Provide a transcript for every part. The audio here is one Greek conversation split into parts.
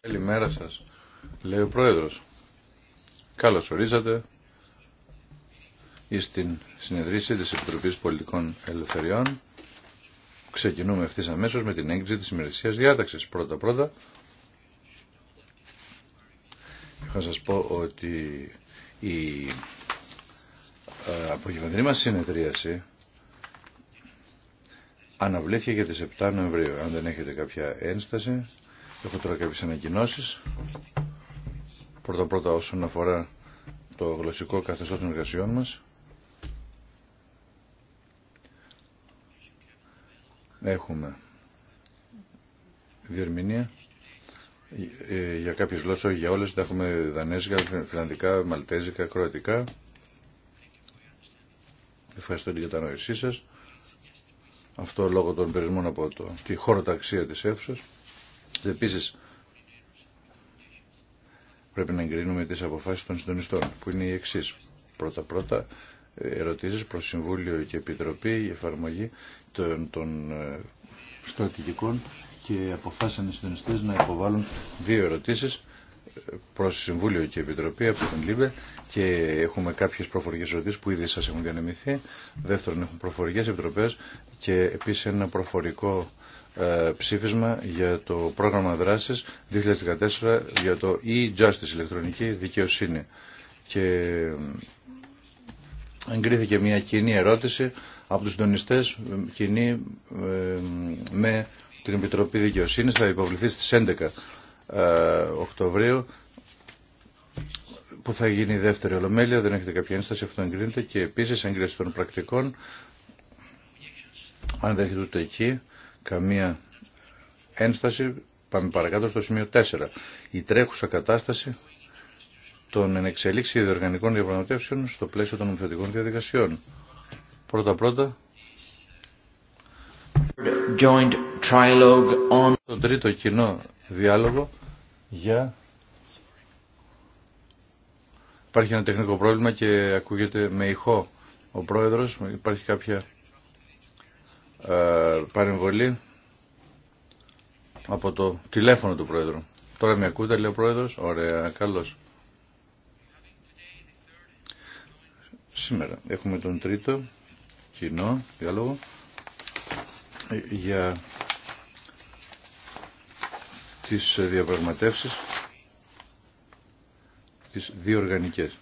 Καλημέρα σας, λέει ο Πρόεδρος. Καλώς ορίσατε εις την συνεδρίαση της Επιτροπής Πολιτικών Ελευθεριών. Ξεκινούμε ευθύ αμέσως με την έγκριση της ημερησίας διάταξης. Πρώτα-πρώτα, θα σας πω ότι η ε, απογευματινή μας συνεδρίαση αναβλήθηκε για τις 7 Νοεμβρίου. Αν δεν έχετε κάποια ένσταση, έχω τώρα κάποιες ανακοινώσεις. Πρώτα πρώτα όσον αφορά το γλωσσικό καθεστώς των εργασιών μας. Έχουμε διερμηνία για κάποιες γλώσσες, όχι για όλες, τα έχουμε δανέζικα, φιλανδικά, μαλτέζικα, κροατικά. Ευχαριστώ την κατανόησή σας. Αυτό λόγω των περισμών από το, τη ταξία της αίθουσας. Επίσης, πρέπει να εγκρίνουμε τις αποφάσεις των συντονιστών, που είναι οι εξή. Πρώτα-πρώτα, ερωτήσεις προς Συμβούλιο και Επιτροπή, η εφαρμογή των, των ε, στρατηγικών και αποφάσισαν οι συντονιστές να υποβάλουν δύο ερωτήσεις προς Συμβούλιο και Επιτροπή από την ΛΥΜΠΕ και έχουμε κάποιες προφορικές ερωτήσεις που ήδη σας έχουν διανεμηθεί. Δεύτερον, έχουν προφορικές επιτροπές και επίσης ένα προφορικό ε, ψήφισμα για το πρόγραμμα δράσης 2014 για το e-justice, ηλεκτρονική δικαιοσύνη. Και ε, εγκρίθηκε μια κοινή ερώτηση από τους συντονιστές ε, κοινή με την Επιτροπή Δικαιοσύνη Θα υποβληθεί στις 11 ε, Οκτωβρίου που θα γίνει η δεύτερη ολομέλεια, δεν έχετε κάποια ένσταση, αυτό εγκρίνεται και επίσης έγκριση των πρακτικών, αν δεν έχετε ούτε εκεί καμία ένσταση, πάμε παρακάτω στο σημείο 4. Η τρέχουσα κατάσταση των ενεξελίξεων διοργανικών διαπραγματεύσεων στο πλαίσιο των νομοθετικών διαδικασιών. Πρώτα-πρώτα, το τρίτο κοινό διάλογο για... Υπάρχει ένα τεχνικό πρόβλημα και ακούγεται με ηχό ο πρόεδρος. Υπάρχει κάποια ε, παρεμβολή από το τηλέφωνο του πρόεδρου. Τώρα με ακούτε, λέει ο πρόεδρος. Ωραία, καλώς. Σήμερα έχουμε τον τρίτο κοινό διάλογο ε, για τις διαπραγματεύσεις τις οργανικές.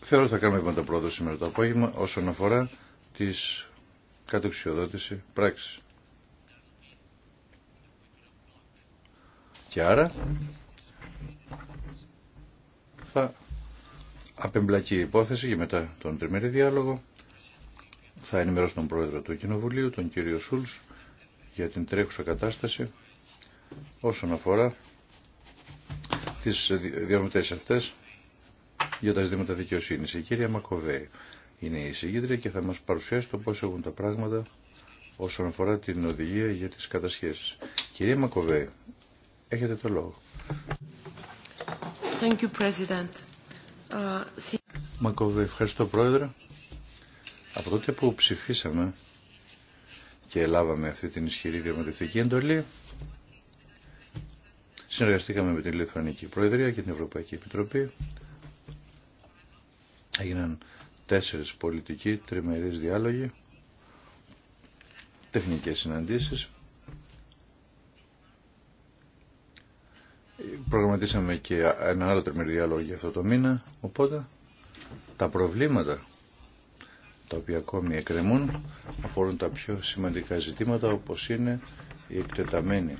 Θεωρώ ότι θα κάνουμε βήματα λοιπόν πρόοδο σήμερα το απόγευμα όσον αφορά τις κατεξιοδότηση πράξης. Και άρα θα απεμπλακεί η υπόθεση και μετά τον τριμερή διάλογο θα ενημερώσω τον Πρόεδρο του Κοινοβουλίου, τον κύριο Σούλς, για την τρέχουσα κατάσταση όσον αφορά τις διαμετές αυτές για τα ζητήματα δικαιοσύνης. Η κυρία Μακοβέ είναι η εισηγήτρια και θα μας παρουσιάσει το πώς έχουν τα πράγματα όσον αφορά την οδηγία για τις κατασχέσεις. Κυρία Μακοβέη, έχετε το λόγο. Thank you, President. Uh, Μακοβέη, ευχαριστώ Πρόεδρε. Από τότε που ψηφίσαμε και λάβαμε αυτή την ισχυρή διαμετρητική εντολή, συνεργαστήκαμε με την Λιθουανική Προεδρία και την Ευρωπαϊκή Επιτροπή. Έγιναν τέσσερις πολιτικοί, τριμερείς διάλογοι, τεχνικές συναντήσεις. Προγραμματίσαμε και ένα άλλο τριμερή διάλογο για αυτό το μήνα, οπότε τα προβλήματα τα οποία ακόμη εκκρεμούν αφορούν τα πιο σημαντικά ζητήματα όπως είναι η εκτεταμένη,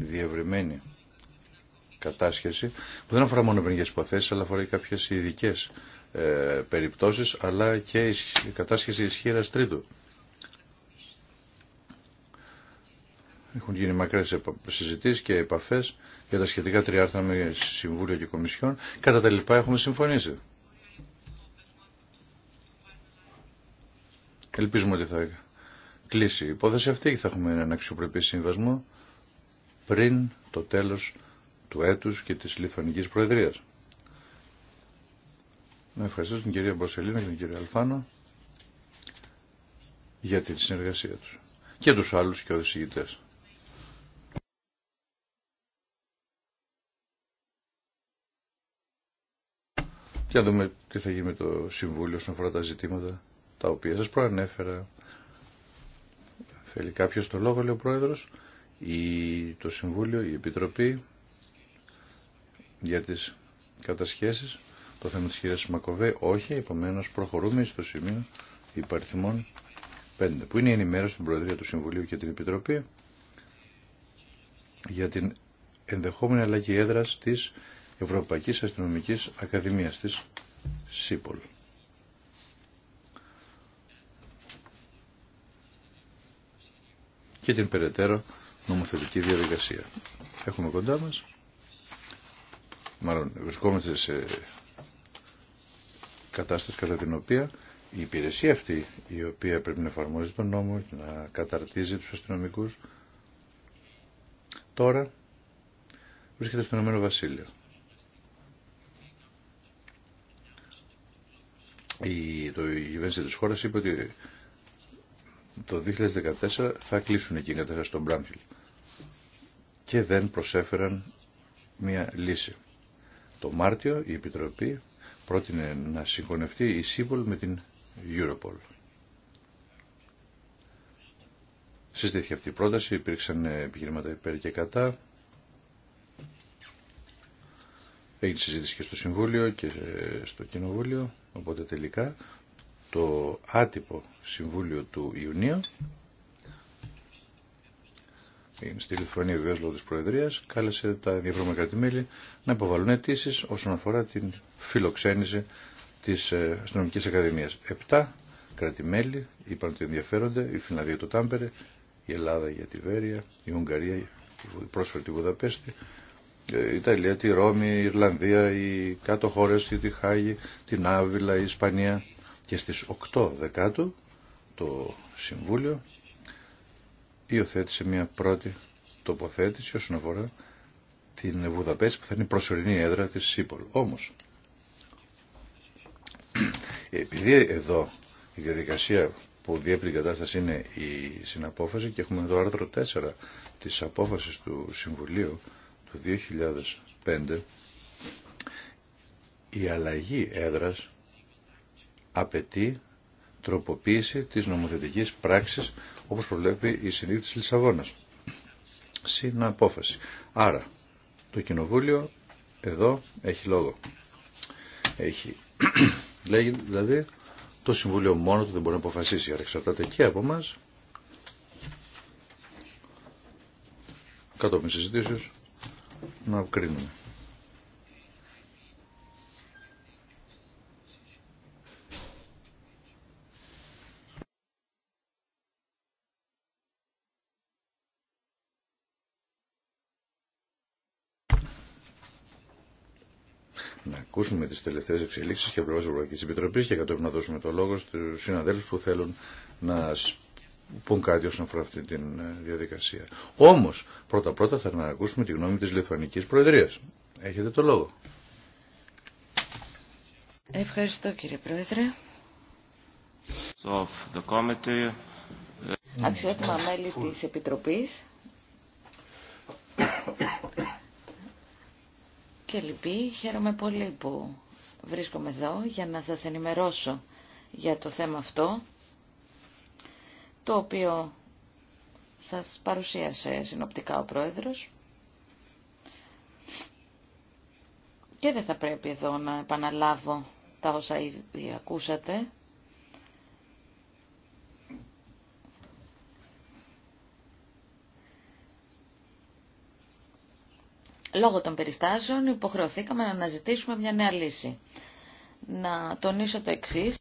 η διευρυμένη κατάσχεση που δεν αφορά μόνο ποινικές υποθέσεις αλλά αφορά και κάποιες ειδικέ ε, περιπτώσεις αλλά και η κατάσχεση ισχυρα τρίτου. Έχουν γίνει μακρέ συζητήσει και επαφέ για τα σχετικά τριάρθρα με Συμβούλιο και Κομισιόν. Κατά τα λοιπά έχουμε συμφωνήσει. Ελπίζουμε ότι θα κλείσει η υπόθεση αυτή και θα έχουμε έναν αξιοπρεπή σύμβασμο πριν το τέλος του έτους και της Λιθωνικής Προεδρίας. Να ευχαριστήσω την κυρία Μπροσελίνα και την κυρία Αλφάνο για την συνεργασία τους και τους άλλους και οδησηγητές. Και να δούμε τι θα γίνει με το Συμβούλιο όσον αφορά τα ζητήματα τα οποία σας προανέφερα. Θέλει κάποιο το λόγο, λέει ο Πρόεδρος, ή το Συμβούλιο, η Επιτροπή για τις κατασχέσεις, το θέμα της κυρίας Μακοβέ, όχι, επομένως προχωρούμε στο σημείο υπαριθμών 5, που είναι η ενημέρωση στην Προεδρία του Συμβουλίου και την Επιτροπή για την ενδεχόμενη αλλαγή έδρας της Ευρωπαϊκής Αστυνομικής Ακαδημίας της ΣΥΠΟΛ. και την περαιτέρω νομοθετική διαδικασία. Έχουμε κοντά μας, μάλλον βρισκόμαστε σε κατάσταση κατά την οποία η υπηρεσία αυτή η οποία πρέπει να εφαρμόζει τον νόμο να καταρτίζει τους αστυνομικούς τώρα βρίσκεται στο Ηνωμένο Βασίλειο. Η, το, η κυβέρνηση της χώρας είπε ότι το 2014 θα κλείσουν εκεί κατάσταση στον Μπράμφιλ και δεν προσέφεραν μια λύση. Το Μάρτιο η Επιτροπή πρότεινε να συγχωνευτεί η ΣΥΠΟΛ με την Europol. Συστήθηκε αυτή η πρόταση, υπήρξαν επιχειρήματα υπέρ και κατά. Έγινε συζήτηση και στο Συμβούλιο και στο Κοινοβούλιο, οπότε τελικά το άτυπο Συμβούλιο του Ιουνίου στη Λιθουανία βεβαίως λόγω της Προεδρίας κάλεσε τα διευρώμενα κρατημέλη να υποβαλούν αιτήσει όσον αφορά την φιλοξένηση της ε, Αστυνομικής Ακαδημίας. Επτά κρατημέλη είπαν ότι ενδιαφέρονται, η Φιλανδία το Τάμπερε, η Ελλάδα για τη Βέρεια, η Ουγγαρία η πρόσφατη τη Βουδαπέστη, ε, η Ιταλία, τη Ρώμη, η Ιρλανδία, οι κάτω χώρες, τη Χάγη, την Άβυλα, η Ισπανία και στις 8 Δεκάτου το Συμβούλιο υιοθέτησε μια πρώτη τοποθέτηση όσον αφορά την Βουδαπέστη που θα είναι η προσωρινή έδρα της ΣΥΠΟΛ. Όμως, επειδή εδώ η διαδικασία που διέπει την κατάσταση είναι η συναπόφαση και έχουμε το άρθρο 4 της απόφασης του Συμβουλίου του 2005 η αλλαγή έδρας απαιτεί τροποποίηση της νομοθετικής πράξης όπως προβλέπει η συνήθεια της Λισαβόνας. Συναπόφαση. Άρα το Κοινοβούλιο εδώ έχει λόγο. Έχει. Λέγει δηλαδή το Συμβούλιο μόνο του δεν μπορεί να αποφασίσει. Άρα εξαρτάται και από εμά. κατόπιν συζητήσεως να κρίνουμε. ακούσουμε τις τελευταίες εξελίξεις και πλευράς Ευρωπαϊκής Επιτροπής και κατόπιν να δώσουμε το λόγο στους συναδέλφους που θέλουν να πούν κάτι όσον αφορά αυτή τη ε, διαδικασία. Όμως, πρώτα-πρώτα θα να τη γνώμη της Λιθουανικής Προεδρίας. Έχετε το λόγο. Ευχαριστώ κύριε Πρόεδρε. Ε, Αξιότιμα μέλη της Επιτροπής, και λυπή. Χαίρομαι πολύ που βρίσκομαι εδώ για να σας ενημερώσω για το θέμα αυτό, το οποίο σας παρουσίασε συνοπτικά ο Πρόεδρος. Και δεν θα πρέπει εδώ να επαναλάβω τα όσα ήδη ακούσατε. λόγω των περιστάσεων υποχρεωθήκαμε να αναζητήσουμε μια νέα λύση. Να τονίσω το εξή.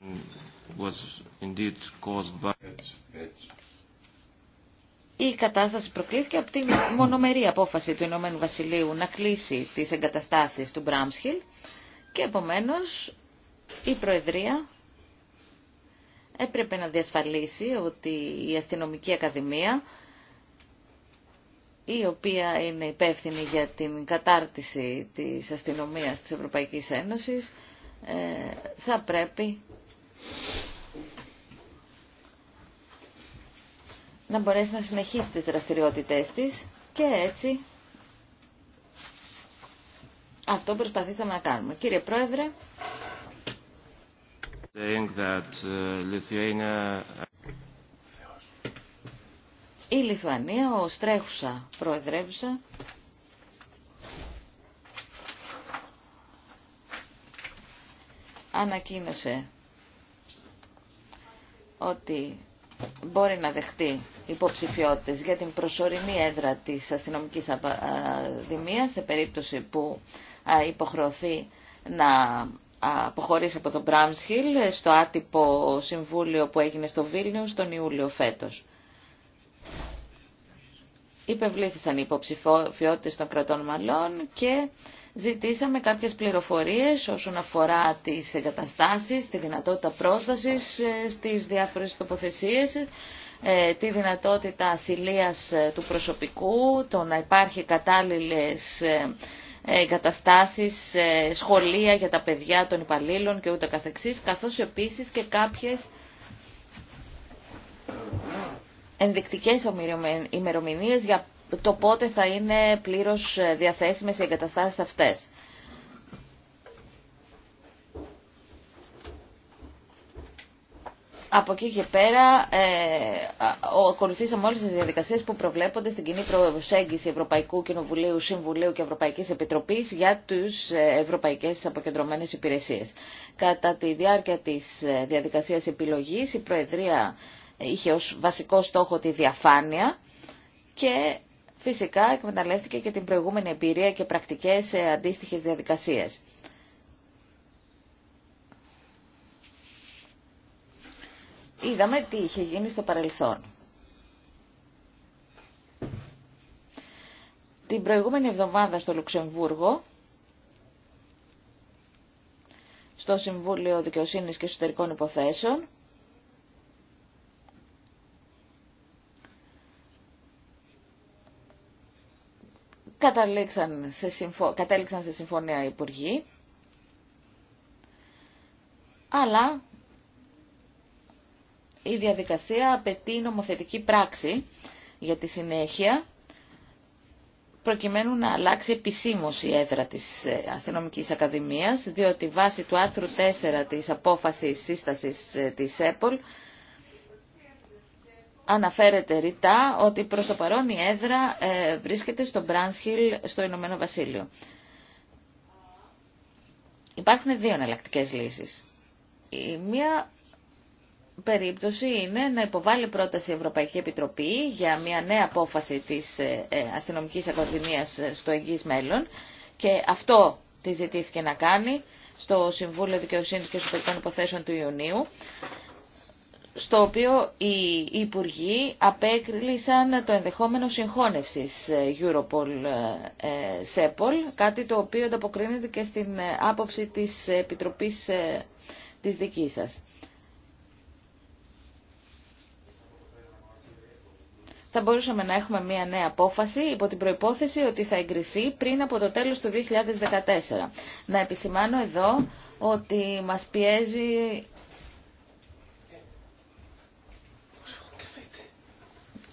Η κατάσταση προκλήθηκε από τη μονομερή απόφαση του Ηνωμένου Βασιλείου να κλείσει τις εγκαταστάσεις του Μπράμσχιλ και επομένως η Προεδρία έπρεπε να διασφαλίσει ότι η Αστυνομική Ακαδημία η οποία είναι υπεύθυνη για την κατάρτιση της αστυνομίας της Ευρωπαϊκής Ένωσης, ε, θα πρέπει να μπορέσει να συνεχίσει τις δραστηριότητές της και έτσι αυτό προσπαθήσαμε να κάνουμε. Κύριε Πρόεδρε, uh, η Λιθουανία ω τρέχουσα προεδρεύουσα ανακοίνωσε ότι μπορεί να δεχτεί υποψηφιότητες για την προσωρινή έδρα της αστυνομικής αδημίας σε περίπτωση που υποχρεωθεί να αποχωρήσει από τον Μπράμσχιλ στο άτυπο συμβούλιο που έγινε στο Βίλνιο τον Ιούλιο φέτος υπευλήθησαν οι υποψηφιότητες των κρατών μαλλών και ζητήσαμε κάποιες πληροφορίες όσον αφορά τις εγκαταστάσεις, τη δυνατότητα πρόσβασης ε, στις διάφορες τοποθεσίες, ε, τη δυνατότητα ασυλίας ε, του προσωπικού, το να υπάρχει κατάλληλες εγκαταστάσεις, σχολεία για τα παιδιά των υπαλλήλων και ούτε καθεξής, καθώς επίσης και κάποιες ενδεικτικές ημερομηνίες για το πότε θα είναι πλήρως ε, διαθέσιμες οι εγκαταστάσεις αυτές. Από εκεί και πέρα ε, ακολουθήσαμε όλες τις διαδικασίες που προβλέπονται στην κοινή προσέγγιση Ευρωπαϊκού Κοινοβουλίου, Συμβουλίου και Ευρωπαϊκής Επιτροπής για τις ε, ευρωπαϊκές αποκεντρωμένες υπηρεσίες. Κατά τη διάρκεια της ε, διαδικασίας επιλογής η Προεδρία είχε ως βασικό στόχο τη διαφάνεια και φυσικά εκμεταλλεύτηκε και την προηγούμενη εμπειρία και πρακτικές σε αντίστοιχες διαδικασίες. Είδαμε τι είχε γίνει στο παρελθόν. Την προηγούμενη εβδομάδα στο Λουξεμβούργο, στο Συμβούλιο Δικαιοσύνης και Εσωτερικών Υποθέσεων, Καταλήξαν σε, Κατέληξαν σε συμφωνία οι υπουργοί, αλλά η διαδικασία απαιτεί νομοθετική πράξη για τη συνέχεια, προκειμένου να αλλάξει επισήμως η έδρα της ε, Αστυνομικής Ακαδημίας, διότι βάσει του άρθρου 4 της απόφασης σύστασης ε, της ΕΠΟΛ, αναφέρεται ρητά ότι προς το παρόν η έδρα ε, βρίσκεται στο Μπράνσχιλ στο Ηνωμένο Βασίλειο. Υπάρχουν δύο εναλλακτικέ λύσεις. Η μία περίπτωση είναι να υποβάλει πρόταση η Ευρωπαϊκή Επιτροπή για μια νέα απόφαση της ε, ε, Αστυνομικής Ακαδημίας στο εγγύς μέλλον και αυτό τη ζητήθηκε να κάνει στο Συμβούλιο Δικαιοσύνης και Σωτερικών Υποθέσεων του Ιουνίου στο οποίο οι Υπουργοί απέκλεισαν το ενδεχόμενο συγχώνευσης ε, Europol-Sepol, ε, κάτι το οποίο ανταποκρίνεται και στην ε, άποψη της Επιτροπής της δικής σας. θα μπορούσαμε να έχουμε μια νέα απόφαση υπό την προϋπόθεση ότι θα εγκριθεί πριν από το τέλος του 2014. Να επισημάνω εδώ ότι μας πιέζει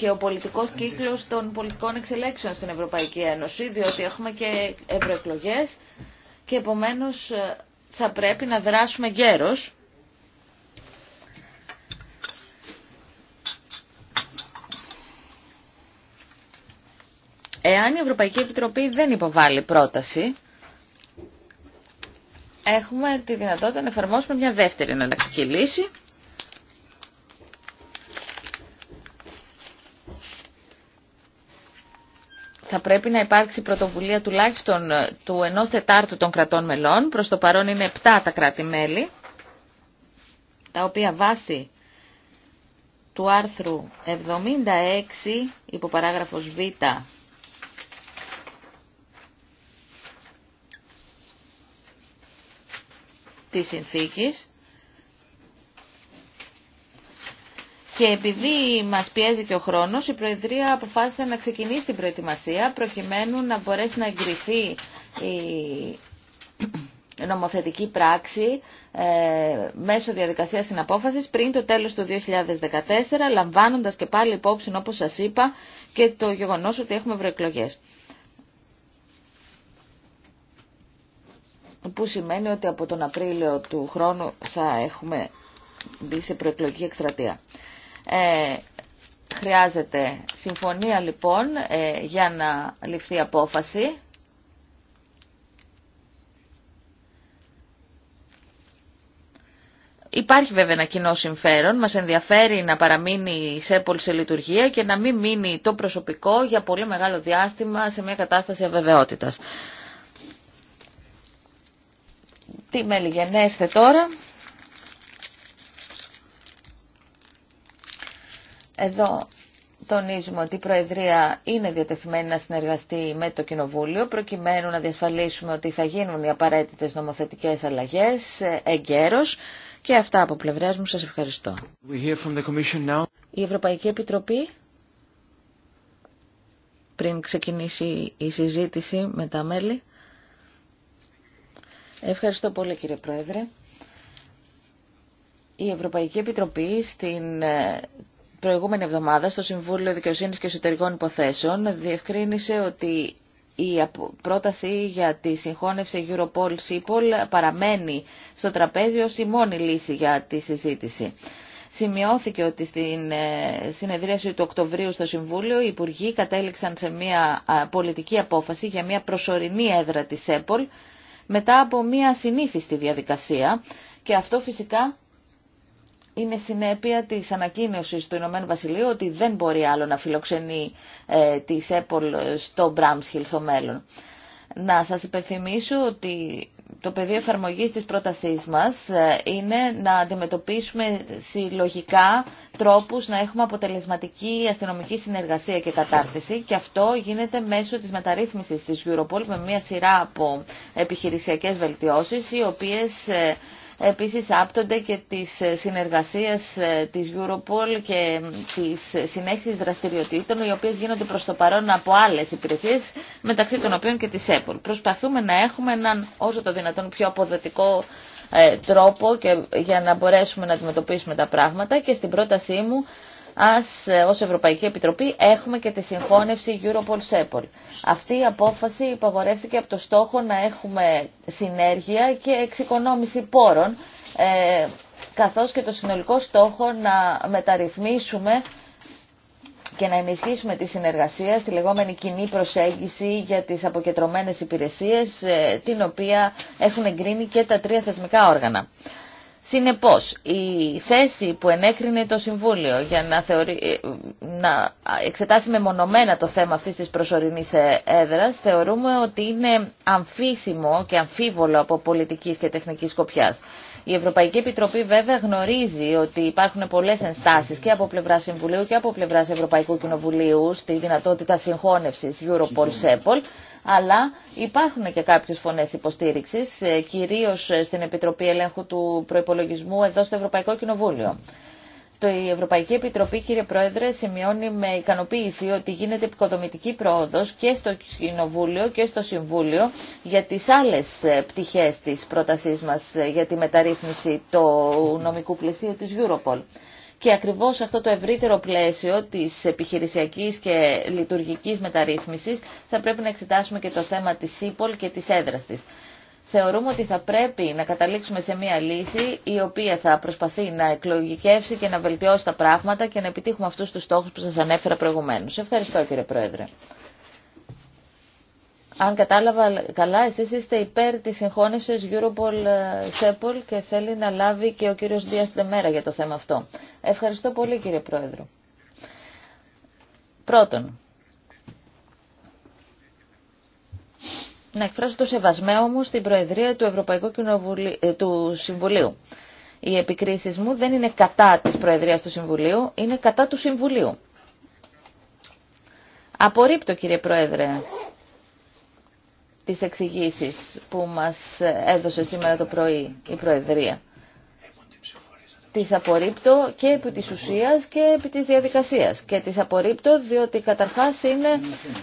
και ο πολιτικός κύκλος των πολιτικών εξελέξεων στην Ευρωπαϊκή Ένωση, διότι έχουμε και ευρωεκλογέ και επομένως ε, θα πρέπει να δράσουμε γέρος. Εάν η Ευρωπαϊκή Επιτροπή δεν υποβάλει πρόταση, έχουμε τη δυνατότητα να εφαρμόσουμε μια δεύτερη εναλλακτική λύση, θα πρέπει να υπάρξει πρωτοβουλία τουλάχιστον ε, του ενός τετάρτου των κρατών μελών. Προς το παρόν είναι 7 τα κράτη-μέλη, τα οποία βάσει του άρθρου 76 υποπαράγραφος Β της συνθήκης Και επειδή μας πιέζει και ο χρόνος, η Προεδρία αποφάσισε να ξεκινήσει την προετοιμασία προκειμένου να μπορέσει να εγκριθεί η νομοθετική πράξη ε, μέσω διαδικασίας συναπόφασης πριν το τέλος του 2014, λαμβάνοντας και πάλι υπόψη, όπως σας είπα, και το γεγονός ότι έχουμε ευρωεκλογέ. Που σημαίνει ότι από τον Απρίλιο του χρόνου θα έχουμε μπει σε προεκλογική εκστρατεία. Ε, χρειάζεται συμφωνία λοιπόν ε, για να ληφθεί απόφαση. Υπάρχει βέβαια ένα κοινό συμφέρον, μας ενδιαφέρει να παραμείνει η ΣΕΠΟΛ σε λειτουργία και να μην μείνει το προσωπικό για πολύ μεγάλο διάστημα σε μια κατάσταση αβεβαιότητας. Τι μελιγενέστε τώρα. Εδώ τονίζουμε ότι η Προεδρία είναι διατεθειμένη να συνεργαστεί με το Κοινοβούλιο προκειμένου να διασφαλίσουμε ότι θα γίνουν οι απαραίτητες νομοθετικές αλλαγές ε, εγκαίρως και αυτά από πλευράς μου σας ευχαριστώ. Η Ευρωπαϊκή Επιτροπή πριν ξεκινήσει η συζήτηση με τα μέλη. Ευχαριστώ πολύ κύριε Πρόεδρε. Η Ευρωπαϊκή Επιτροπή στην ε, προηγούμενη εβδομάδα στο Συμβούλιο Δικαιοσύνης και Εσωτερικών Υποθέσεων διευκρίνησε ότι η πρόταση για τη συγχώνευση Europol-Sipol παραμένει στο τραπέζι ως η μόνη λύση για τη συζήτηση. Σημειώθηκε ότι στην ε, συνεδρίαση του Οκτωβρίου στο Συμβούλιο οι Υπουργοί κατέληξαν σε μια πολιτική απόφαση για μια προσωρινή έδρα της ΕΠΟΛ μετά από μια συνήθιστη διαδικασία και αυτό φυσικά είναι συνέπεια της ανακοίνωσης του Ηνωμένου Βασιλείου ότι δεν μπορεί άλλο να φιλοξενεί ε, της Apple στο Bramshill στο μέλλον. Να σας υπενθυμίσω ότι το πεδίο εφαρμογής της πρότασής μας ε, είναι να αντιμετωπίσουμε συλλογικά τρόπους να έχουμε αποτελεσματική αστυνομική συνεργασία και κατάρτιση και αυτό γίνεται μέσω της μεταρρύθμισης της Europol με μια σειρά από επιχειρησιακές βελτιώσεις οι οποίες ε, Επίσης άπτονται και τις συνεργασίες ε, της Europol και τις συνέχισης δραστηριοτήτων οι οποίες γίνονται προς το παρόν από άλλες υπηρεσίες μεταξύ των οποίων και της Apple. Προσπαθούμε να έχουμε έναν όσο το δυνατόν πιο αποδοτικό ε, τρόπο και για να μπορέσουμε να αντιμετωπίσουμε τα πράγματα και στην πρότασή μου ας ε, ως Ευρωπαϊκή Επιτροπή έχουμε και τη συγχώνευση Europol-Sepol. Αυτή η απόφαση υπαγορεύτηκε από το στόχο να έχουμε συνέργεια και εξοικονόμηση πόρων, ε, καθώς και το συνολικό στόχο να μεταρρυθμίσουμε και να ενισχύσουμε τη συνεργασία στη λεγόμενη κοινή προσέγγιση για τις αποκεντρωμένες υπηρεσίες, ε, την οποία έχουν εγκρίνει και τα τρία θεσμικά όργανα. Συνεπώς, η θέση που ενέκρινε το Συμβούλιο για να, θεωρεί, ε, να εξετάσει μεμονωμένα το θέμα αυτής της προσωρινής ε, έδρας θεωρούμε ότι είναι αμφίσιμο και αμφίβολο από πολιτικής και τεχνικής σκοπιάς. Η Ευρωπαϊκή Επιτροπή βέβαια γνωρίζει ότι υπάρχουν πολλές ενστάσεις και από πλευρά Συμβουλίου και από πλευρά Ευρωπαϊκού Κοινοβουλίου στη δυνατότητα συγχώνευσης Europol-Sepol αλλά υπάρχουν και κάποιες φωνές υποστήριξης, ε, κυρίως ε, στην Επιτροπή Ελέγχου του Προϋπολογισμού εδώ στο Ευρωπαϊκό Κοινοβούλιο. Το η Ευρωπαϊκή Επιτροπή, κύριε Πρόεδρε, σημειώνει με ικανοποίηση ότι γίνεται επικοδομητική πρόοδος και στο Κοινοβούλιο και στο Συμβούλιο για τις άλλες ε, πτυχές της πρότασής μας για τη μεταρρύθμιση του νομικού πλαισίου της Europol και ακριβώς αυτό το ευρύτερο πλαίσιο της επιχειρησιακής και λειτουργικής μεταρρύθμισης θα πρέπει να εξετάσουμε και το θέμα της ΣΥΠΟΛ και της έδρας της. Θεωρούμε ότι θα πρέπει να καταλήξουμε σε μία λύση η οποία θα προσπαθεί να εκλογικεύσει και να βελτιώσει τα πράγματα και να επιτύχουμε αυτούς τους στόχους που σας ανέφερα προηγουμένως. Ευχαριστώ κύριε Πρόεδρε. Αν κατάλαβα καλά, εσείς είστε υπέρ της συγχώνευσης Europol-Sepol ε, και θέλει να λάβει και ο κύριος Δίας Δεμέρα για το θέμα αυτό. Ευχαριστώ πολύ κύριε Πρόεδρο. Πρώτον, να εκφράσω το σεβασμένο μου στην Προεδρία του Ευρωπαϊκού Κοινοβουλίου, ε, του Συμβουλίου. Οι επικρίσεις μου δεν είναι κατά της Προεδρίας του Συμβουλίου, είναι κατά του Συμβουλίου. Απορρίπτω κύριε Πρόεδρε τις εξηγήσεις που μας έδωσε σήμερα το πρωί η Προεδρία. Τις απορρίπτω και επί της ουσίας και επί της διαδικασίας. Και τις απορρίπτω διότι καταρχάς είναι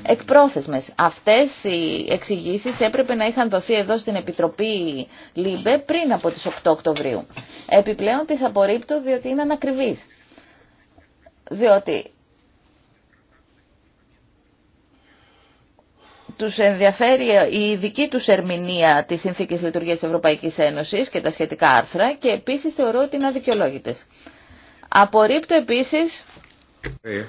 εκπρόθεσμες. Αυτές οι εξηγήσεις έπρεπε να είχαν δοθεί εδώ στην Επιτροπή ΛΥΜΠΕ πριν από τις 8 Οκτωβρίου. Επιπλέον τις απορρίπτω διότι είναι ανακριβείς. Διότι τους ενδιαφέρει η δική τους ερμηνεία της Συνθήκης Λειτουργίας της Ευρωπαϊκής Ένωσης και τα σχετικά άρθρα και επίσης θεωρώ ότι είναι αδικαιολόγητες. Απορρίπτω επίσης ε,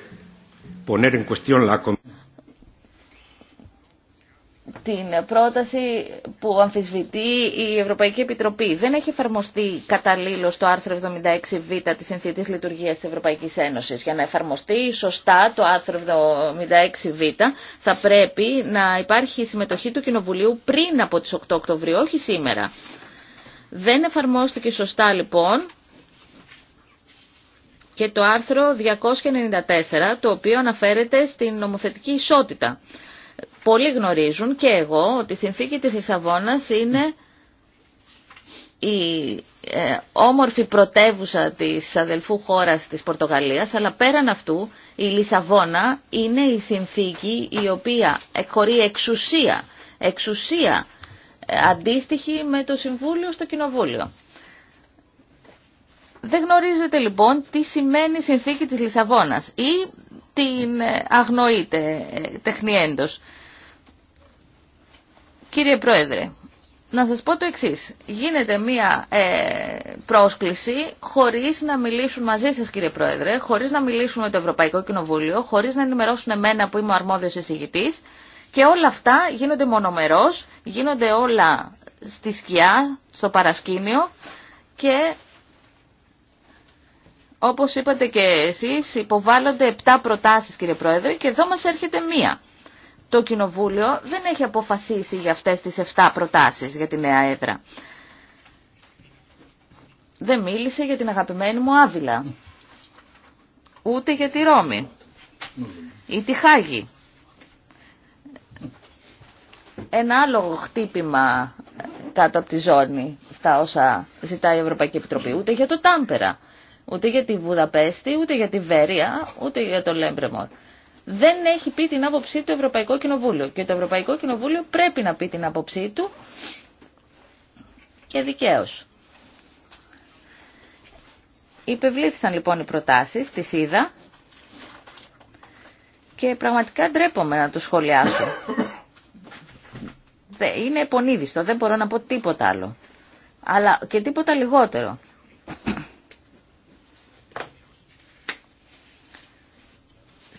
την πρόταση που αμφισβητεί η Ευρωπαϊκή Επιτροπή. Δεν έχει εφαρμοστεί καταλήλως το άρθρο 76β της Συνθήκης Λειτουργίας της Ευρωπαϊκής Ένωσης. Για να εφαρμοστεί σωστά το άρθρο 76β θα πρέπει να υπάρχει συμμετοχή του Κοινοβουλίου πριν από τις 8 Οκτωβρίου, όχι σήμερα. Δεν εφαρμόστηκε σωστά λοιπόν και το άρθρο 294 το οποίο αναφέρεται στην νομοθετική ισότητα. Πολλοί γνωρίζουν και εγώ ότι η συνθήκη της Λισαβόνας είναι η ε, όμορφη πρωτεύουσα της αδελφού χώρας της Πορτογαλίας, αλλά πέραν αυτού η Λισαβόνα είναι η συνθήκη η οποία χωρεί εξουσία, εξουσία ε, αντίστοιχη με το Συμβούλιο στο Κοινοβούλιο. Δεν γνωρίζετε λοιπόν τι σημαίνει η συνθήκη της Λισαβόνας ή την ε, αγνοείτε τεχνιέντος. Κύριε Πρόεδρε, να σας πω το εξής. Γίνεται μία ε, πρόσκληση χωρίς να μιλήσουν μαζί σας κύριε Πρόεδρε, χωρίς να μιλήσουν με το Ευρωπαϊκό Κοινοβούλιο, χωρίς να ενημερώσουν εμένα που είμαι ο αρμόδιος εισηγητής και όλα αυτά γίνονται μονομερός, γίνονται όλα στη σκιά, στο παρασκήνιο και όπως είπατε και εσείς υποβάλλονται 7 προτάσεις κύριε Πρόεδρε και εδώ μας έρχεται μία το Κοινοβούλιο δεν έχει αποφασίσει για αυτές τις 7 προτάσεις για τη νέα έδρα. Δεν μίλησε για την αγαπημένη μου Άβυλα. Ούτε για τη Ρώμη. Ή τη Χάγη. Ένα άλλο χτύπημα κάτω από τη ζώνη στα όσα ζητάει η Ευρωπαϊκή Επιτροπή. Ούτε για το Τάμπερα. Ούτε για τη Βουδαπέστη, ούτε για τη Βέρεια, ούτε για το Λέμπρεμορ δεν έχει πει την άποψή του Ευρωπαϊκό Κοινοβούλιο. Και το Ευρωπαϊκό Κοινοβούλιο πρέπει να πει την άποψή του και δικαίω. Υπευλήθησαν λοιπόν οι προτάσεις, τις είδα και πραγματικά ντρέπομαι να το σχολιάσω. Είναι επονίδιστο, δεν μπορώ να πω τίποτα άλλο. Αλλά και τίποτα λιγότερο.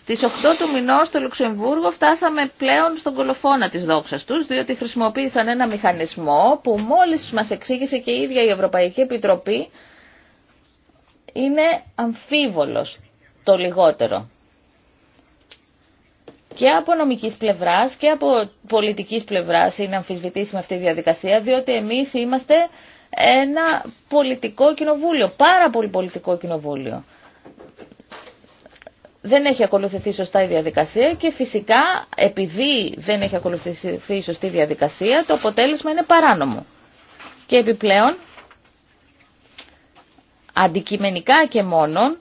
Στι 8 του μηνό στο Λουξεμβούργο φτάσαμε πλέον στον κολοφόνα τη δόξα του, διότι χρησιμοποίησαν ένα μηχανισμό που μόλι μα εξήγησε και η ίδια η Ευρωπαϊκή Επιτροπή είναι αμφίβολο το λιγότερο. Και από νομική πλευρά και από πολιτική πλευρά είναι αμφισβητήσιμη αυτή η διαδικασία, διότι εμεί είμαστε ένα πολιτικό κοινοβούλιο, πάρα πολύ πολιτικό κοινοβούλιο δεν έχει ακολουθηθεί σωστά η διαδικασία και φυσικά επειδή δεν έχει ακολουθηθεί η σωστή διαδικασία το αποτέλεσμα είναι παράνομο. Και επιπλέον αντικειμενικά και μόνον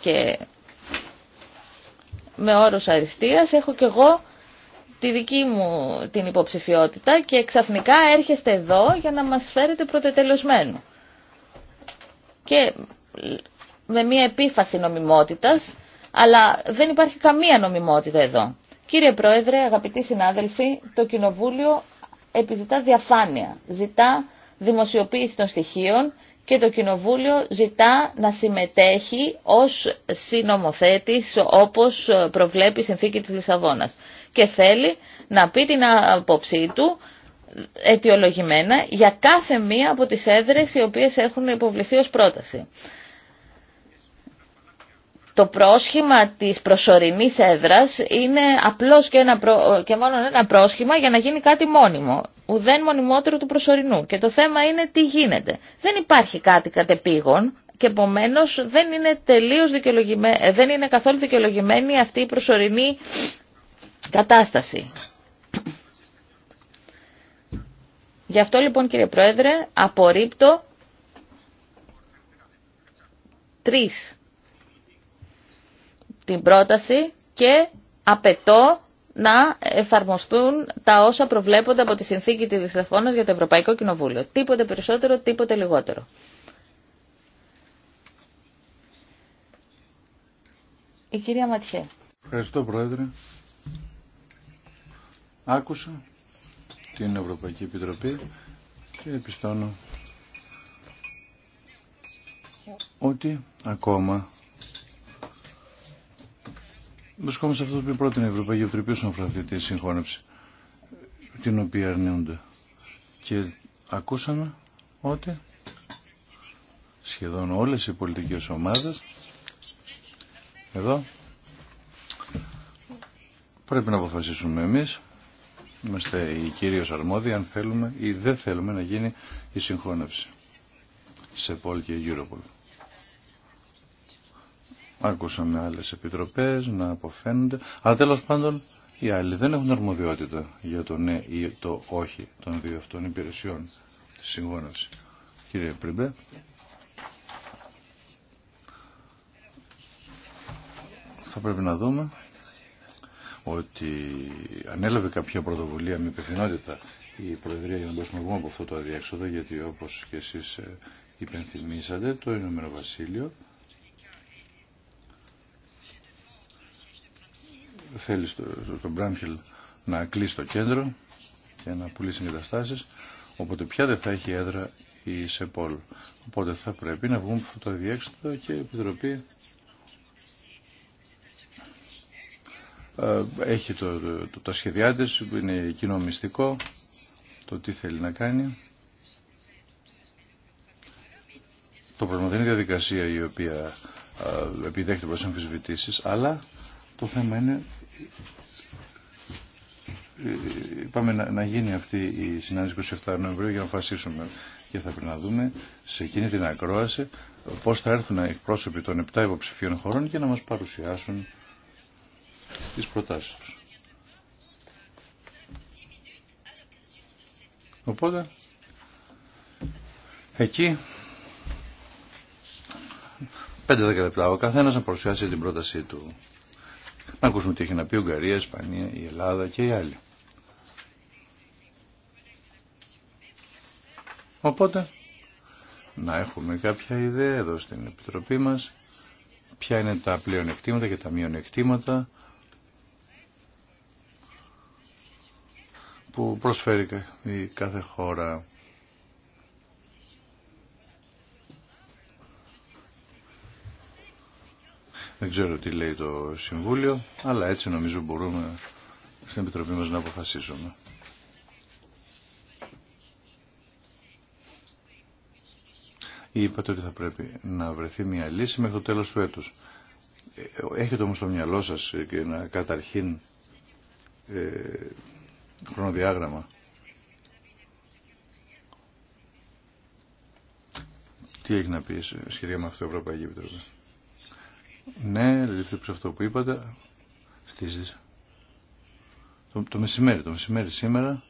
και με όρος αριστείας έχω και εγώ τη δική μου την υποψηφιότητα και ξαφνικά έρχεστε εδώ για να μας φέρετε πρωτετελωσμένο. Και με μια επίφαση νομιμότητας αλλά δεν υπάρχει καμία νομιμότητα εδώ. Κύριε Πρόεδρε, αγαπητοί συνάδελφοι, το Κοινοβούλιο επιζητά διαφάνεια, ζητά δημοσιοποίηση των στοιχείων και το Κοινοβούλιο ζητά να συμμετέχει ως συνομοθέτης όπως προβλέπει η Συνθήκη της Λισαβόνας και θέλει να πει την απόψή του αιτιολογημένα για κάθε μία από τις έδρες οι οποίες έχουν υποβληθεί ως πρόταση. Το πρόσχημα της προσωρινής έδρας είναι απλώς και, ένα και μόνο ένα πρόσχημα για να γίνει κάτι μόνιμο. Ουδέν μονιμότερο του προσωρινού. Και το θέμα είναι τι γίνεται. Δεν υπάρχει κάτι κατεπήγον και επομένω δεν είναι τελείως δεν είναι καθόλου δικαιολογημένη αυτή η προσωρινή κατάσταση. Γι' αυτό λοιπόν κύριε Πρόεδρε απορρίπτω τρεις την πρόταση και απαιτώ να εφαρμοστούν τα όσα προβλέπονται από τη συνθήκη τη Λισαβόνας για το Ευρωπαϊκό Κοινοβούλιο. Τίποτε περισσότερο, τίποτε λιγότερο. Η κυρία Ματιέ. Ευχαριστώ Πρόεδρε. Άκουσα την Ευρωπαϊκή Επιτροπή και επιστώνω ότι ακόμα βρισκόμαστε σε αυτό που πρότεινε η Ευρωπαϊκή Επιτροπή όσον αφορά αυτή τη συγχώνευση, την οποία αρνούνται. Και ακούσαμε ότι σχεδόν όλες οι πολιτικές ομάδες εδώ πρέπει να αποφασίσουμε εμείς είμαστε οι κυρίως αρμόδιοι αν θέλουμε ή δεν θέλουμε να γίνει η συγχώνευση σε Πολ και Europol. Άκουσαμε άλλες επιτροπές να αποφαίνονται, αλλά τέλος πάντων οι άλλοι δεν έχουν αρμοδιότητα για το ναι ή το όχι των δύο αυτών υπηρεσιών της συγγόνωσης. Κύριε Πριμπέ. Θα πρέπει να δούμε ότι ανέλαβε κάποια πρωτοβουλία με υπευθυνότητα η Προεδρία για να μπορέσουμε να βγούμε από αυτό το αδιέξοδο, γιατί όπως και εσείς ε, υπενθυμίσατε, το Ηνωμένο Βασίλειο θέλει στο, στο να κλείσει το κέντρο και να πουλήσει εγκαταστάσεις, οπότε πια δεν θα έχει έδρα η ΣΕΠΟΛ. Οπότε θα πρέπει να βγούμε αυτό το διέξοδο και η Επιτροπή ε, έχει το, το, το, τα σχεδιά της, είναι κοινό μυστικό, το τι θέλει να κάνει. Το πρόβλημα δεν είναι η διαδικασία η οποία ε, επιδέχεται προς αμφισβητήσεις, αλλά το θέμα είναι ε, πάμε να, γίνει αυτή η συνάντηση 27 Νοεμβρίου για να φασίσουμε και θα πρέπει να δούμε σε εκείνη την ακρόαση πώς θα έρθουν οι εκπρόσωποι των 7 υποψηφίων χωρών για να μας παρουσιάσουν τις προτάσεις τους. Οπότε, εκεί 5-10 λεπτά ο καθένας να παρουσιάσει την πρότασή του. Να ακούσουμε τι έχει να πει η Ουγγαρία, η Ισπανία, η Ελλάδα και οι άλλοι. Οπότε, να έχουμε κάποια ιδέα εδώ στην Επιτροπή μας, ποια είναι τα πλεονεκτήματα και τα μειονεκτήματα που προσφέρει κάθε χώρα. Δεν ξέρω τι λέει το Συμβούλιο, αλλά έτσι νομίζω μπορούμε στην Επιτροπή μας να αποφασίζουμε. Είπατε ότι θα πρέπει να βρεθεί μια λύση μέχρι το τέλος του έτους. Ε, έχετε όμως στο μυαλό σας και ένα καταρχήν ε, χρονοδιάγραμμα. Τι έχει να πει σχετικά με αυτό η Ευρωπαϊκή Επιτροπή. Ναι, πριν αυτό που είπατε. στήσεις Το, μεσημέρι, το μεσημέρι σήμερα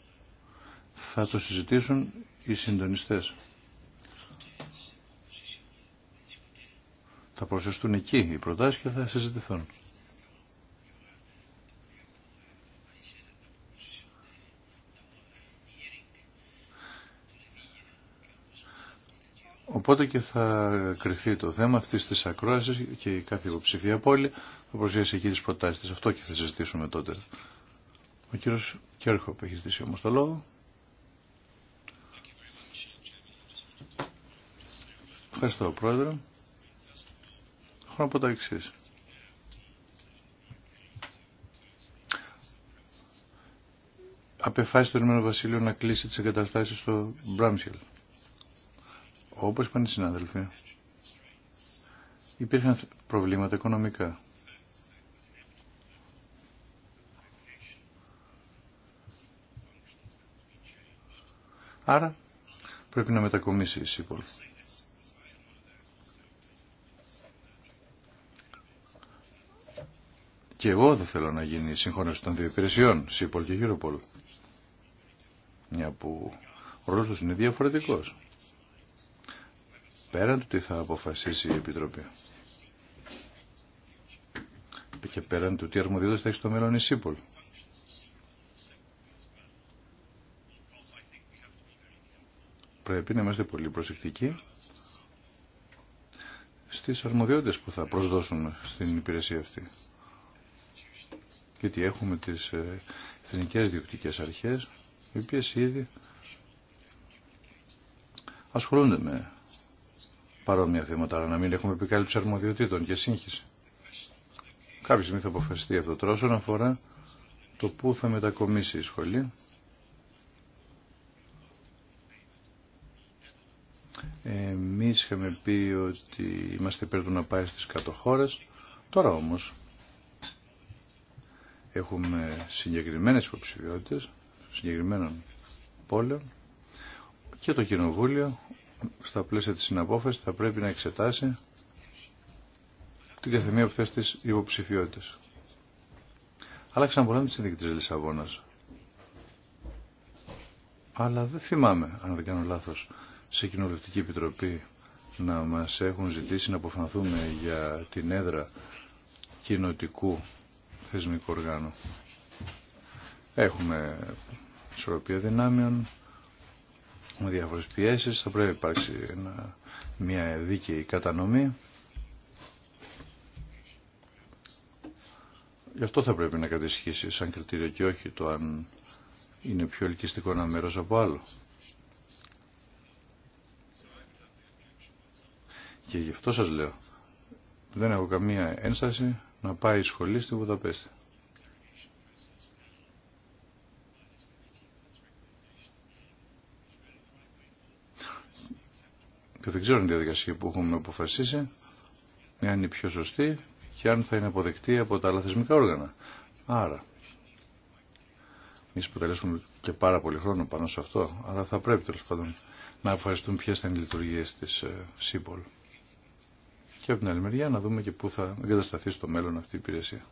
θα το συζητήσουν οι συντονιστές. Θα προσεστούν εκεί οι προτάσεις και θα συζητηθούν. Οπότε και θα κρυφτεί το θέμα αυτή τη ακρόαση και κάθε υποψηφία πόλη θα προσθέσει εκεί τι προτάσει τη. Αυτό και θα συζητήσουμε τότε. Ο κύριο Κέρχοπ έχει ζητήσει όμω το λόγο. Ευχαριστώ, Πρόεδρε. Έχω να πω τα εξή. Απεφάσισε το Ηνωμένο Βασίλειο να κλείσει τι εγκαταστάσει στο Μπράμσιλ. Όπως είπαν οι συνάδελφοι, υπήρχαν προβλήματα οικονομικά. Άρα πρέπει να μετακομίσει η ΣΥΠΟΛ. Και εγώ δεν θέλω να γίνει η συγχώνευση των δύο υπηρεσιών, ΣΥΠΟΛ και Γύροπολ. Μια που ο ρόλος είναι διαφορετικός πέραν του τι θα αποφασίσει η Επιτροπή και πέραν του τι αρμοδιότητα θα έχει στο μέλλον η ΣΥΠΟΛ. Πρέπει να είμαστε πολύ προσεκτικοί στις αρμοδιότητες που θα προσδώσουμε στην υπηρεσία αυτή. Γιατί έχουμε τις ε, εθνικές διοκτικές αρχές, οι οποίες ήδη ασχολούνται με παρόμοια θέματα, αλλά να μην έχουμε επικάλυψη αρμοδιοτήτων και σύγχυση. Κάποια στιγμή θα αποφασιστεί αυτό τώρα όσον αφορά το πού θα μετακομίσει η σχολή. Εμεί είχαμε πει ότι είμαστε υπέρ του να πάει στις κάτω χώρες. Τώρα όμως έχουμε συγκεκριμένες υποψηφιότητες συγκεκριμένων πόλεων και το Κοινοβούλιο στα πλαίσια της συναπόφασης θα πρέπει να εξετάσει την διαθεμία που θες της υποψηφιότητας. Άλλαξαν πολλά με τη συνθήκη της Λισαβόνας. Αλλά δεν θυμάμαι, αν δεν κάνω λάθος, σε κοινοβουλευτική επιτροπή να μας έχουν ζητήσει να αποφανθούμε για την έδρα κοινοτικού θεσμικού οργάνου. Έχουμε ισορροπία δυνάμεων, με διάφορες πιέσεις, θα πρέπει να υπάρξει μια δίκαιη κατανομή. Γι' αυτό θα πρέπει να κατησχύσει σαν κριτήριο και όχι το αν είναι πιο ελκυστικό ένα μέρος από άλλο. Και γι' αυτό σας λέω, δεν έχω καμία ένσταση να πάει η σχολή στη Βουδαπέστη. Και δεν ξέρω αν διαδικασία που έχουμε αποφασίσει αν είναι πιο σωστή και αν θα είναι αποδεκτή από τα άλλα θεσμικά όργανα. Άρα, εμεί που και πάρα πολύ χρόνο πάνω σε αυτό, αλλά θα πρέπει τέλο πάντων να αποφασιστούν ποιε θα είναι οι λειτουργίε τη ε, ΣΥΠΟΛ. Και από την άλλη μεριά να δούμε και πού θα εγκατασταθεί στο μέλλον αυτή η υπηρεσία.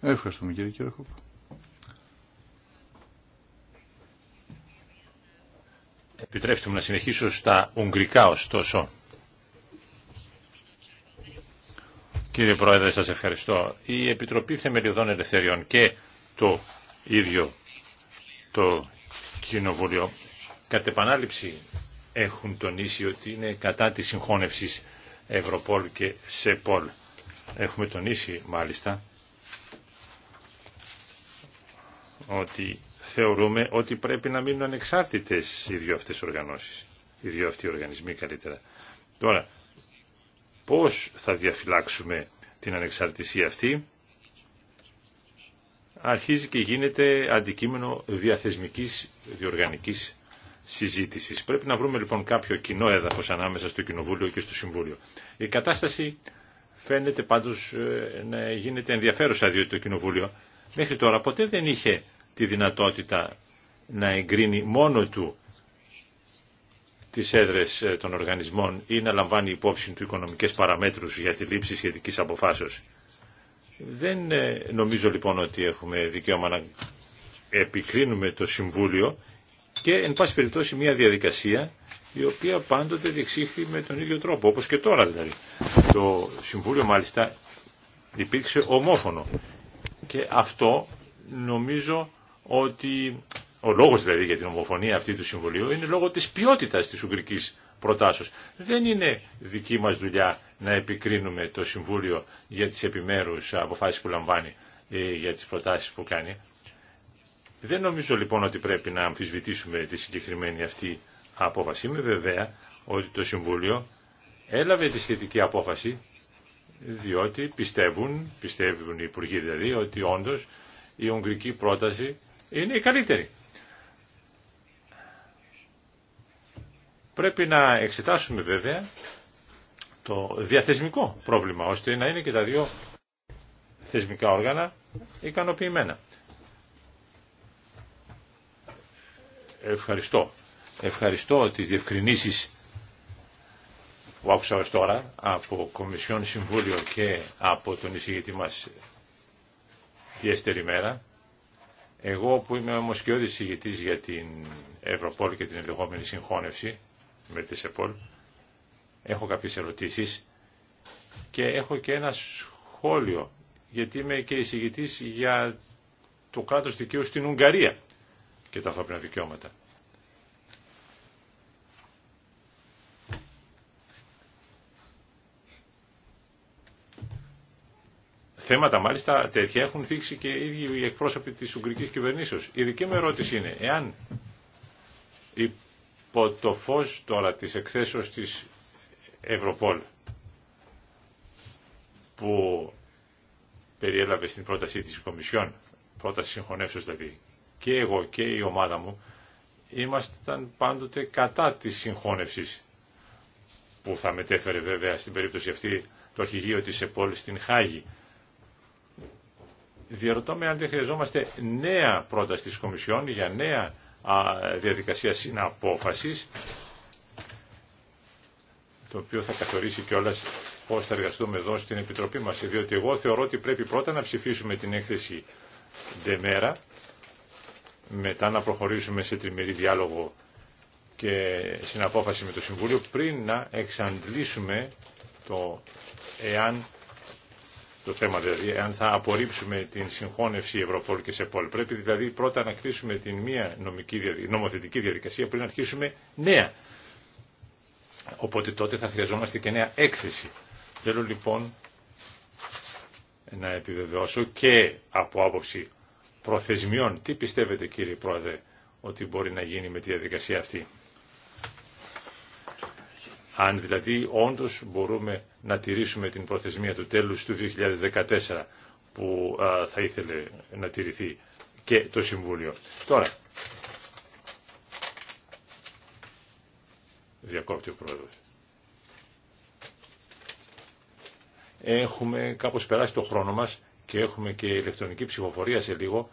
Ευχαριστούμε κύριε Κυριακόπουλο. Επιτρέψτε μου να συνεχίσω στα ουγγρικά ωστόσο. Κύριε Πρόεδρε, σας ευχαριστώ. Η Επιτροπή Θεμελιωδών Ελευθεριών και το ίδιο το Κοινοβούλιο κατ' επανάληψη έχουν τονίσει ότι είναι κατά της συγχώνευσης Ευρωπόλ και ΣΕΠΟΛ. Έχουμε τονίσει μάλιστα ότι θεωρούμε ότι πρέπει να μείνουν ανεξάρτητες οι δύο αυτές οργανώσεις, οι δύο αυτοί οργανισμοί καλύτερα. Τώρα, πώς θα διαφυλάξουμε την ανεξαρτησία αυτή, αρχίζει και γίνεται αντικείμενο διαθεσμικής, διοργανικής συζήτησης. Πρέπει να βρούμε λοιπόν κάποιο κοινό έδαφος ανάμεσα στο Κοινοβούλιο και στο Συμβούλιο. Η κατάσταση φαίνεται πάντως ε, να γίνεται ενδιαφέρουσα διότι το Κοινοβούλιο μέχρι τώρα ποτέ δεν είχε τη δυνατότητα να εγκρίνει μόνο του τις έδρες ε, των οργανισμών ή να λαμβάνει υπόψη του οικονομικές παραμέτρους για τη λήψη σχετικής αποφάσεως. Δεν ε, νομίζω λοιπόν ότι έχουμε δικαίωμα να επικρίνουμε το Συμβούλιο και εν πάση περιπτώσει μια διαδικασία η οποία πάντοτε διεξήχθη με τον ίδιο τρόπο, όπως και τώρα δηλαδή. Το Συμβούλιο μάλιστα υπήρξε ομόφωνο και αυτό νομίζω ότι ο λόγος δηλαδή για την ομοφωνία αυτή του Συμβουλίου είναι λόγω της ποιότητας της Ουγγρικής προτάσεως. Δεν είναι δική μας δουλειά να επικρίνουμε το Συμβούλιο για τις επιμέρους αποφάσεις που λαμβάνει ε, για τις προτάσεις που κάνει. Δεν νομίζω λοιπόν ότι πρέπει να αμφισβητήσουμε τη συγκεκριμένη αυτή απόφαση. Είμαι βέβαια ότι το Συμβούλιο έλαβε τη σχετική απόφαση διότι πιστεύουν, πιστεύουν οι Υπουργοί δηλαδή, ότι όντως η Ουγγρική πρόταση είναι οι καλύτεροι. Πρέπει να εξετάσουμε βέβαια το διαθεσμικό πρόβλημα, ώστε να είναι και τα δύο θεσμικά όργανα ικανοποιημένα. Ευχαριστώ. Ευχαριστώ τις διευκρινήσεις που άκουσα ως τώρα από Κομισιόν Συμβούλιο και από τον εισηγητή μας τη Μέρα. Εγώ που είμαι όμως και για την Ευρωπόλ και την ενδεχόμενη συγχώνευση με τη ΣΕΠΟΛ, έχω κάποιες ερωτήσεις και έχω και ένα σχόλιο, γιατί είμαι και εισηγητής για το κράτος δικαίου στην Ουγγαρία και τα ανθρώπινα δικαιώματα. Θέματα μάλιστα τέτοια έχουν θίξει και οι ίδιοι οι εκπρόσωποι της Ουγγρικής κυβερνήσεως. Η δική μου ερώτηση είναι, εάν υπό το φως τώρα της εκθέσεως της Ευρωπόλ που περιέλαβε στην πρόταση της Κομισιόν, πρόταση συγχωνεύσεως δηλαδή, και εγώ και η ομάδα μου, ήμασταν πάντοτε κατά της συγχώνευσης που θα μετέφερε βέβαια στην περίπτωση αυτή το αρχηγείο της ΕΠΟΛ στην Χάγη. Διερωτώ με αν δεν χρειαζόμαστε νέα πρόταση της Κομισιόν για νέα διαδικασία συναπόφασης το οποίο θα καθορίσει κιόλα πώ θα εργαστούμε εδώ στην Επιτροπή μα. Διότι εγώ θεωρώ ότι πρέπει πρώτα να ψηφίσουμε την έκθεση Ντεμέρα, μετά να προχωρήσουμε σε τριμερή διάλογο και συναπόφαση με το Συμβούλιο, πριν να εξαντλήσουμε το εάν το θέμα δηλαδή, αν θα απορρίψουμε την συγχώνευση Ευρωπόλ και ΣΕΠΟΛ. Πρέπει δηλαδή πρώτα να κλείσουμε την μία νομική, νομοθετική διαδικασία πριν να αρχίσουμε νέα. Οπότε τότε θα χρειαζόμαστε και νέα έκθεση. Θέλω λοιπόν να επιβεβαιώσω και από άποψη προθεσμιών. Τι πιστεύετε κύριε Πρόεδρε ότι μπορεί να γίνει με τη διαδικασία αυτή αν δηλαδή όντως μπορούμε να τηρήσουμε την προθεσμία του τέλους του 2014 που θα ήθελε να τηρηθεί και το Συμβούλιο. Τώρα, διακόπτει ο Πρόεδρος. Έχουμε κάπως περάσει το χρόνο μας και έχουμε και ηλεκτρονική ψηφοφορία σε λίγο.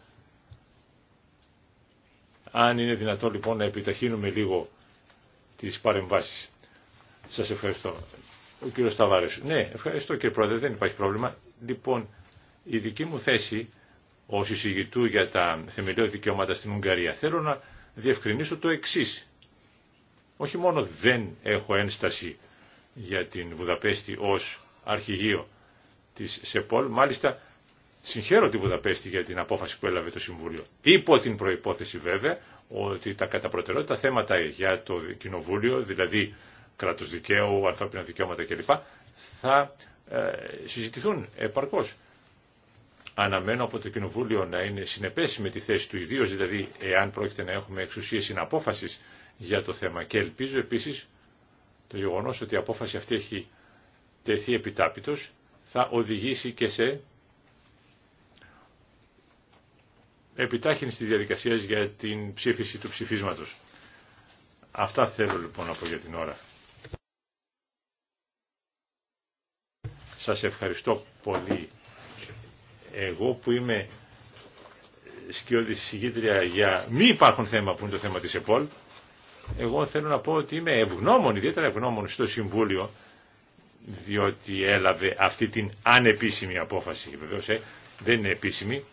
Αν είναι δυνατόν λοιπόν να επιταχύνουμε λίγο τις παρεμβάσεις. Σας ευχαριστώ. Ο κύριος Σταβάρης. Ναι, ευχαριστώ κύριε Πρόεδρε, δεν υπάρχει πρόβλημα. Λοιπόν, η δική μου θέση ως εισηγητού για τα θεμελιώδη δικαιώματα στην Ουγγαρία θέλω να διευκρινίσω το εξή. Όχι μόνο δεν έχω ένσταση για την Βουδαπέστη ως αρχηγείο της ΣΕΠΟΛ, μάλιστα συγχαίρω τη Βουδαπέστη για την απόφαση που έλαβε το Συμβούλιο. Υπό την προϋπόθεση βέβαια ότι τα κατά προτεραιότητα θέματα για το Κοινοβούλιο, δηλαδή κράτος δικαίου, ανθρώπινα δικαιώματα κλπ. θα ε, συζητηθούν επαρκώς. Αναμένω από το Κοινοβούλιο να είναι συνεπές με τη θέση του ιδίως δηλαδή εάν πρόκειται να έχουμε εξουσίες συναπόφασης για το θέμα. Και ελπίζω επίσης το γεγονός ότι η απόφαση αυτή έχει τεθεί επιτάπητος θα οδηγήσει και σε επιτάχυνση της διαδικασίας για την ψήφιση του ψηφίσματος. Αυτά θέλω λοιπόν από για την ώρα. Σας ευχαριστώ πολύ. Εγώ που είμαι σκιώδης συγκίτρια για μη υπάρχουν θέμα που είναι το θέμα της ΕΠΟΛ, εγώ θέλω να πω ότι είμαι ευγνώμων, ιδιαίτερα ευγνώμων στο Συμβούλιο, διότι έλαβε αυτή την ανεπίσημη απόφαση. Βεβαίως ε, δεν είναι επίσημη.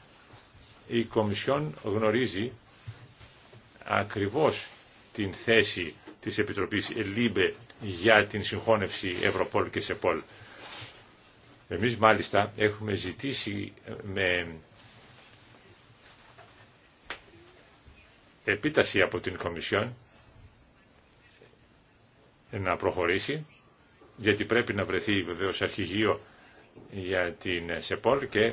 Η Κομισιόν γνωρίζει ακριβώς την θέση της Επιτροπής ΛΥΜΠΕ για την συγχώνευση Ευρωπόλ και ΣΕΠΟΛ. Εμείς μάλιστα έχουμε ζητήσει ε, με επίταση από την Κομισιόν να προχωρήσει, γιατί πρέπει να βρεθεί βεβαίως αρχηγείο για την ΣΕΠΟΛ και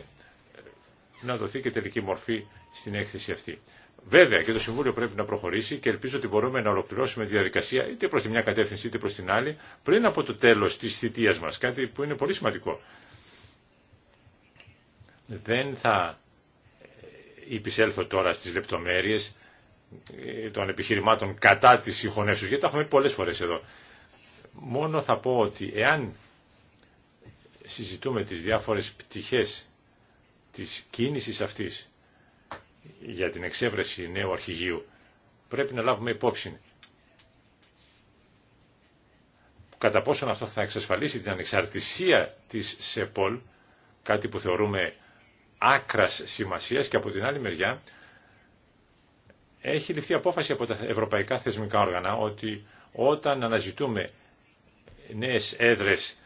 να δοθεί και τελική μορφή στην έκθεση αυτή. Βέβαια και το Συμβούλιο πρέπει να προχωρήσει και ελπίζω ότι μπορούμε να ολοκληρώσουμε τη διαδικασία είτε προς τη μια κατεύθυνση είτε προς την άλλη πριν από το τέλος της θητείας μας, κάτι που είναι πολύ σημαντικό. Δεν θα υπησέλθω τώρα στις λεπτομέρειες ε, των επιχειρημάτων κατά της συγχωνεύσεως, γιατί τα έχουμε πολλές φορές εδώ. Μόνο θα πω ότι εάν συζητούμε τις διάφορες πτυχές της κίνησης αυτής για την εξέβρεση νέου αρχηγείου, πρέπει να λάβουμε υπόψη κατά πόσον αυτό θα εξασφαλίσει την ανεξαρτησία της ΣΕΠΟΛ, κάτι που θεωρούμε άκρας σημασίας και από την άλλη μεριά έχει ληφθεί απόφαση από τα ευρωπαϊκά θεσμικά όργανα ότι όταν αναζητούμε νέες έδρες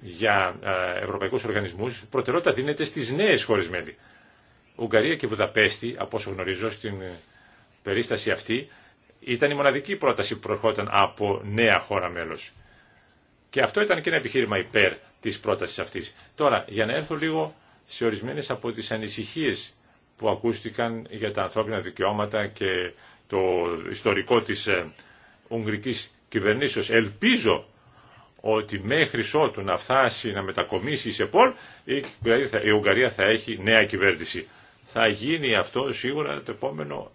για ε, ευρωπαϊκούς οργανισμούς, προτεραιότητα δίνεται στις νέες χώρες μέλη. Ουγγαρία και Βουδαπέστη, από όσο γνωρίζω στην περίσταση αυτή, ήταν η μοναδική πρόταση που προερχόταν από νέα χώρα μέλος. Και αυτό ήταν και ένα επιχείρημα υπέρ της πρότασης αυτής. Τώρα, για να έρθω λίγο σε ορισμένες από τις ανησυχίες που ακούστηκαν για τα ανθρώπινα δικαιώματα και το ιστορικό της ε, Ουγγρικής κυβερνήσεως. Ελπίζω ότι μέχρι ότου να φτάσει να μετακομίσει σε πόλ, η Ουγγαρία θα έχει νέα κυβέρνηση. Θα γίνει αυτό σίγουρα το επόμενο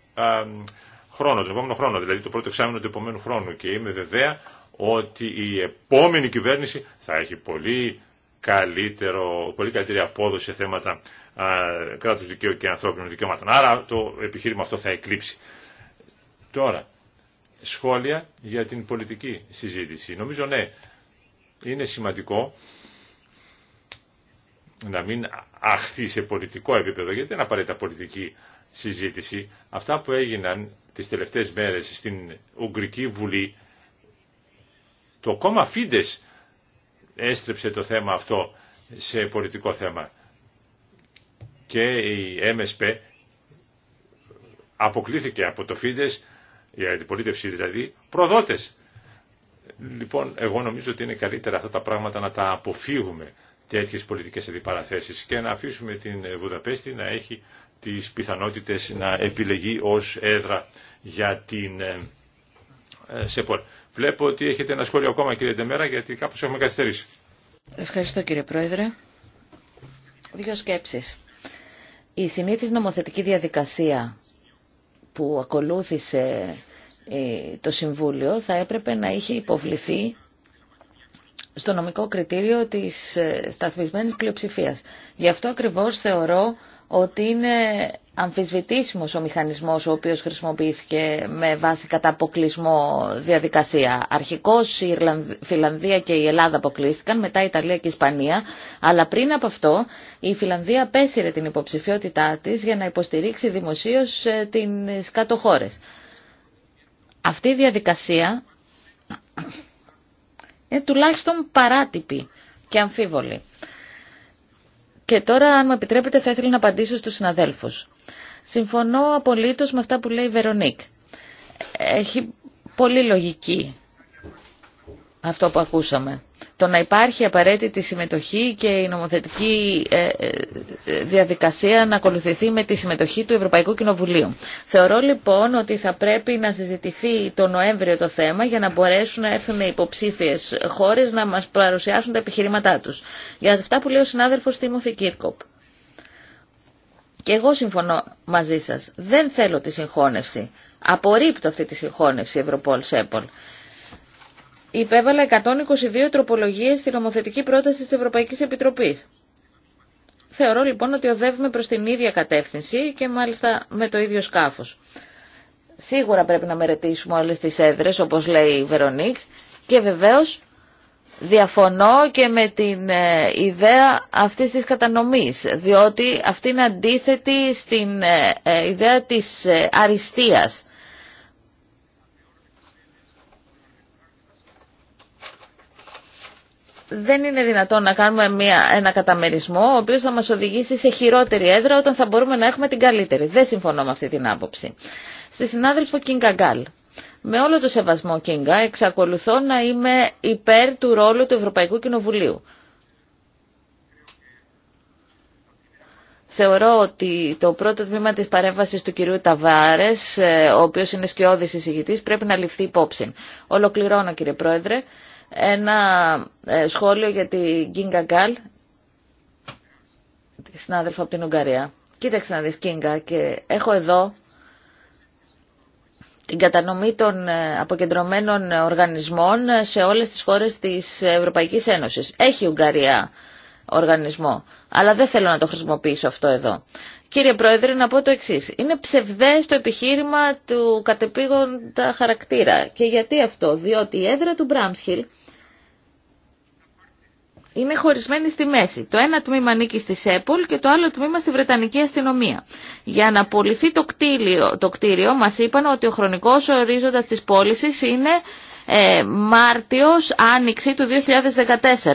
χρόνο, τον επόμενο χρόνο, δηλαδή το πρώτο εξάμεινο του επόμενου χρόνου. Και είμαι βεβαία ότι η επόμενη κυβέρνηση θα έχει πολύ καλύτερο, πολύ καλύτερη απόδοση σε θέματα κράτους δικαίου και ανθρώπινων δικαιωμάτων. Άρα το επιχείρημα αυτό θα εκλείψει. Τώρα, σχόλια για την πολιτική συζήτηση. Νομίζω ναι, είναι σημαντικό να μην αχθεί σε πολιτικό επίπεδο, γιατί δεν απαραίτητα πολιτική συζήτηση. Αυτά που έγιναν τις τελευταίες μέρες στην Ουγγρική Βουλή, το κόμμα Φίντες έστρεψε το θέμα αυτό σε πολιτικό θέμα. Και η MSP αποκλήθηκε από το για η αντιπολίτευση δηλαδή, προδότες. Λοιπόν, εγώ νομίζω ότι είναι καλύτερα αυτά τα πράγματα να τα αποφύγουμε τέτοιες πολιτικές αντιπαραθέσεις και να αφήσουμε την Βουδαπέστη να έχει τις πιθανότητες να επιλεγεί ως έδρα για την ε, ε, Βλέπω ότι έχετε ένα σχόλιο ακόμα κύριε Ντεμέρα γιατί κάπως έχουμε καθυστερήσει. Ευχαριστώ κύριε Πρόεδρε. Δύο σκέψεις. Η συνήθις νομοθετική διαδικασία που ακολούθησε ε, το Συμβούλιο θα έπρεπε να είχε υποβληθεί στο νομικό κριτήριο της ε, σταθμισμένης πλειοψηφίας. Γι' αυτό ακριβώς θεωρώ ότι είναι αμφισβητήσιμος ο μηχανισμός ο οποίος χρησιμοποιήθηκε με βάση κατά αποκλεισμό διαδικασία. Αρχικώς η Φιλανδία και η Ελλάδα αποκλείστηκαν, μετά η Ιταλία και η Ισπανία, αλλά πριν από αυτό η Φιλανδία πέσυρε την υποψηφιότητά της για να υποστηρίξει δημοσίως ε, την κάτω χώρες. Αυτή η διαδικασία είναι τουλάχιστον παράτυπη και αμφίβολη. Και τώρα, αν μου επιτρέπετε, θα ήθελα να απαντήσω στους συναδέλφους. Συμφωνώ απολύτως με αυτά που λέει η Βερονίκ. Έχει πολύ λογική αυτό που ακούσαμε το να υπάρχει απαραίτητη συμμετοχή και η νομοθετική ε, ε, διαδικασία να ακολουθηθεί με τη συμμετοχή του Ευρωπαϊκού Κοινοβουλίου. Θεωρώ λοιπόν ότι θα πρέπει να συζητηθεί το Νοέμβριο το θέμα για να μπορέσουν να έρθουν οι υποψήφιες χώρες να μας παρουσιάσουν τα επιχειρήματά τους. Για αυτά που λέει ο συνάδελφο Τίμωθη Κίρκοπ. Και εγώ συμφωνώ μαζί σα, Δεν θέλω τη συγχώνευση. Απορρίπτω αυτή τη συγχώνευση Ευρωπόλ-ΣΕΠΟΛ υπέβαλα 122 τροπολογίες στην νομοθετική πρόταση της Ευρωπαϊκής Επιτροπής. Θεωρώ λοιπόν ότι οδεύουμε προς την ίδια κατεύθυνση και μάλιστα με το ίδιο σκάφος. Σίγουρα πρέπει να μερετήσουμε όλες τις έδρες, όπως λέει η Βερονίκ, και βεβαίως διαφωνώ και με την ε, ιδέα αυτής της κατανομής, διότι αυτή είναι αντίθετη στην ε, ε, ιδέα της αριστείας. δεν είναι δυνατόν να κάνουμε μια, ένα καταμερισμό ο οποίος θα μας οδηγήσει σε χειρότερη έδρα όταν θα μπορούμε να έχουμε την καλύτερη. Δεν συμφωνώ με αυτή την άποψη. Στη συνάδελφο Κίνγκα Γκάλ. Με όλο το σεβασμό Κίνγκα εξακολουθώ να είμαι υπέρ του ρόλου του Ευρωπαϊκού Κοινοβουλίου. Θεωρώ ότι το πρώτο τμήμα της παρέμβασης του κυρίου Ταβάρες, ε, ο οποίος είναι σκιώδης εισηγητής, πρέπει να ληφθεί υπόψη. Ολοκληρώνω κύριε Πρόεδρε ένα ε, σχόλιο για την Κίνγκα Γκάλ, τη συνάδελφα από την Ουγγαρία. Κοίταξε να δεις Κίνγκα και έχω εδώ την κατανομή των ε, αποκεντρωμένων οργανισμών σε όλες τις χώρες της Ευρωπαϊκής Ένωσης. Έχει Ουγγαρία οργανισμό, αλλά δεν θέλω να το χρησιμοποιήσω αυτό εδώ. Κύριε Πρόεδρε, να πω το εξή. Είναι ψευδέ το επιχείρημα του κατεπήγοντα χαρακτήρα. Και γιατί αυτό, διότι η έδρα του Μπράμσχιλ είναι χωρισμένη στη μέση. Το ένα τμήμα ανήκει στη ΣΕΠΟΛ και το άλλο τμήμα στη Βρετανική αστυνομία. Για να απολυθεί το κτίριο, το μας είπαν ότι ο χρονικός ορίζοντας της πώληση είναι ε, Μάρτιος Άνοιξη του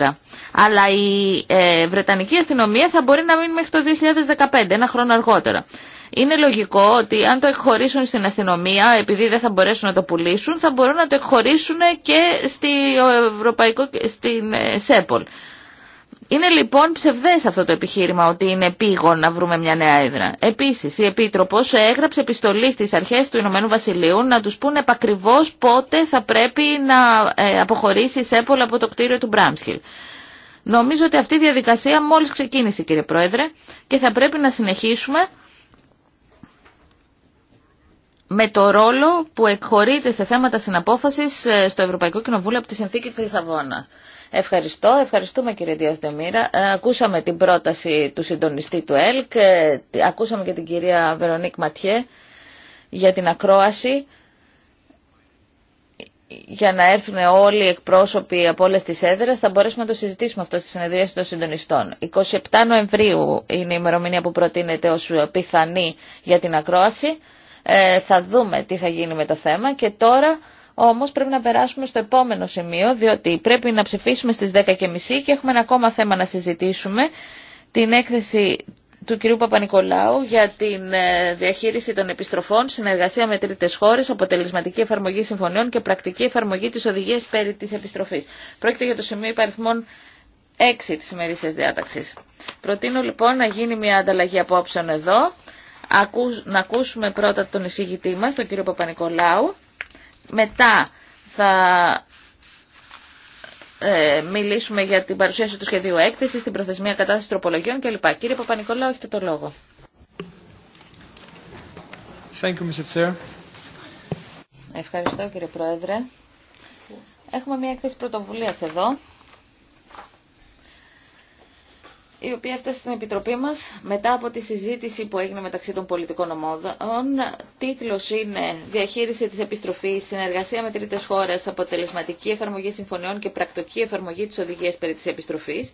2014. Αλλά η ε, Βρετανική αστυνομία θα μπορεί να μείνει μέχρι το 2015, ένα χρόνο αργότερα. Είναι λογικό ότι αν το εκχωρήσουν στην αστυνομία, επειδή δεν θα μπορέσουν να το πουλήσουν, θα μπορούν να το εκχωρήσουν και στη Ευρωπαϊκό, στην ε, ΣΕΠΟΛ. Είναι λοιπόν ψευδές αυτό το επιχείρημα ότι είναι πήγον να βρούμε μια νέα έδρα. Επίσης, η Επίτροπος έγραψε επιστολή στις αρχές του Ηνωμένου Βασιλείου να τους πούνε επακριβώς πότε θα πρέπει να ε, αποχωρήσει η ΣΕΠΟΛ από το κτίριο του Μπράμσχιλ. Νομίζω ότι αυτή η διαδικασία μόλις ξεκίνησε κύριε Πρόεδρε και θα πρέπει να συνεχίσουμε με το ρόλο που εκχωρείται σε θέματα συναπόφασης ε, στο Ευρωπαϊκό Κοινοβούλιο από τη Συνθήκη της Λισαβόνας. Ευχαριστώ, ευχαριστούμε κύριε Διαστεμίρα. Ε, ακούσαμε την πρόταση του συντονιστή του ΕΛΚ, ε, ακούσαμε και την κυρία Βερονίκ Ματιέ για την ακρόαση για να έρθουν όλοι οι εκπρόσωποι από όλες τις έδρες θα μπορέσουμε να το συζητήσουμε αυτό στη συνεδρίαση των συντονιστών. 27 Νοεμβρίου είναι η ημερομηνία που προτείνεται ως πιθανή για την ακρόαση. Ε, θα δούμε τι θα γίνει με το θέμα και τώρα όμως πρέπει να περάσουμε στο επόμενο σημείο διότι πρέπει να ψηφίσουμε στις 10.30 και έχουμε ένα ακόμα θέμα να συζητήσουμε την έκθεση του κυρίου Παπα-Νικολάου για τη ε, διαχείριση των επιστροφών, συνεργασία με τρίτες χώρες, αποτελεσματική εφαρμογή συμφωνιών και πρακτική εφαρμογή τη οδηγίας περί της επιστροφής. Πρόκειται για το σημείο υπαριθμών 6 της ημερήσιας διάταξης. Προτείνω λοιπόν να γίνει μια ανταλλαγή απόψεων εδώ να ακούσουμε πρώτα τον εισηγητή μας, τον κύριο Παπα-Νικολάου. Μετά θα ε, μιλήσουμε για την παρουσίαση του σχεδίου έκθεσης, την προθεσμία κατάσταση τροπολογιών κλπ. Κύριε Παπα-Νικολάου, έχετε το λόγο. Thank you, Mr. Ευχαριστώ κύριε Πρόεδρε. Έχουμε μια έκθεση πρωτοβουλίας εδώ η οποία έφτασε στην Επιτροπή μας μετά από τη συζήτηση που έγινε μεταξύ των πολιτικών ομάδων. Τίτλος είναι «Διαχείριση της επιστροφής, συνεργασία με τρίτες χώρες, αποτελεσματική εφαρμογή συμφωνιών και πρακτική εφαρμογή της οδηγίας περί της επιστροφής».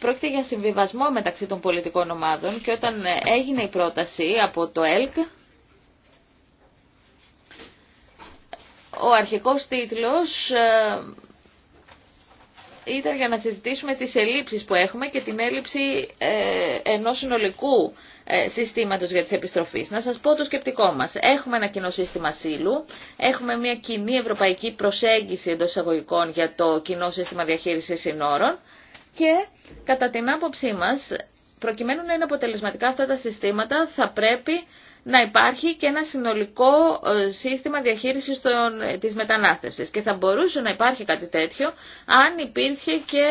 Πρόκειται για συμβιβασμό μεταξύ των πολιτικών ομάδων και όταν έγινε η πρόταση από το ΕΛΚ, ο αρχικός τίτλος ε, ήταν για να συζητήσουμε τις ελλείψεις που έχουμε και την έλλειψη ε, ενός συνολικού ε, συστήματος για τις επιστροφές. Να σας πω το σκεπτικό μας. Έχουμε ένα κοινό σύστημα σύλλου, έχουμε μια κοινή ευρωπαϊκή προσέγγιση εντός εισαγωγικών για το κοινό σύστημα διαχείρισης συνόρων και κατά την άποψή μας, προκειμένου να είναι αποτελεσματικά αυτά τα συστήματα, θα πρέπει να υπάρχει και ένα συνολικό ε, σύστημα διαχείρισης των, ε, της μετανάστευσης. Και θα μπορούσε να υπάρχει κάτι τέτοιο αν υπήρχε και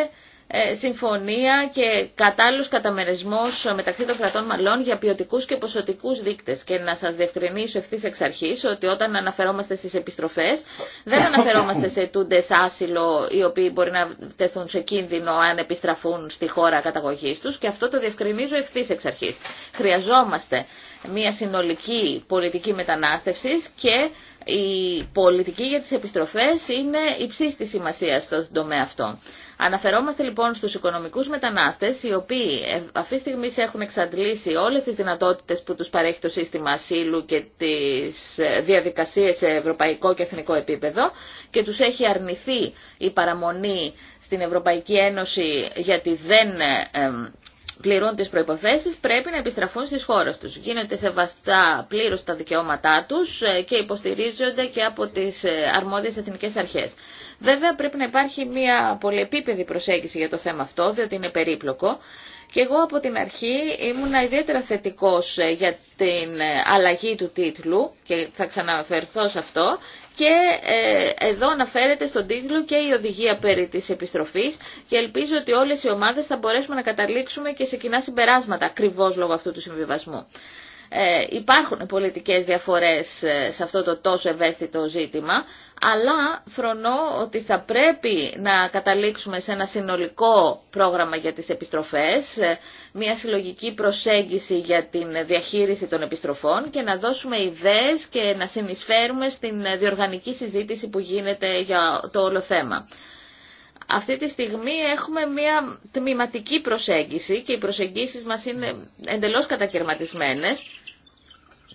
ε, συμφωνία και κατάλληλος καταμερισμός μεταξύ των κρατών μαλλών για ποιοτικούς και ποσοτικούς δείκτες. Και να σας διευκρινίσω ευθύς εξ αρχής ότι όταν αναφερόμαστε στις επιστροφές δεν αναφερόμαστε σε τούντες άσυλο οι οποίοι μπορεί να τεθούν σε κίνδυνο αν επιστραφούν στη χώρα καταγωγής τους και αυτό το διευκρινίζω ευθύς εξ αρχής. Χρειαζόμαστε μια συνολική πολιτική μετανάστευση και η πολιτική για τις επιστροφές είναι υψής της σημασίας στον τομέα αυτό. Αναφερόμαστε λοιπόν στους οικονομικούς μετανάστες, οι οποίοι ε, αυτή τη στιγμή έχουν εξαντλήσει όλες τις δυνατότητες που τους παρέχει το σύστημα ασύλου και τις ε, διαδικασίες σε ευρωπαϊκό και εθνικό επίπεδο και τους έχει αρνηθεί η παραμονή στην Ευρωπαϊκή Ένωση γιατί δεν ε, πληρούν τις προϋποθέσεις πρέπει να επιστραφούν στις χώρες τους. Γίνονται σεβαστά πλήρως τα δικαιώματά τους και υποστηρίζονται και από τις αρμόδιες εθνικές αρχές. Βέβαια πρέπει να υπάρχει μια πολυεπίπεδη προσέγγιση για το θέμα αυτό, διότι είναι περίπλοκο. Και εγώ από την αρχή ήμουνα ιδιαίτερα θετικός ε, για την ε, αλλαγή του τίτλου και θα ξαναφερθώ σε αυτό και ε, εδώ αναφέρεται στον τίτλο και η οδηγία περί της επιστροφής και ελπίζω ότι όλες οι ομάδες θα μπορέσουμε να καταλήξουμε και σε κοινά συμπεράσματα ακριβώς λόγω αυτού του συμβιβασμού. Ε, υπάρχουν πολιτικές διαφορές ε, σε αυτό το τόσο ευαίσθητο ζήτημα, αλλά φρονώ ότι θα πρέπει να καταλήξουμε σε ένα συνολικό πρόγραμμα για τις επιστροφές, ε, μια συλλογική προσέγγιση για την διαχείριση των επιστροφών και να δώσουμε ιδέες και να συνεισφέρουμε στην διοργανική συζήτηση που γίνεται για το όλο θέμα. Αυτή τη στιγμή έχουμε μια τμηματική προσέγγιση και οι προσεγγίσεις μας είναι εντελώς κατακαιρματισμένες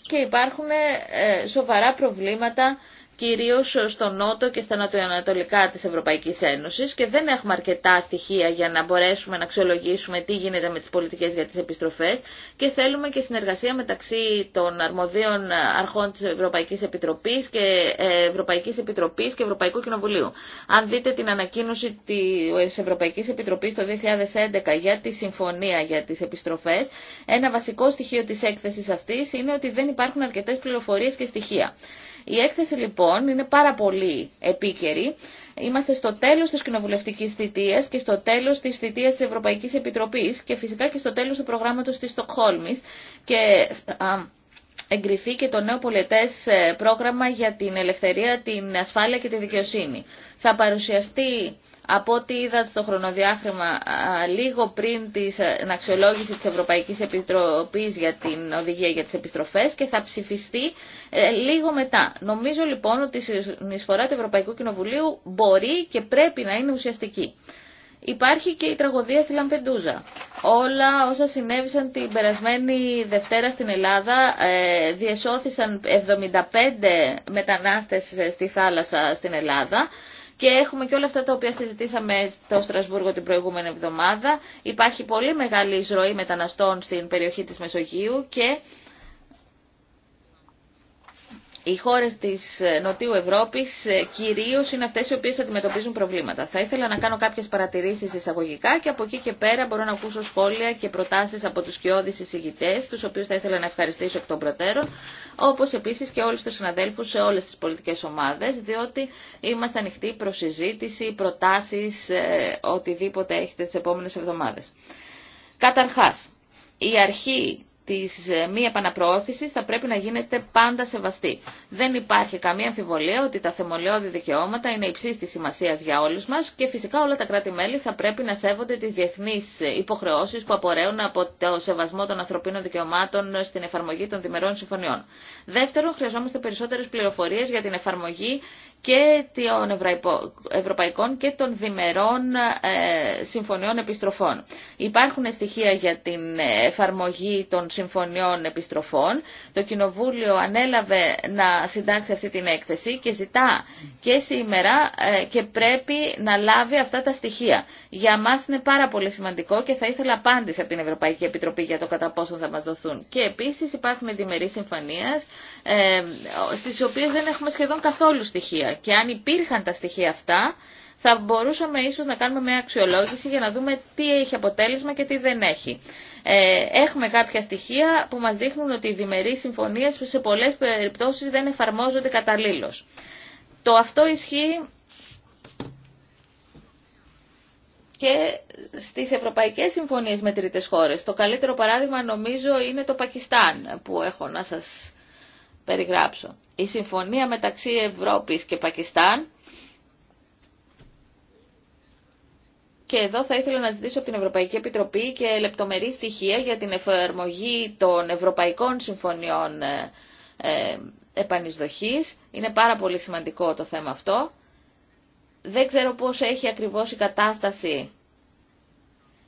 και υπάρχουν ε, σοβαρά προβλήματα κυρίως στο νότο και στα νοτιοανατολικά της Ευρωπαϊκής Ένωσης και δεν έχουμε αρκετά στοιχεία για να μπορέσουμε να αξιολογήσουμε τι γίνεται με τις πολιτικές για τις επιστροφές και θέλουμε και συνεργασία μεταξύ των αρμοδίων αρχών της Ευρωπαϊκής Επιτροπής και ε, Ευρωπαϊκής Επιτροπής και Ευρωπαϊκού Κοινοβουλίου. Αν δείτε την ανακοίνωση της Ευρωπαϊκής Επιτροπής το 2011 για τη Συμφωνία για τις Επιστροφές, ένα βασικό στοιχείο της έκθεσης αυτής είναι ότι δεν υπάρχουν αρκετές πληροφορίες και στοιχεία. Η έκθεση λοιπόν είναι πάρα πολύ επίκαιρη. Είμαστε στο τέλος της κοινοβουλευτικής θητείας και στο τέλος της θητείας της Ευρωπαϊκής Επιτροπής και φυσικά και στο τέλος του προγράμματος της Στοκχόλμης και εγκριθεί και το νέο πολιτές ε, πρόγραμμα για την ελευθερία, την ασφάλεια και τη δικαιοσύνη. Θα παρουσιαστεί από ό,τι είδα στο χρονοδιάχρημα λίγο πριν ε, την αξιολόγηση της Ευρωπαϊκής Επιτροπής για την οδηγία για τις επιστροφές και θα ψηφιστεί ε, λίγο μετά. Νομίζω λοιπόν ότι η συνεισφορά του Ευρωπαϊκού Κοινοβουλίου μπορεί και πρέπει να είναι ουσιαστική. Υπάρχει και η τραγωδία στη Λαμπεντούζα. Όλα όσα συνέβησαν την περασμένη Δευτέρα στην Ελλάδα ε, διεσώθησαν 75 μετανάστες ε, στη θάλασσα στην Ελλάδα και έχουμε και όλα αυτά τα οποία συζητήσαμε στο Στρασβούργο την προηγούμενη εβδομάδα. Υπάρχει πολύ μεγάλη εισρωή μεταναστών στην περιοχή της Μεσογείου και οι χώρες της ε, Νοτιού Ευρώπης ε, κυρίως είναι αυτές οι οποίες αντιμετωπίζουν προβλήματα. Θα ήθελα να κάνω κάποιες παρατηρήσεις εισαγωγικά και από εκεί και πέρα μπορώ να ακούσω σχόλια και προτάσεις από τους κοιόδης εισηγητές, τους οποίους θα ήθελα να ευχαριστήσω εκ των προτέρων, όπως επίσης και όλους τους συναδέλφους σε όλες τις πολιτικές ομάδες, διότι είμαστε ανοιχτοί προ συζήτηση, προτάσεις, ε, οτιδήποτε έχετε τις επόμενες εβδομάδες. Καταρχάς, η αρχή της ε, μη επαναπροώθησης θα πρέπει να γίνεται πάντα σεβαστή. Δεν υπάρχει καμία αμφιβολία ότι τα θεμελιώδη δικαιώματα είναι υψής της σημασίας για όλους μας και φυσικά όλα τα κράτη-μέλη θα πρέπει να σέβονται τις διεθνείς υποχρεώσεις που απορρέουν από το σεβασμό των ανθρωπίνων δικαιωμάτων στην εφαρμογή των διμερών συμφωνιών. Δεύτερον, χρειαζόμαστε περισσότερες πληροφορίες για την εφαρμογή και των ευρωπαϊκών και των διμερών ε, συμφωνιών επιστροφών. Υπάρχουν στοιχεία για την εφαρμογή των συμφωνιών επιστροφών. Το Κοινοβούλιο ανέλαβε να συντάξει αυτή την έκθεση και ζητά και σήμερα ε, και πρέπει να λάβει αυτά τα στοιχεία. Για μας είναι πάρα πολύ σημαντικό και θα ήθελα απάντηση από την Ευρωπαϊκή Επιτροπή για το κατά πόσο θα μας δοθούν. Και επίσης υπάρχουν διμερείς συμφωνίες ε, στις οποίες δεν έχουμε σχεδόν καθόλου στοιχεία. Και αν υπήρχαν τα στοιχεία αυτά, θα μπορούσαμε ίσως να κάνουμε μια αξιολόγηση για να δούμε τι έχει αποτέλεσμα και τι δεν έχει. Ε, έχουμε κάποια στοιχεία που μας δείχνουν ότι οι διμερείς συμφωνίες σε πολλές περιπτώσεις δεν εφαρμόζονται καταλήλως. Το αυτό ισχύει και στις ευρωπαϊκές συμφωνίες με τρίτες χώρες. Το καλύτερο παράδειγμα νομίζω είναι το Πακιστάν που έχω να σας περιγράψω. Η συμφωνία μεταξύ Ευρώπης και Πακιστάν Και εδώ θα ήθελα να ζητήσω από την Ευρωπαϊκή Επιτροπή και λεπτομερή στοιχεία για την εφαρμογή των Ευρωπαϊκών Συμφωνιών ε, ε, Επανεισδοχής. Είναι πάρα πολύ σημαντικό το θέμα αυτό. Δεν ξέρω πώς έχει ακριβώς η κατάσταση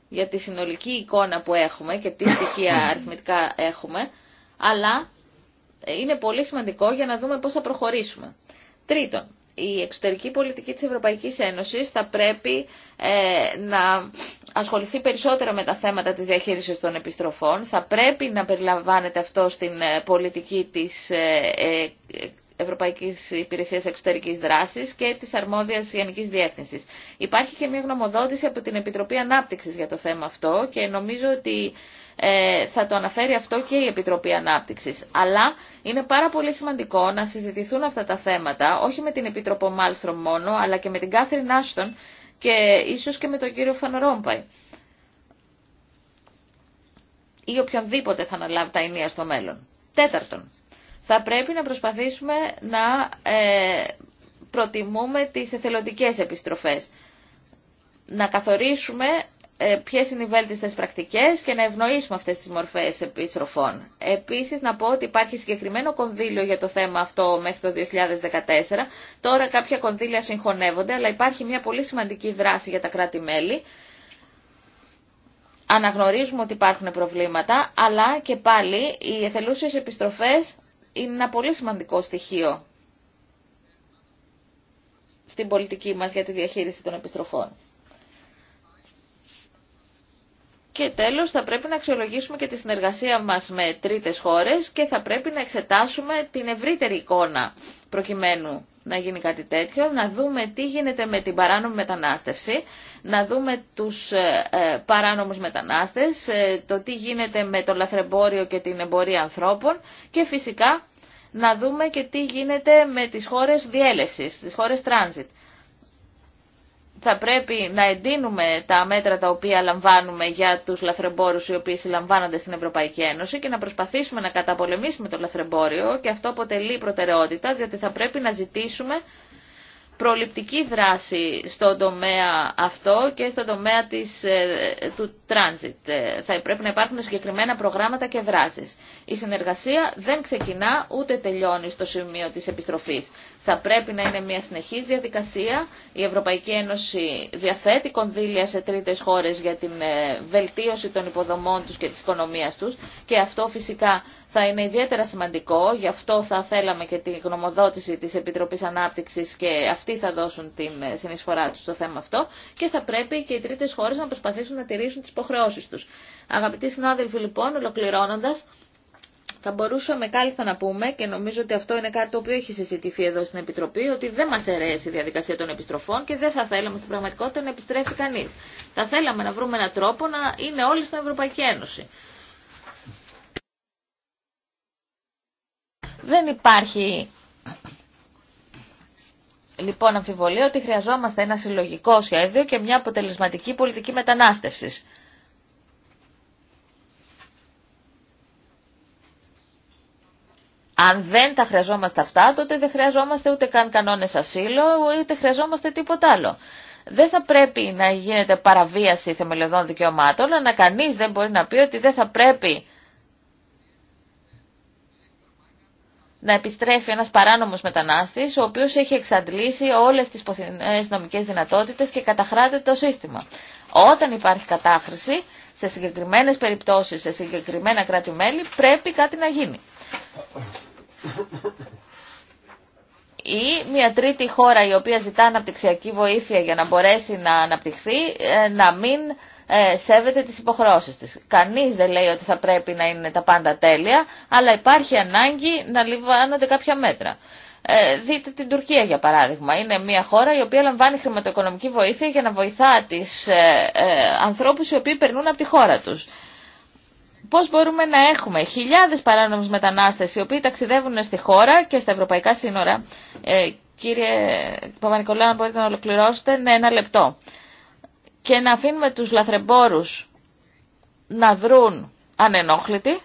για τη συνολική εικόνα που έχουμε και τι στοιχεία αριθμητικά έχουμε, αλλά είναι πολύ σημαντικό για να δούμε πώς θα προχωρήσουμε. Τρίτον, η εξωτερική πολιτική της Ευρωπαϊκής Ένωσης θα πρέπει ε, να ασχοληθεί περισσότερο με τα θέματα της διαχείρισης των επιστροφών. Θα πρέπει να περιλαμβάνεται αυτό στην ε, πολιτική της ε, ε, Ευρωπαϊκής Υπηρεσίας Εξωτερικής Δράσης και της Αρμόδιας Γενικής Διεύθυνσης. Υπάρχει και μια γνωμοδότηση από την Επιτροπή Ανάπτυξης για το θέμα αυτό και νομίζω ότι ε, θα το αναφέρει αυτό και η Επιτροπή Ανάπτυξης. Αλλά είναι πάρα πολύ σημαντικό να συζητηθούν αυτά τα θέματα, όχι με την Επιτροπό Μάλστρομ μόνο, αλλά και με την Κάθριν Άστον και ίσως και με τον κύριο Φανορόμπαϊ ή οποιονδήποτε θα αναλάβει τα ενία στο μέλλον. Τέταρτον, θα πρέπει να προσπαθήσουμε να ε, προτιμούμε τις εθελοντικές επιστροφές. Να καθορίσουμε ε, Ποιε είναι οι βέλτιστε πρακτικέ και να ευνοήσουμε αυτέ τι μορφέ επιστροφών. Επίση να πω ότι υπάρχει συγκεκριμένο κονδύλιο για το θέμα αυτό μέχρι το 2014. Τώρα κάποια κονδύλια συγχωνεύονται, αλλά υπάρχει μια πολύ σημαντική δράση για τα κράτη-μέλη. Αναγνωρίζουμε ότι υπάρχουν προβλήματα, αλλά και πάλι οι εθελούσιε επιστροφέ είναι ένα πολύ σημαντικό στοιχείο στην πολιτική μας για τη διαχείριση των επιστροφών. Και τέλος θα πρέπει να αξιολογήσουμε και τη συνεργασία μας με τρίτες χώρες και θα πρέπει να εξετάσουμε την ευρύτερη εικόνα προκειμένου να γίνει κάτι τέτοιο, να δούμε τι γίνεται με την παράνομη μετανάστευση, να δούμε τους ε, ε, παράνομους μετανάστες, ε, το τι γίνεται με το λαθρεμπόριο και την εμπορία ανθρώπων και φυσικά να δούμε και τι γίνεται με τις χώρες διέλευσης, τις χώρες transit θα πρέπει να εντείνουμε τα μέτρα τα οποία λαμβάνουμε για τους λαθρεμπόρους οι οποίοι συλλαμβάνονται στην Ευρωπαϊκή Ένωση και να προσπαθήσουμε να καταπολεμήσουμε το λαθρεμπόριο και αυτό αποτελεί προτεραιότητα διότι θα πρέπει να ζητήσουμε προληπτική δράση στον τομέα αυτό και στον τομέα της, ε, του τράνζιτ. Ε, θα πρέπει να υπάρχουν συγκεκριμένα προγράμματα και δράσεις. Η συνεργασία δεν ξεκινά ούτε τελειώνει στο σημείο της επιστροφής. Θα πρέπει να είναι μια συνεχής διαδικασία. Η Ευρωπαϊκή Ένωση διαθέτει κονδύλια σε τρίτες χώρες για την ε, βελτίωση των υποδομών τους και της οικονομίας τους και αυτό φυσικά θα είναι ιδιαίτερα σημαντικό. Γι' αυτό θα θέλαμε και την γνωμοδότηση της Επιτροπής Ανάπτυξης και αυτοί θα δώσουν την ε, συνεισφορά τους στο θέμα αυτό και θα πρέπει και οι τρίτες χώρες να προσπαθήσουν να τηρήσουν τις υποχρεώσεις τους. Αγαπητοί συνάδελφοι λοιπόν, ολοκληρώνοντας, θα μπορούσαμε κάλλιστα να πούμε, και νομίζω ότι αυτό είναι κάτι το οποίο έχει συζητηθεί εδώ στην Επιτροπή, ότι δεν μα αρέσει η διαδικασία των επιστροφών και δεν θα θέλαμε στην πραγματικότητα να επιστρέφει κανεί. Θα θέλαμε να βρούμε έναν τρόπο να είναι όλοι στην Ευρωπαϊκή Ένωση. Δεν υπάρχει λοιπόν αμφιβολία ότι χρειαζόμαστε ένα συλλογικό σχέδιο και μια αποτελεσματική πολιτική μετανάστευσης. Αν δεν τα χρειαζόμαστε αυτά, τότε δεν χρειαζόμαστε ούτε καν κανόνες ασύλου, ούτε χρειαζόμαστε τίποτα άλλο. Δεν θα πρέπει να γίνεται παραβίαση θεμελιωδών δικαιωμάτων, αλλά κανείς δεν μπορεί να πει ότι δεν θα πρέπει να επιστρέφει ένας παράνομος μετανάστης, ο οποίος έχει εξαντλήσει όλες τις ποθηνές νομικές δυνατότητες και καταχράται το σύστημα. Όταν υπάρχει κατάχρηση, σε συγκεκριμένες περιπτώσεις, σε συγκεκριμένα κράτη-μέλη, πρέπει κάτι να γίνει ή μια τρίτη χώρα η οποία ζητά αναπτυξιακή βοήθεια για να μπορέσει να αναπτυχθεί ε, να μην ε, σέβεται τις υποχρεώσεις της. Κανείς δεν λέει ότι θα πρέπει να είναι τα πάντα τέλεια, αλλά υπάρχει ανάγκη να λιβάνονται κάποια μέτρα. Ε, δείτε την Τουρκία για παράδειγμα. Είναι μια χώρα η οποία λαμβάνει χρηματοοικονομική βοήθεια για να βοηθά τις ανθρώπους οι οποίοι περνούν από τη χώρα τους πώς μπορούμε να έχουμε χιλιάδες παράνομους μετανάστες οι οποίοι ταξιδεύουν στη χώρα και στα ευρωπαϊκά σύνορα. Ε, κύριε Παπα-Νικολάου, μπορείτε να ολοκληρώσετε, ναι, ένα λεπτό. Και να αφήνουμε τους λαθρεμπόρους να δρούν ανενόχλητοι,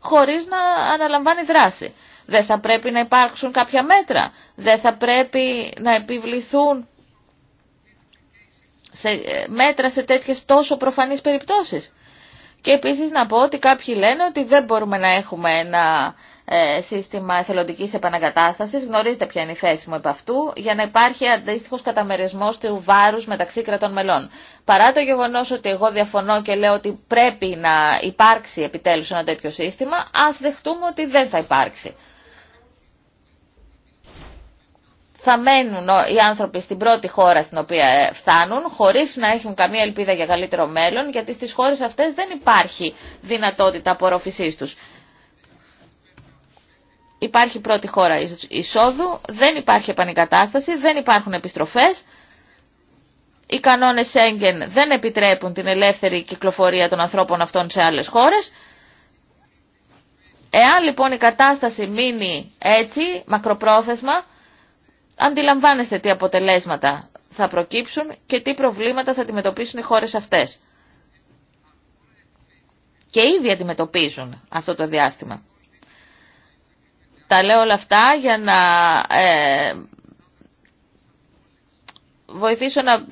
χωρίς να αναλαμβάνει δράση. Δεν θα πρέπει να υπάρξουν κάποια μέτρα. Δεν θα πρέπει να επιβληθούν ε, μέτρα σε τέτοιες τόσο προφανείς περιπτώσεις. Και επίσης να πω ότι κάποιοι λένε ότι δεν μπορούμε να έχουμε ένα ε, σύστημα εθελοντικής επανακατάστασης, γνωρίζετε ποια είναι η θέση μου επ' αυτού, για να υπάρχει αντίστοιχος καταμερισμός του βάρους μεταξύ κρατών μελών. Παρά το γεγονός ότι εγώ διαφωνώ και λέω ότι πρέπει να υπάρξει επιτέλους ένα τέτοιο σύστημα, ας δεχτούμε ότι δεν θα υπάρξει. θα μένουν οι άνθρωποι στην πρώτη χώρα στην οποία ε, φτάνουν, χωρίς να έχουν καμία ελπίδα για καλύτερο μέλλον, γιατί στις χώρες αυτές δεν υπάρχει δυνατότητα απορροφησής τους. Υπάρχει πρώτη χώρα εισόδου, δεν υπάρχει επανεκατάσταση, δεν υπάρχουν επιστροφές. Οι κανόνες Σέγγεν δεν επιτρέπουν την ελεύθερη κυκλοφορία των ανθρώπων αυτών σε άλλες χώρες. Εάν λοιπόν η κατάσταση μείνει έτσι, μακροπρόθεσμα, αντιλαμβάνεστε τι αποτελέσματα θα προκύψουν και τι προβλήματα θα αντιμετωπίσουν οι χώρες αυτές. Και ήδη αντιμετωπίζουν αυτό το διάστημα. Τα λέω όλα αυτά για να ε, βοηθήσω να ε,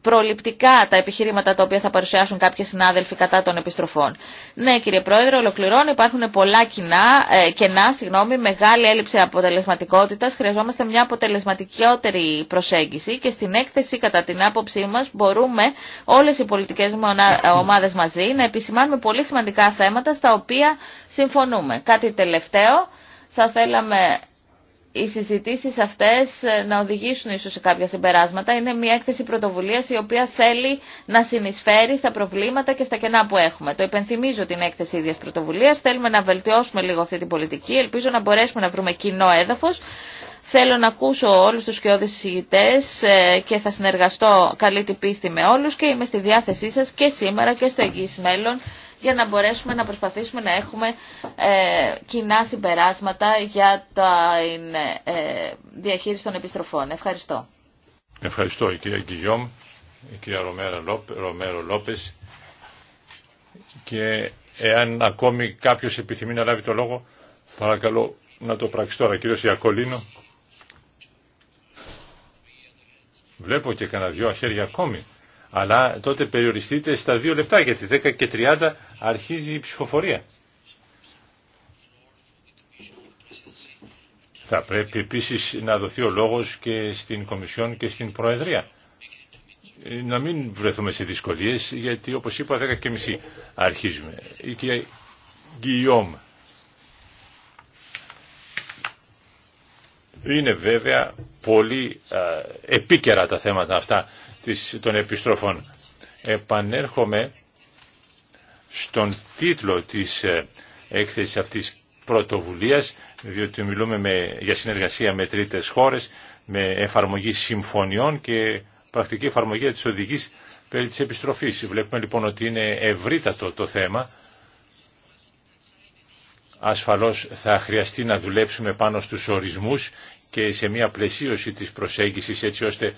προληπτικά τα επιχειρήματα τα οποία θα παρουσιάσουν κάποιοι συνάδελφοι κατά των επιστροφών. Ναι, κύριε Πρόεδρε, ολοκληρώνω. Υπάρχουν πολλά κοινά, ε, κενά, μεγάλη έλλειψη αποτελεσματικότητας. Χρειαζόμαστε μια αποτελεσματικότερη προσέγγιση και στην έκθεση, κατά την άποψή μα μπορούμε όλες οι πολιτικέ ομάδε μαζί να επισημάνουμε πολύ σημαντικά θέματα στα οποία συμφωνούμε. Κάτι τελευταίο, θα θέλαμε οι συζητήσεις αυτές ε, να οδηγήσουν ίσως σε κάποια συμπεράσματα. Είναι μια έκθεση πρωτοβουλίας η οποία θέλει να συνεισφέρει στα προβλήματα και στα κενά που έχουμε. Το υπενθυμίζω την έκθεση ίδιας πρωτοβουλίας. Θέλουμε να βελτιώσουμε λίγο αυτή την πολιτική. Ελπίζω να μπορέσουμε να βρούμε κοινό έδαφος. Θέλω να ακούσω όλους τους σκιώδεις συζητητές ε, και θα συνεργαστώ καλή την πίστη με όλους και είμαι στη διάθεσή σας και σήμερα και στο εγγύης μέλλον για να μπορέσουμε να προσπαθήσουμε να έχουμε ε, κοινά συμπεράσματα για τη ε, ε, διαχείριση των επιστροφών. Ευχαριστώ. Ευχαριστώ η κυρία Γκυγιόμ, η κυρία Ρομέρο Λόπες και εάν ακόμη κάποιος επιθυμεί να λάβει το λόγο παρακαλώ να το πράξει τώρα. Κύριος Ιακολίνο. Βλέπω και κανένα δυο χέρια ακόμη αλλά τότε περιοριστείτε στα δύο λεπτά γιατί 10 και 30 αρχίζει η ψηφοφορία. Θα πρέπει επίσης να δοθεί ο λόγος και στην Κομισιόν και στην Προεδρία. Ε, να μην βρεθούμε σε δυσκολίες γιατί όπως είπα 10.30 και μισή αρχίζουμε. Η κυρία Γκυλιόμ. Είναι βέβαια πολύ επίκαιρα τα θέματα αυτά των επιστροφών. Επανέρχομαι στον τίτλο της ε, έκθεσης αυτής πρωτοβουλίας, διότι μιλούμε για συνεργασία με τρίτες χώρες, με εφαρμογή συμφωνιών και πρακτική εφαρμογή της οδηγής περί της επιστροφής. Βλέπουμε λοιπόν ότι είναι ευρύτατο το θέμα. Ασφαλώς θα χρειαστεί να δουλέψουμε πάνω στους ορισμούς και σε μια πλαισίωση της προσέγγισης έτσι ώστε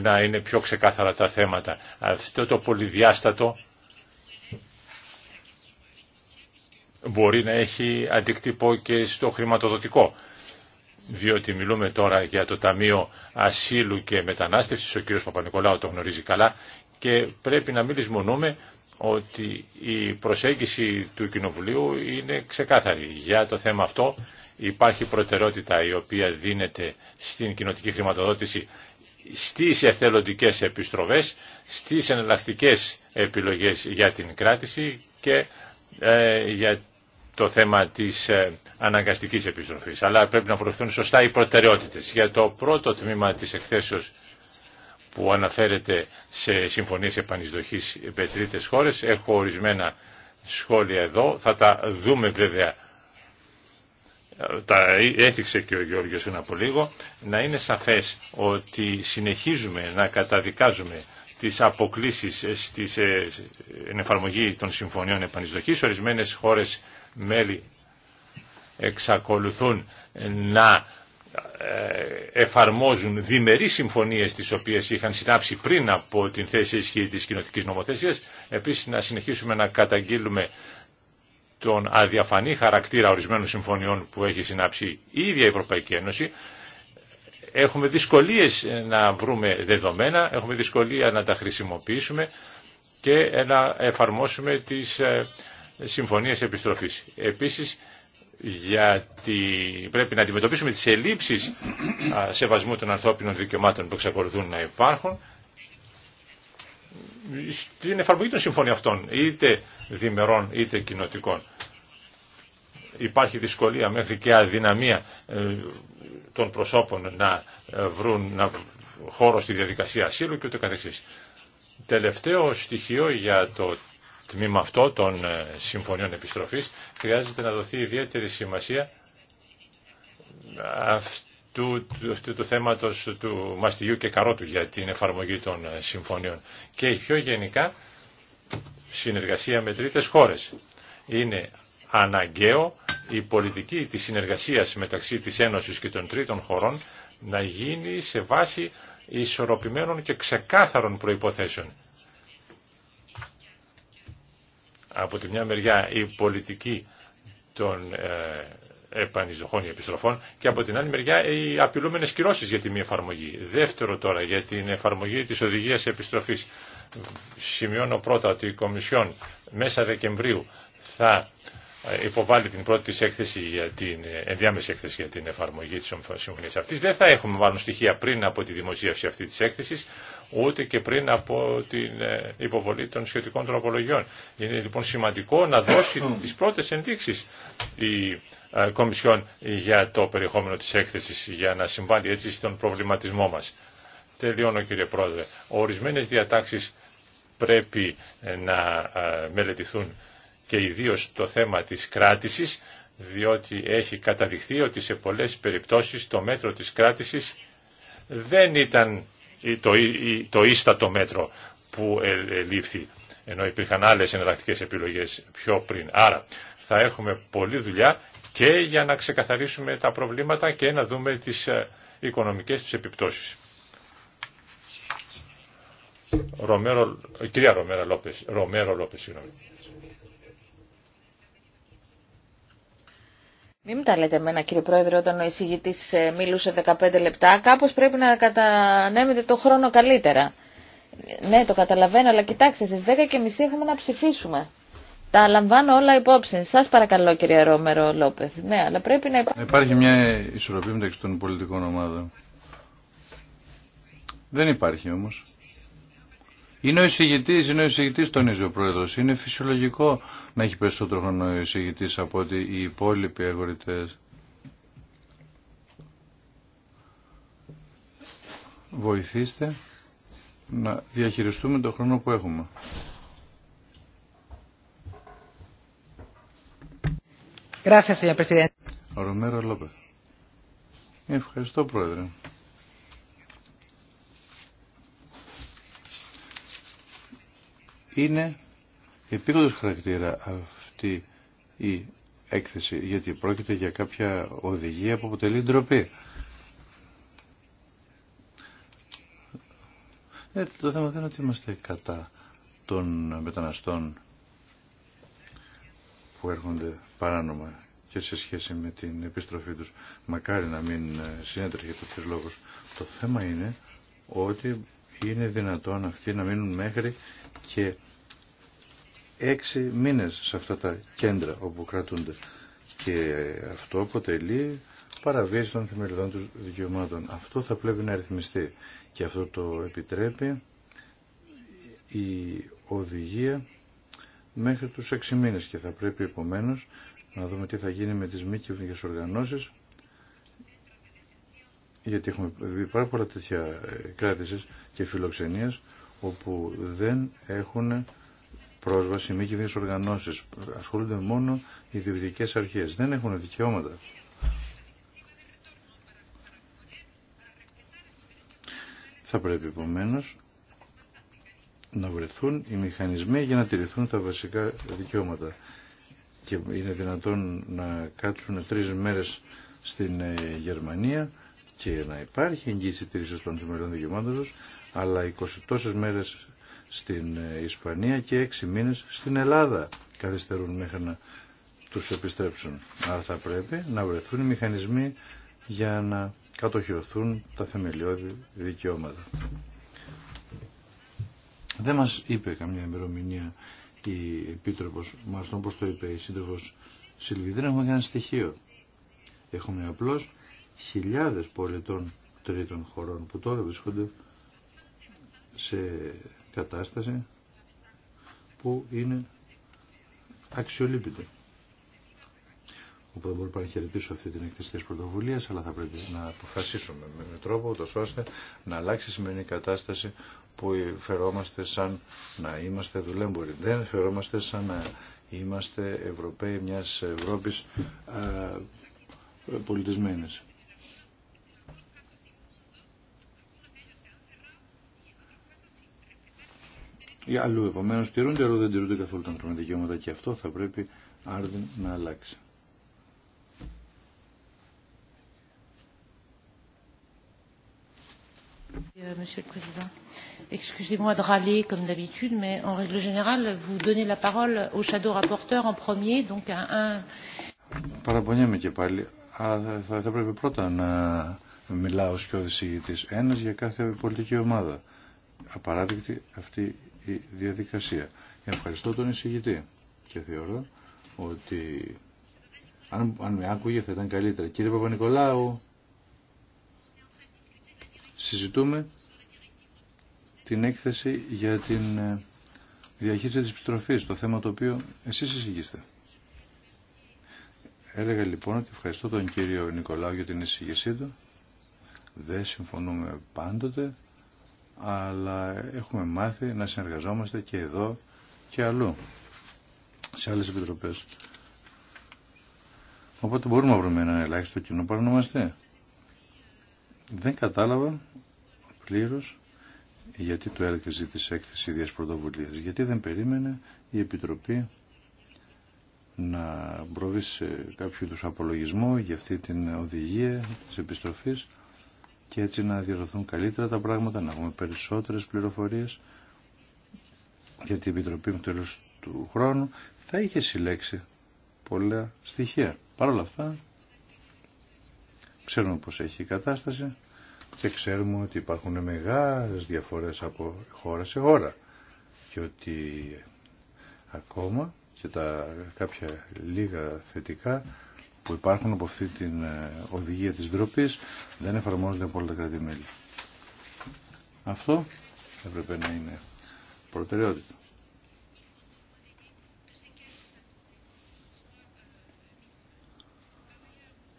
να είναι πιο ξεκάθαρα τα θέματα. Αυτό το πολυδιάστατο μπορεί να έχει αντικτυπώ και στο χρηματοδοτικό. Διότι μιλούμε τώρα για το Ταμείο Ασύλου και Μετανάστευσης, ο κ. παπα το γνωρίζει καλά και πρέπει να μην λησμονούμε ότι η προσέγγιση του Κοινοβουλίου είναι ξεκάθαρη. Για το θέμα αυτό Υπάρχει προτεραιότητα η οποία δίνεται στην κοινοτική χρηματοδότηση στις εθελοντικές επιστροφές, στις εναλλακτικέ επιλογές για την κράτηση και ε, για το θέμα της ε, αναγκαστικής επιστροφής. Αλλά πρέπει να προωθούν σωστά οι προτεραιότητες. Για το πρώτο τμήμα της εκθέσεως που αναφέρεται σε συμφωνίες επανεισδοχής με τρίτες χώρες, έχω ορισμένα σχόλια εδώ. Θα τα δούμε βέβαια τα έθιξε και ο Γιώργος πριν από λίγο, να είναι σαφές ότι συνεχίζουμε να καταδικάζουμε τις αποκλήσεις στις ε, εφαρμογή των συμφωνιών επανεισδοχής. Ορισμένες χώρες μέλη εξακολουθούν να ε, εφαρμόζουν διμερείς συμφωνίες τις οποίες είχαν συνάψει πριν από την θέση ισχύ της κοινοτικής νομοθεσίας. Επίσης να συνεχίσουμε να καταγγείλουμε τον αδιαφανή χαρακτήρα ορισμένων συμφωνιών που έχει συνάψει η ίδια η Ευρωπαϊκή Ένωση, έχουμε δυσκολίες να βρούμε δεδομένα, έχουμε δυσκολία να τα χρησιμοποιήσουμε και να εφαρμόσουμε τις ε, συμφωνίες επιστροφής. Επίσης, γιατί πρέπει να αντιμετωπίσουμε τις ελλείψεις σεβασμού των ανθρώπινων δικαιωμάτων που εξακολουθούν να υπάρχουν στην εφαρμογή των συμφωνιών αυτών, είτε διμερών είτε κοινοτικών υπάρχει δυσκολία μέχρι και αδυναμία ε, των προσώπων να ε, βρουν να χώρο στη διαδικασία ασύλου και ούτε καθεξής. Τελευταίο στοιχείο για το τμήμα αυτό των ε, συμφωνιών επιστροφής χρειάζεται να δοθεί ιδιαίτερη σημασία αυτού, αυτού του θέματος του μαστιγιού και καρότου για την εφαρμογή των συμφωνιών και πιο γενικά συνεργασία με τρίτες χώρες. Είναι αναγκαίο η πολιτική της συνεργασίας μεταξύ της Ένωσης και των τρίτων χωρών να γίνει σε βάση ισορροπημένων και ξεκάθαρων προϋποθέσεων. Από τη μια μεριά η πολιτική των ε, επανεισδοχών επιστροφών και από την άλλη μεριά οι απειλούμενες κυρώσεις για τη μη εφαρμογή. Δεύτερο τώρα για την εφαρμογή της οδηγίας επιστροφής. Σημειώνω πρώτα ότι η Κομισιόν μέσα Δεκεμβρίου θα υποβάλει την πρώτη της έκθεση για την ενδιάμεση έκθεση για την εφαρμογή της συμφωνίας αυτής. Δεν θα έχουμε μάλλον στοιχεία πριν από τη δημοσίευση αυτή της έκθεσης, ούτε και πριν από την ε, υποβολή των σχετικών τροπολογιών. Είναι λοιπόν σημαντικό να δώσει τις πρώτες ενδείξεις η ε, Κομισιόν για το περιεχόμενο της έκθεσης, για να συμβάλλει έτσι στον προβληματισμό μας. Τελειώνω κύριε Πρόεδρε. Ορισμένες διατάξεις πρέπει να ε, μελετηθούν και ιδίως το θέμα της κράτησης, διότι έχει καταδειχθεί ότι σε πολλές περιπτώσεις το μέτρο της κράτησης δεν ήταν το, το ίστατο μέτρο που ε- λήφθη, ενώ υπήρχαν άλλες εναλλακτικές επιλογές πιο πριν. Άρα θα έχουμε πολλή δουλειά και για να ξεκαθαρίσουμε τα προβλήματα και να δούμε τις ε, οικονομικές τους επιπτώσεις. κυρία Ρομέρα Λόπες, συγγνώμη. Μην τα λέτε εμένα κύριε Πρόεδρε όταν ο εισηγητής ε, μίλουσε 15 λεπτά. Κάπως πρέπει να κατανέμετε το χρόνο καλύτερα. Ναι, το καταλαβαίνω, αλλά κοιτάξτε, στις 10.30 έχουμε να ψηφίσουμε. Τα λαμβάνω όλα υπόψη. Σα παρακαλώ, κύριε Ρόμερο Λόπεθ. Ναι, αλλά πρέπει να υπάρχει. Υπάρχει μια ισορροπία μεταξύ των πολιτικών ομάδων. Δεν υπάρχει όμω. Είναι ο εισηγητή, είναι ο εισηγητή, τονίζει ο πρόεδρο. Είναι φυσιολογικό να έχει περισσότερο χρόνο ο εισηγητή από ότι οι υπόλοιποι αγορητέ. Βοηθήστε να διαχειριστούμε τον χρόνο που έχουμε. Gracias, señor presidente. Ευχαριστώ, Πρόεδρε. Είναι επίγοντος χαρακτήρα αυτή η έκθεση, γιατί πρόκειται για κάποια οδηγία που αποτελεί ντροπή. Ε, το θέμα δεν είναι ότι είμαστε κατά των μεταναστών που έρχονται παράνομα και σε σχέση με την επιστροφή τους. Μακάρι να μην συνέτρεχε τέτοιος λόγος. Το θέμα είναι ότι είναι δυνατόν αυτοί να μείνουν μέχρι και έξι μήνες σε αυτά τα κέντρα όπου κρατούνται. Και αυτό αποτελεί παραβίαση των θεμελιδών του δικαιωμάτων. Αυτό θα πρέπει να ρυθμιστεί. Και αυτό το επιτρέπει η οδηγία μέχρι τους έξι μήνες. Και θα πρέπει επομένως να δούμε τι θα γίνει με τις μη κυβερνικές οργανώσεις γιατί έχουμε δει πάρα πολλά τέτοια ε, κράτηση και φιλοξενίας όπου δεν έχουν πρόσβαση μη κυβερνήσει οργανώσει. Ασχολούνται μόνο οι διοικητικές αρχές. Δεν έχουν δικαιώματα. Θα πρέπει επομένω να βρεθούν οι μηχανισμοί για να τηρηθούν τα βασικά δικαιώματα. Και είναι δυνατόν να κάτσουν τρεις μέρες στην ε, Γερμανία και να υπάρχει εγγύηση τήρησης των θεμελιών δικαιωμάτων αλλά 20 τόσες μέρες στην ε, Ισπανία και 6 μήνες στην Ελλάδα καθυστερούν μέχρι να τους επιστρέψουν. Άρα θα πρέπει να βρεθούν οι μηχανισμοί για να κατοχυρωθούν τα θεμελιώδη δικαιώματα. Δεν μας είπε καμιά ημερομηνία η Επίτροπος, μάλιστα όπως το είπε η σύντροφος Σιλβιδρή, έχουμε κανένα στοιχείο. Έχουμε απλώς χιλιάδες πολιτών τρίτων χωρών που τώρα βρίσκονται σε κατάσταση που είναι αξιολύπητη. Οπότε μπορούμε να χαιρετήσω αυτή την εκθέση τη πρωτοβουλία, αλλά θα πρέπει να αποφασίσουμε με τρόπο, το ώστε να αλλάξει η κατάσταση που φερόμαστε σαν να είμαστε δουλέμποροι. Δεν φερόμαστε σαν να είμαστε Ευρωπαίοι μια Ευρώπη πολιτισμένη. ή αλλού. Επομένω, τηρούνται αλλά δεν τηρούνται καθόλου τα ανθρώπινα δικαιώματα και αυτό θα πρέπει άρδιν να αλλάξει. Euh, monsieur le Président, excusez-moi de râler comme d'habitude, mais en règle générale, vous donnez la parole au shadow rapporteur en premier, donc à un. Παραπονιέμαι και πάλι. Α, θα, θα πρέπει πρώτα να μιλάω ως και ο ένας για κάθε πολιτική ομάδα. Απαράδεκτη αυτή η διαδικασία. Ευχαριστώ τον εισηγητή και θεωρώ ότι αν, αν με άκουγε θα ήταν καλύτερα. Κύριε Παπα-Νικολάου, συζητούμε την έκθεση για την ε, διαχείριση της επιστροφής, το θέμα το οποίο εσείς εισηγήσετε. Έλεγα λοιπόν ότι ευχαριστώ τον κύριο Νικολάου για την εισηγησή του. Δεν συμφωνούμε πάντοτε αλλά έχουμε μάθει να συνεργαζόμαστε και εδώ και αλλού, σε άλλες επιτροπές. Οπότε μπορούμε να βρούμε έναν ελάχιστο κοινό παρονομαστή. Δεν κατάλαβα πλήρως γιατί το έλεγε ζήτησε έκθεση ίδιας πρωτοβουλίας. Γιατί δεν περίμενε η Επιτροπή να προβεί σε κάποιο τους απολογισμό για αυτή την οδηγία της επιστροφής και έτσι να διορθωθούν καλύτερα τα πράγματα, να έχουμε περισσότερες πληροφορίες για την Επιτροπή με τέλος του χρόνου θα είχε συλλέξει πολλά στοιχεία. Παρ' όλα αυτά ξέρουμε πως έχει η κατάσταση και ξέρουμε ότι υπάρχουν μεγάλες διαφορές από χώρα σε χώρα και ότι ακόμα και τα κάποια λίγα θετικά που υπάρχουν από αυτή την ε, οδηγία της ντροπή δεν εφαρμόζονται από όλα τα κρατημέλη. Αυτό έπρεπε να είναι προτεραιότητα.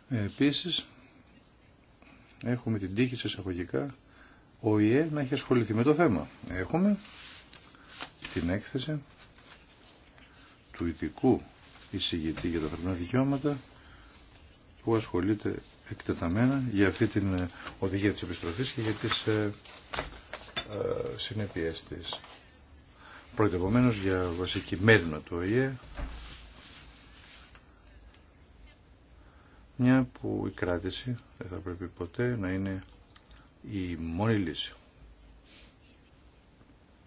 Επίσης, έχουμε την τύχη σε εισαγωγικά ο ΙΕ να έχει ασχοληθεί με το θέμα. Έχουμε την έκθεση του ειδικού εισηγητή για τα φερμανά δικαιώματα που ασχολείται εκτεταμένα για αυτή την ε, οδηγία της επιστροφής και για τις ε, ε συνέπειες της. Πρόκειται για βασική μέρημα του ΟΗΕ, μια που η κράτηση δεν θα πρέπει ποτέ να είναι η μόνη λύση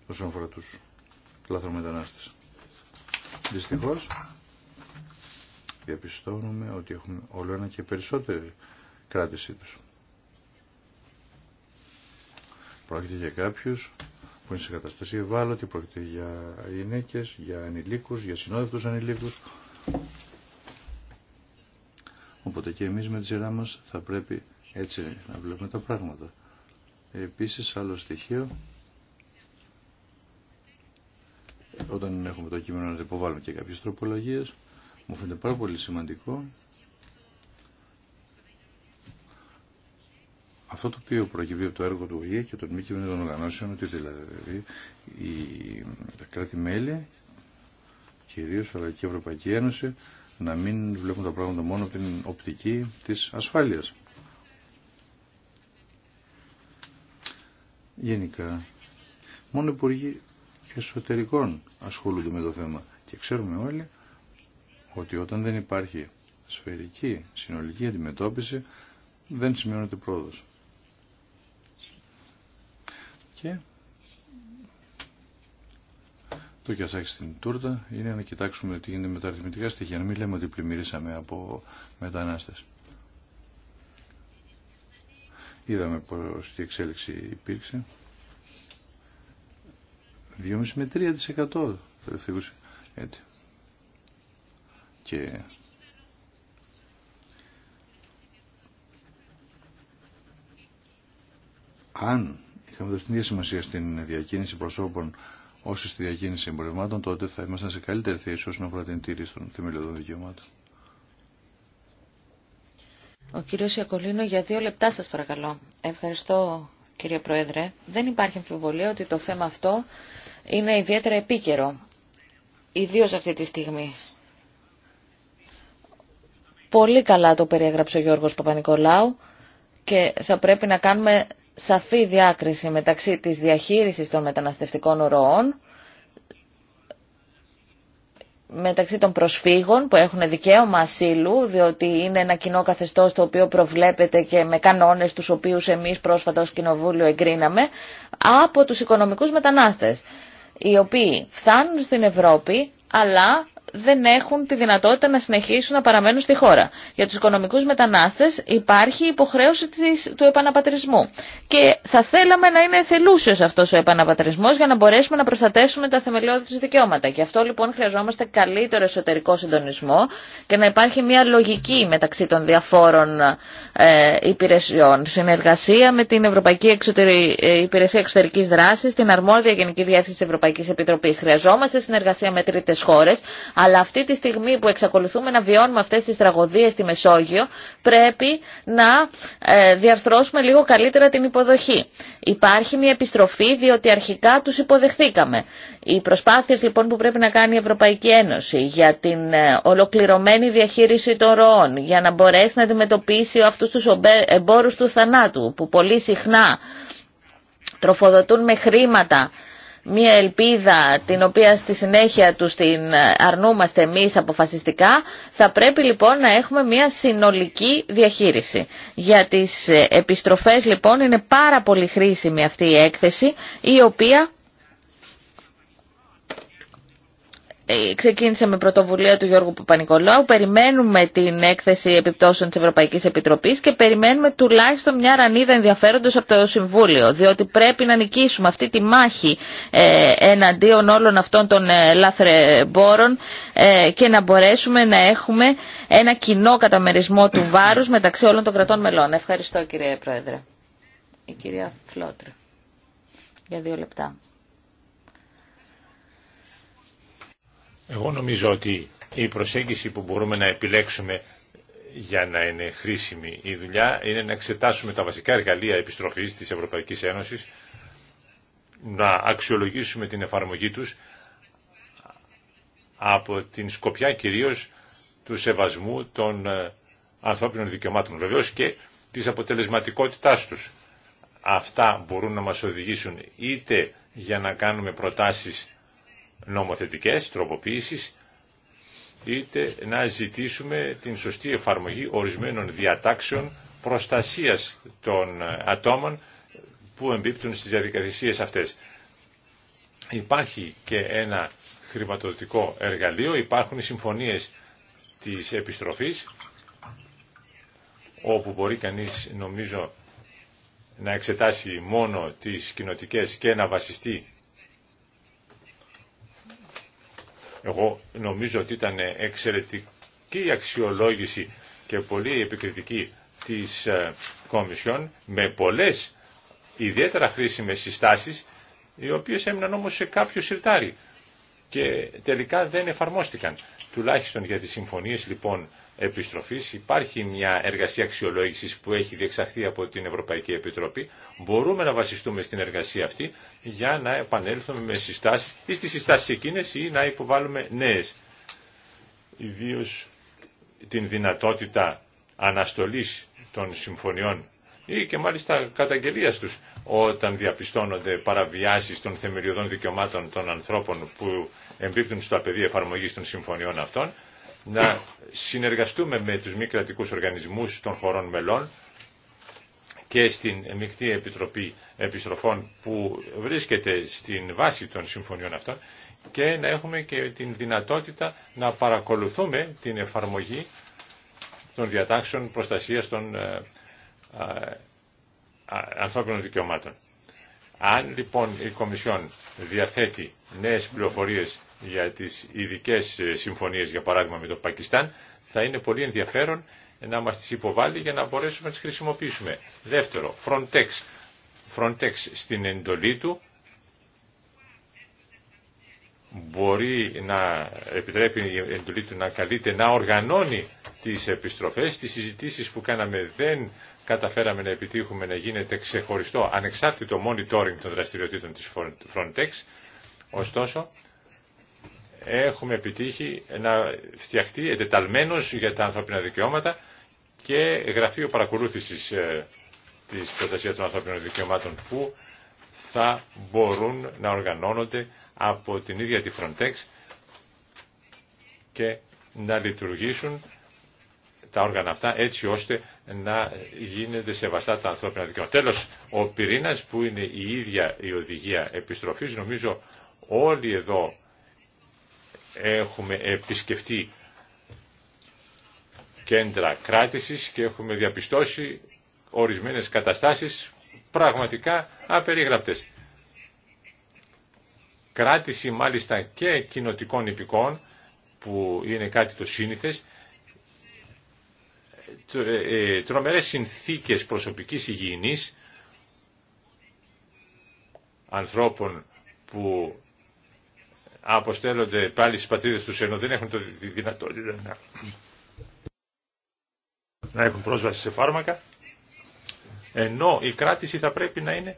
όσον αφορά τους λάθρομετανάστες. Δυστυχώς, διαπιστώνουμε ότι έχουμε όλο ένα και περισσότερη κράτησή τους. Πρόκειται για κάποιους που είναι σε καταστασία ευάλωτη, πρόκειται για γυναίκες, για ανηλίκους, για συνόδευτους ανηλίκους. Οπότε και εμείς με τη σειρά μας θα πρέπει έτσι να βλέπουμε τα πράγματα. Επίσης άλλο στοιχείο, όταν έχουμε το κείμενο να υποβάλουμε και κάποιες τροπολογίες, μου φαίνεται πάρα πολύ σημαντικό αυτό το οποίο προκυβεί από το έργο του ΟΗΕ και των μη κυβερνήτων οργανώσεων, ότι δηλαδή οι, τα κράτη-μέλη, κυρίως αλλά και η Ευρωπαϊκή Ένωση, να μην βλέπουν τα πράγματα μόνο από την οπτική της ασφάλειας. Γενικά, μόνο οι υπουργοί εσωτερικών ασχολούνται με το θέμα και ξέρουμε όλοι ότι όταν δεν υπάρχει σφαιρική, συνολική αντιμετώπιση, δεν σημειώνεται πρόοδος. Και το κιασάκι στην τούρτα είναι να κοιτάξουμε τι γίνεται με τα αριθμητικά στοιχεία. Να μην λέμε ότι πλημμυρίσαμε από μετανάστες. Είδαμε πως η εξέλιξη υπήρξε. 2,5 με 3% τελευταίους έτσι αν είχαμε δώσει την ίδια σημασία στην διακίνηση προσώπων όσο στη διακίνηση εμπορευμάτων, τότε θα ήμασταν σε καλύτερη θέση όσον αφορά την τήρηση των θεμελιωδών δικαιωμάτων. Ο κύριος Ιακολίνο, για δύο λεπτά σας παρακαλώ. Ευχαριστώ κύριε Πρόεδρε. Δεν υπάρχει αμφιβολία ότι το θέμα αυτό είναι ιδιαίτερα επίκαιρο, ιδίως αυτή τη στιγμή. Πολύ καλά το περιέγραψε ο Γιώργος Παπανικολάου και θα πρέπει να κάνουμε σαφή διάκριση μεταξύ της διαχείρισης των μεταναστευτικών ροών, μεταξύ των προσφύγων που έχουν δικαίωμα ασύλου, διότι είναι ένα κοινό καθεστώς το οποίο προβλέπεται και με κανόνες τους οποίους εμείς πρόσφατα ως Κοινοβούλιο εγκρίναμε, από τους οικονομικούς μετανάστες, οι οποίοι φτάνουν στην Ευρώπη αλλά δεν έχουν τη δυνατότητα να συνεχίσουν να παραμένουν στη χώρα. Για τους οικονομικούς μετανάστες υπάρχει υποχρέωση του επαναπατρισμού. Και θα θέλαμε να είναι εθελούσιος αυτός ο επαναπατρισμός για να μπορέσουμε να προστατεύσουμε τα θεμελιώδη δικαιώματα. Γι' αυτό λοιπόν χρειαζόμαστε καλύτερο εσωτερικό συντονισμό και να υπάρχει μια λογική μεταξύ των διαφόρων ε, υπηρεσιών. Συνεργασία με την Ευρωπαϊκή ε, Υπηρεσία Εξωτερική δράση, την Αρμόδια Γενική Διεύθυνση τη Ευρωπαϊκή Επιτροπής. Χρειαζόμαστε συνεργασία με τρίτες χώρε. Αλλά αυτή τη στιγμή που εξακολουθούμε να βιώνουμε αυτές τις τραγωδίες στη Μεσόγειο, πρέπει να ε, διαρθρώσουμε λίγο καλύτερα την υποδοχή. Υπάρχει μια επιστροφή διότι αρχικά τους υποδεχθήκαμε. Οι προσπάθειες λοιπόν που πρέπει να κάνει η Ευρωπαϊκή Ένωση για την ε, ολοκληρωμένη διαχείριση των ροών, για να μπορέσει να αντιμετωπίσει αυτούς τους εμπόρους του θανάτου, που πολύ συχνά τροφοδοτούν με χρήματα μια ελπίδα την οποία στη συνέχεια τους την αρνούμαστε εμείς αποφασιστικά, θα πρέπει λοιπόν να έχουμε μια συνολική διαχείριση. Για τις επιστροφές λοιπόν είναι πάρα πολύ χρήσιμη αυτή η έκθεση η οποία Ε, ξεκίνησε με πρωτοβουλία του Γιώργου Παπανικολάου. Περιμένουμε την έκθεση επιπτώσεων της Ευρωπαϊκής Επιτροπής και περιμένουμε τουλάχιστον μια ρανίδα ενδιαφέροντος από το Συμβούλιο, διότι πρέπει να νικήσουμε αυτή τη μάχη ε, εναντίον όλων αυτών των ε, λάθρεμπόρων και να μπορέσουμε να έχουμε ένα κοινό καταμερισμό του βάρους μεταξύ όλων των κρατών μελών. Ευχαριστώ κύριε Πρόεδρε. Η κυρία Φλότρ. Για δύο λεπτά. Εγώ νομίζω ότι η προσέγγιση που μπορούμε να επιλέξουμε για να είναι χρήσιμη η δουλειά είναι να εξετάσουμε τα βασικά εργαλεία επιστροφής της Ευρωπαϊκής Ένωσης, να αξιολογήσουμε την εφαρμογή τους από την σκοπιά κυρίως του σεβασμού των ε, ανθρώπινων δικαιωμάτων βεβαίως και της αποτελεσματικότητάς τους. Αυτά μπορούν να μας οδηγήσουν είτε για να κάνουμε προτάσεις νομοθετικές τροποποίησεις είτε να ζητήσουμε την σωστή εφαρμογή ορισμένων διατάξεων προστασίας των ατόμων που εμπίπτουν στις διαδικασίες αυτές. Υπάρχει και ένα χρηματοδοτικό εργαλείο, υπάρχουν οι συμφωνίες της επιστροφής, όπου μπορεί κανείς νομίζω να εξετάσει μόνο τις κοινοτικές και να βασιστεί Εγώ νομίζω ότι ήταν εξαιρετική αξιολόγηση και πολύ επικριτική της ε, Κομισιόν με πολλές ιδιαίτερα χρήσιμες συστάσεις οι οποίες έμειναν όμως σε κάποιο σιρτάρι και τελικά δεν εφαρμόστηκαν. Τουλάχιστον για τις συμφωνίες λοιπόν επιστροφής. Υπάρχει μια εργασία αξιολόγησης που έχει διεξαχθεί από την Ευρωπαϊκή Επιτροπή. Μπορούμε να βασιστούμε στην εργασία αυτή για να επανέλθουμε με συστάσεις ή στις συστάσεις εκείνες ή να υποβάλουμε νέες. Ιδίω την δυνατότητα αναστολής των συμφωνιών ή και μάλιστα καταγγελίας τους όταν διαπιστώνονται παραβιάσεις των θεμελιωδών δικαιωμάτων των ανθρώπων που εμπίπτουν στο απαιδείο εφαρμογής των συμφωνιών αυτών να συνεργαστούμε με τους μη κρατικού οργανισμούς των χωρών μελών και στην Μικτή Επιτροπή Επιστροφών που βρίσκεται στην βάση των συμφωνιών αυτών και να έχουμε και την δυνατότητα να παρακολουθούμε την εφαρμογή των διατάξεων προστασίας των ε, ε, ανθρώπινων δικαιωμάτων. Αν λοιπόν η Κομισιόν διαθέτει νέες πληροφορίες για τις ειδικέ ε, συμφωνίες, για παράδειγμα με το Πακιστάν, θα είναι πολύ ενδιαφέρον να μας τις υποβάλει για να μπορέσουμε να τις χρησιμοποιήσουμε. Δεύτερο, Frontex. Frontex στην εντολή του μπορεί να επιτρέπει η εντολή του να καλείται να οργανώνει τις επιστροφές, τις συζητήσεις που κάναμε δεν καταφέραμε να επιτύχουμε να γίνεται ξεχωριστό ανεξάρτητο monitoring των δραστηριοτήτων της Frontex. Ωστόσο, έχουμε επιτύχει να φτιαχτεί εντεταλμένος για τα ανθρώπινα δικαιώματα και γραφείο παρακολούθησης ε, της προστασίας των ανθρώπινων δικαιωμάτων που θα μπορούν να οργανώνονται από την ίδια τη Frontex και να λειτουργήσουν τα όργανα αυτά έτσι ώστε να γίνεται σεβαστά τα ανθρώπινα δικαιώματα. Τέλος, ο πυρήνας που είναι η ίδια η οδηγία επιστροφής, νομίζω όλοι εδώ έχουμε επισκεφτεί κέντρα κράτησης και έχουμε διαπιστώσει ορισμένες καταστάσεις πραγματικά απερίγραπτες. Κράτηση μάλιστα και κοινοτικών υπηκών που είναι κάτι το σύνηθες ε, τρομερές συνθήκες προσωπικής υγιεινής ανθρώπων που αποστέλλονται πάλι στις πατρίδες τους ενώ δεν έχουν τη δυνατότητα να, να έχουν πρόσβαση σε φάρμακα ενώ η κράτηση θα πρέπει να είναι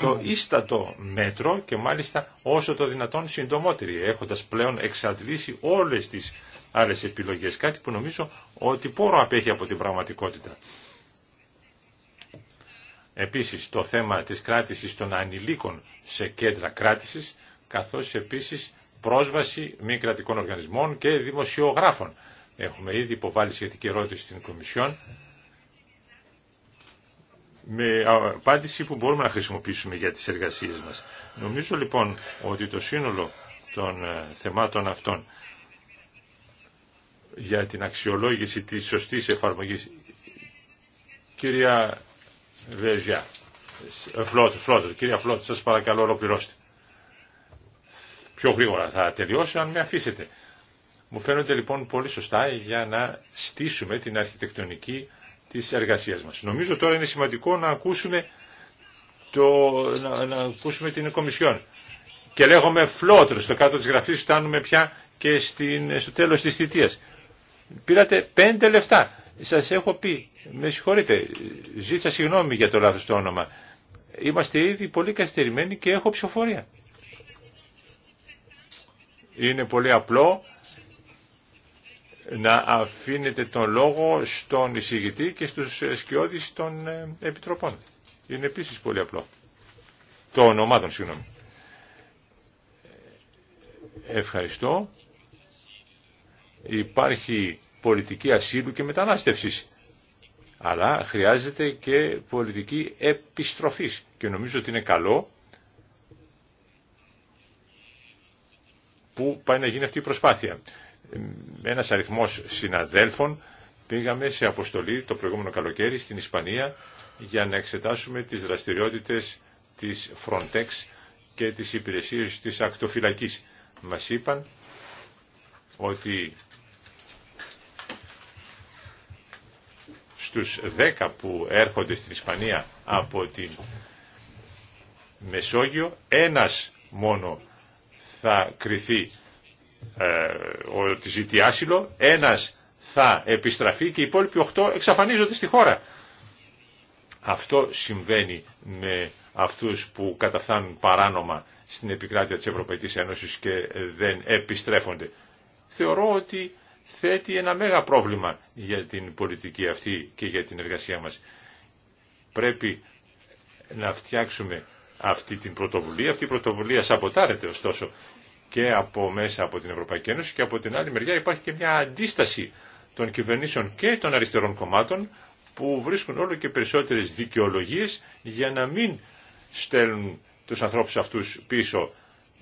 το ίστατο μέτρο και μάλιστα όσο το δυνατόν συντομότερη έχοντας πλέον εξαντλήσει όλες τις άλλες επιλογές κάτι που νομίζω ότι πόρο απέχει από την πραγματικότητα. Επίσης το θέμα της κράτησης των ανηλίκων σε κέντρα κράτησης καθώς επίσης πρόσβαση μη κρατικών οργανισμών και δημοσιογράφων. Έχουμε ήδη υποβάλει σχετική ερώτηση στην Κομισιόν με απάντηση που μπορούμε να χρησιμοποιήσουμε για τις εργασίες μας. Νομίζω λοιπόν ότι το σύνολο των ε, θεμάτων αυτών για την αξιολόγηση της σωστής εφαρμογής κυρία Βεζιά ε, Φλότ, Φλότ, κυρία Φλότ, σας παρακαλώ ολοκληρώστε πιο γρήγορα θα τελειώσω αν με αφήσετε. Μου φαίνονται λοιπόν πολύ σωστά για να στήσουμε την αρχιτεκτονική της εργασίας μας. Νομίζω τώρα είναι σημαντικό να ακούσουμε, το, να, να ακούσουμε την Κομισιόν. Και λέγομαι φλότρο στο κάτω της γραφής φτάνουμε πια και στο τέλος της θητείας. Πήρατε πέντε λεφτά. Σας έχω πει, με συγχωρείτε, ζήτησα συγγνώμη για το λάθος το όνομα. Είμαστε ήδη πολύ καστερημένοι και έχω ψηφοφορία. Είναι πολύ απλό να αφήνετε τον λόγο στον εισηγητή και στους σκιώδεις των ε, επιτροπών. Είναι επίσης πολύ απλό. Των ομάδων, συγγνώμη. Ευχαριστώ. Υπάρχει πολιτική ασύλου και μετανάστευσης. Αλλά χρειάζεται και πολιτική επιστροφής. Και νομίζω ότι είναι καλό πού πάει να γίνει αυτή η προσπάθεια. Ε, ένας αριθμός συναδέλφων πήγαμε σε αποστολή το προηγούμενο καλοκαίρι στην Ισπανία για να εξετάσουμε τις δραστηριότητες της Frontex και τις υπηρεσίες της ακτοφυλακής. Μας είπαν ότι στους 10 που έρχονται στην Ισπανία από την Μεσόγειο, ένας μόνο θα κρυθεί ε, ότι ζητεί άσυλο, ένας θα επιστραφεί και οι υπόλοιποι 8 εξαφανίζονται στη χώρα. Αυτό συμβαίνει με αυτούς που καταφθάνουν παράνομα στην επικράτεια της Ευρωπαϊκής Ένωσης και δεν επιστρέφονται. Θεωρώ ότι θέτει ένα μέγα πρόβλημα για την πολιτική αυτή και για την εργασία μας. Πρέπει να φτιάξουμε αυτή την πρωτοβουλία. Αυτή η πρωτοβουλία σαμποτάρεται ωστόσο και από μέσα από την Ευρωπαϊκή Ένωση και από την άλλη μεριά υπάρχει και μια αντίσταση των κυβερνήσεων και των αριστερών κομμάτων που βρίσκουν όλο και περισσότερες δικαιολογίες για να μην στέλνουν τους ανθρώπους αυτούς πίσω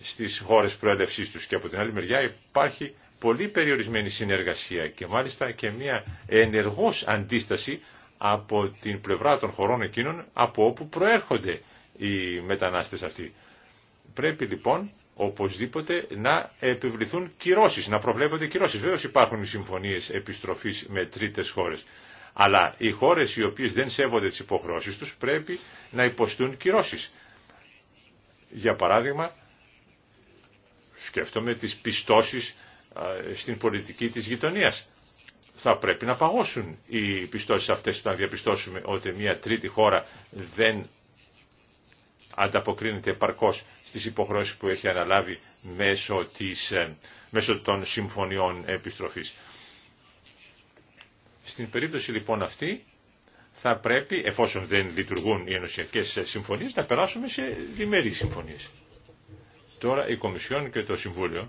στις χώρες προέλευσής τους και από την άλλη μεριά υπάρχει πολύ περιορισμένη συνεργασία και μάλιστα και μια ενεργός αντίσταση από την πλευρά των χωρών εκείνων από όπου προέρχονται οι μετανάστες αυτοί. Πρέπει λοιπόν οπωσδήποτε να επιβληθούν κυρώσεις, να προβλέπονται κυρώσεις. βέβαια υπάρχουν οι συμφωνίες επιστροφής με τρίτες χώρες. Αλλά οι χώρες οι οποίες δεν σέβονται τις υποχρώσεις τους πρέπει να υποστούν κυρώσεις. Για παράδειγμα, σκέφτομαι τις πιστώσεις στην πολιτική της γειτονίας. Θα πρέπει να παγώσουν οι πιστώσεις αυτές όταν διαπιστώσουμε ότι μια τρίτη χώρα δεν ανταποκρίνεται επαρκώς στις υποχρεώσεις που έχει αναλάβει μέσω, της, ε, μέσω των συμφωνιών επιστροφής. Στην περίπτωση λοιπόν αυτή θα πρέπει, εφόσον δεν λειτουργούν οι ενωσιακές συμφωνίες, να περάσουμε σε διμερείς συμφωνίες. Τώρα η Κομισιόν και το Συμβούλιο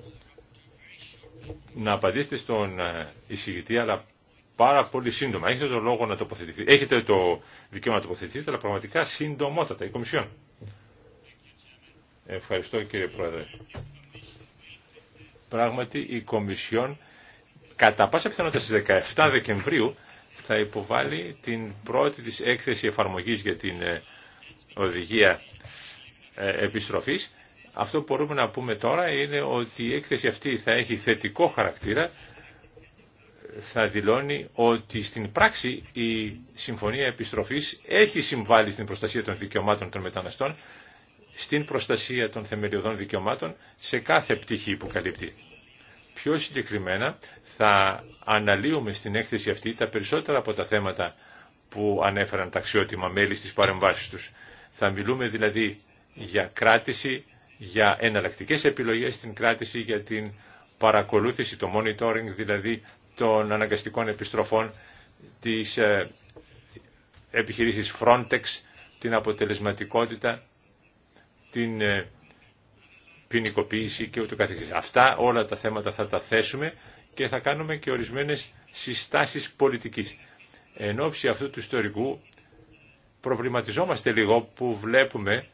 να απαντήσετε στον ε, εισηγητή, αλλά πάρα πολύ σύντομα. Έχετε το λόγο να Έχετε το δικαίωμα να τοποθετηθείτε, αλλά πραγματικά συντομότατα η Κομισιόν. Ευχαριστώ κύριε Πρόεδρε. Πράγματι η Κομισιόν κατά πάσα πιθανότητα στις 17 Δεκεμβρίου θα υποβάλει την πρώτη της έκθεση εφαρμογής για την ε, οδηγία ε, επιστροφής. Αυτό που μπορούμε να πούμε τώρα είναι ότι η έκθεση αυτή θα έχει θετικό χαρακτήρα, θα δηλώνει ότι στην πράξη η Συμφωνία Επιστροφής έχει συμβάλει στην προστασία των δικαιωμάτων των μεταναστών στην προστασία των θεμελιωδών δικαιωμάτων σε κάθε πτυχή που καλύπτει. Πιο συγκεκριμένα θα αναλύουμε στην έκθεση αυτή τα περισσότερα από τα θέματα που ανέφεραν τα αξιότιμα μέλη στις παρεμβάσεις τους. Θα μιλούμε δηλαδή για κράτηση, για εναλλακτικές επιλογές στην κράτηση, για την παρακολούθηση, το monitoring δηλαδή των αναγκαστικών επιστροφών της ε, επιχειρήσης Frontex, την αποτελεσματικότητα την ε, ποινικοποίηση και ούτω καθεξής. Αυτά όλα τα θέματα θα τα θέσουμε και θα κάνουμε και ορισμένες συστάσεις πολιτικής. Εν ώψη αυτού του ιστορικού προβληματιζόμαστε λίγο που βλέπουμε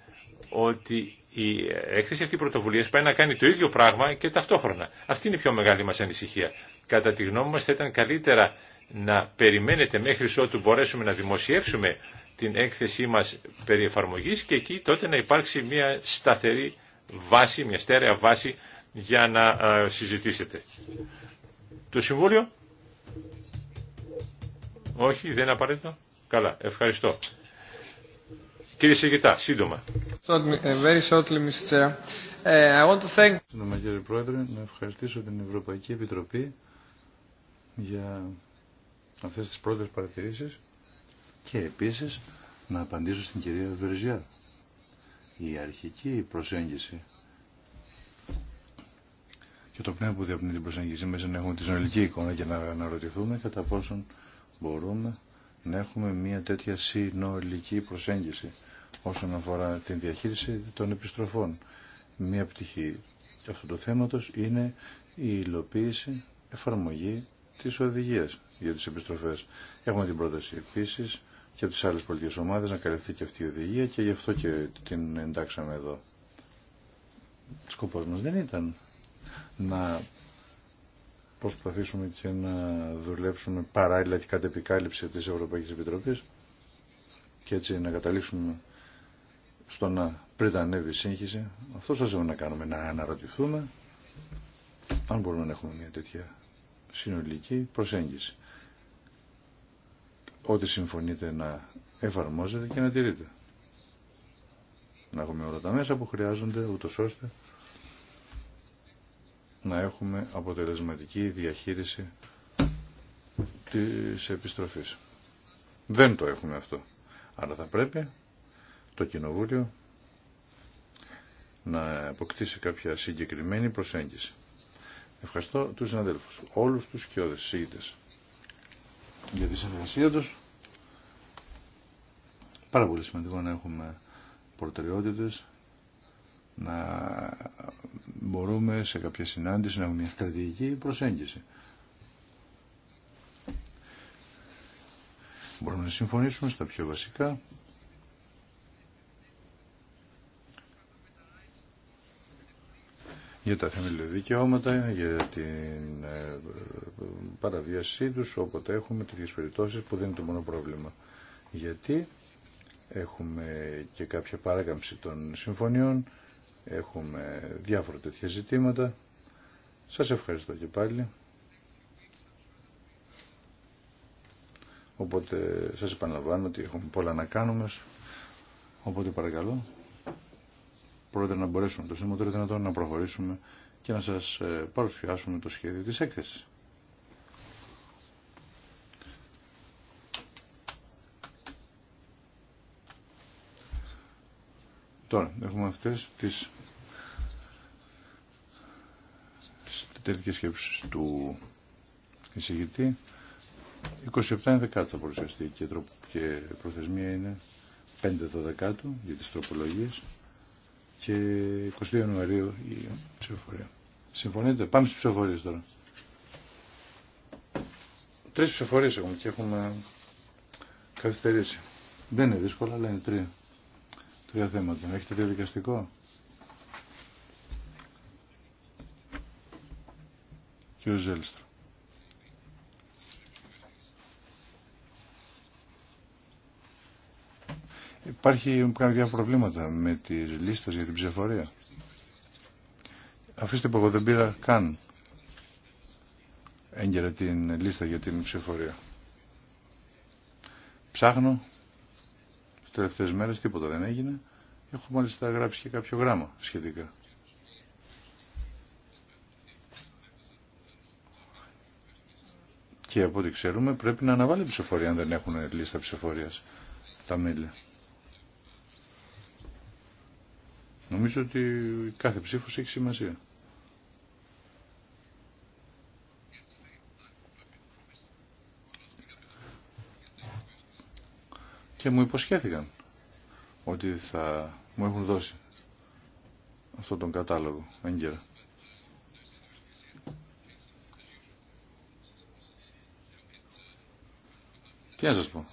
ότι η έκθεση αυτή πρωτοβουλία πάει να κάνει το ίδιο πράγμα και ταυτόχρονα. Αυτή είναι η πιο μεγάλη μας ανησυχία. Κατά τη γνώμη μας θα ήταν καλύτερα να περιμένετε μέχρι ότου μπορέσουμε να δημοσιεύσουμε την έκθεσή μας περί εφαρμογής και εκεί τότε να υπάρξει μια σταθερή βάση, μια στέρεα βάση για να ε, συζητήσετε. Το Συμβούλιο. Όχι, δεν απαραίτητο. Καλά, ευχαριστώ. Κύριε Σεγητά, σύντομα. Very shortly, ε, Σύντομα κύριε Πρόεδρε, να ευχαριστήσω την Ευρωπαϊκή Επιτροπή για αυτές τις πρώτες παρατηρήσεις και επίσης να απαντήσω στην κυρία Βερζιά. Η αρχική προσέγγιση και το πνεύμα που διαπνεί την προσέγγιση μέσα να έχουμε τη συνολική εικόνα και να αναρωτηθούμε κατά πόσον μπορούμε να έχουμε μια τέτοια συνολική προσέγγιση όσον αφορά την διαχείριση των επιστροφών. Μια πτυχή αυτού του θέματος είναι η υλοποίηση, εφαρμογή της οδηγίας για τις επιστροφές. Έχουμε την πρόταση επίσης και από τις άλλες πολιτικές ομάδες να καλυφθεί και αυτή η οδηγία και γι' αυτό και την εντάξαμε εδώ. Σκοπός μας δεν ήταν να προσπαθήσουμε και να δουλέψουμε παράλληλα και κατ' επικάλυψη της Ευρωπαϊκής Επιτροπής και έτσι να καταλήξουμε στο να πριν τα ανέβει η σύγχυση. Αυτό σας να κάνουμε, να αναρωτηθούμε αν μπορούμε να έχουμε μια τέτοια συνολική προσέγγιση ό,τι συμφωνείτε να εφαρμόζετε και να τηρείτε. Να έχουμε όλα τα μέσα που χρειάζονται, ούτω ώστε να έχουμε αποτελεσματική διαχείριση της επιστροφής. Δεν το έχουμε αυτό. Αλλά θα πρέπει το Κοινοβούλιο να αποκτήσει κάποια συγκεκριμένη προσέγγιση. Ευχαριστώ τους συναδέλφους, όλους τους κοιόδες για τη συνεργασία τους. Πάρα πολύ σημαντικό να έχουμε προτεραιότητες, να μπορούμε σε κάποια συνάντηση να έχουμε μια στρατηγική προσέγγιση. Μπορούμε να συμφωνήσουμε στα πιο βασικά για τα θεμελιώδη δικαιώματα, για την ε, παραβίασή του, όποτε έχουμε τέτοιε περιπτώσει που δεν είναι το μόνο πρόβλημα. Γιατί έχουμε και κάποια παράκαμψη των συμφωνιών, έχουμε διάφορα τέτοια ζητήματα. Σας ευχαριστώ και πάλι. Οπότε σας επαναλαμβάνω ότι έχουμε πολλά να κάνουμε. Οπότε παρακαλώ πρόεδρε να μπορέσουμε το σύντομο δυνατόν να προχωρήσουμε και να σας ε, παρουσιάσουμε το σχέδιο της έκθεσης. Τώρα, έχουμε αυτές τις τελικές σκέψεις του εισηγητή. 27 δεκάτου θα παρουσιαστεί και, και προθεσμία είναι 5 δεκάτου για τις τροπολογίες και 22 Ιανουαρίου η ψηφοφορία. Συμφωνείτε. Πάμε στις ψηφοφορίες τώρα. Τρεις ψηφοφορίες έχουμε και έχουμε καθυστερήσει. Δεν είναι δύσκολα, αλλά είναι τρία. Τρία θέματα. Έχετε διαδικαστικό. Κύριο Ζέλστρο. Υπάρχει κάποια προβλήματα με τις λίστες για την ψηφορία. Αφήστε που εγώ δεν πήρα καν έγκαιρα την λίστα για την ψηφορία. Ψάχνω, τις τελευταίες μέρες τίποτα δεν έγινε. Έχω μάλιστα γράψει και κάποιο γράμμα σχετικά. Και από ό,τι ξέρουμε πρέπει να αναβάλει ψηφορία αν δεν έχουν λίστα ψηφορίας τα μέλη. Νομίζω ότι κάθε ψήφος έχει σημασία. Και μου υποσχέθηκαν ότι θα μου έχουν δώσει αυτόν τον κατάλογο έγκαιρα. Τι να σας πω.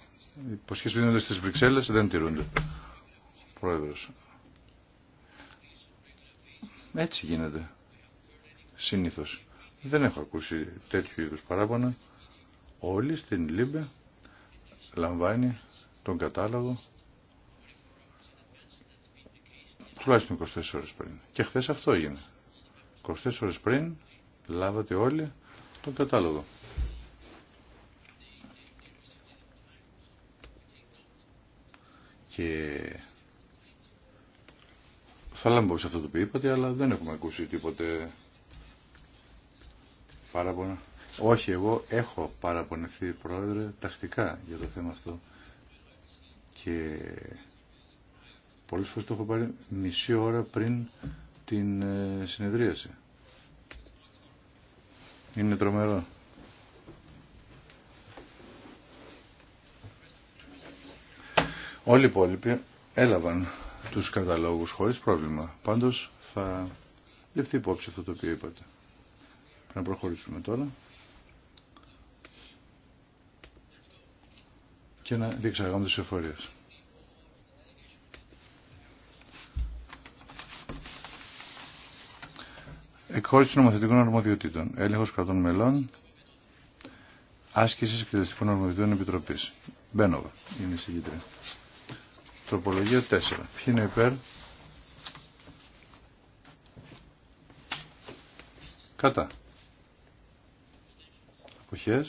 Οι υποσχέσεις που δίνονται στις Βρυξέλλες δεν τηρούνται. Πρόεδρος. Έτσι γίνεται. Συνήθως. Δεν έχω ακούσει τέτοιου είδους παράπονα. Όλοι στην Λίμπε λαμβάνει τον κατάλογο τουλάχιστον 24 ώρες πριν. Και χθε αυτό έγινε. 24 ώρες πριν λάβατε όλοι τον κατάλογο. Και θα λέμε πως αυτό το οποίο είπατε, αλλά δεν έχουμε ακούσει τίποτε παράπονα. Όχι, εγώ έχω παραπονεθεί, Πρόεδρε, τακτικά για το θέμα αυτό. Και πολλές φορές το έχω πάρει μισή ώρα πριν την ε, συνεδρίαση. Είναι τρομερό. Όλοι οι υπόλοιποι έλαβαν τους καταλόγους χωρίς πρόβλημα. Πάντως θα λεφθεί υπόψη αυτό το οποίο είπατε. Πρέπει να προχωρήσουμε τώρα. Και να διεξαγάμε τις εφορίες. Εκχώρηση νομοθετικών αρμοδιοτήτων. Έλεγχος κρατών μελών. Άσκηση εκτελεστικών αρμοδιοτήτων επιτροπής. Μπένοβα είναι η Τροπολογία 4. Ποιοι είναι υπέρ. Κατά. Αποχέ.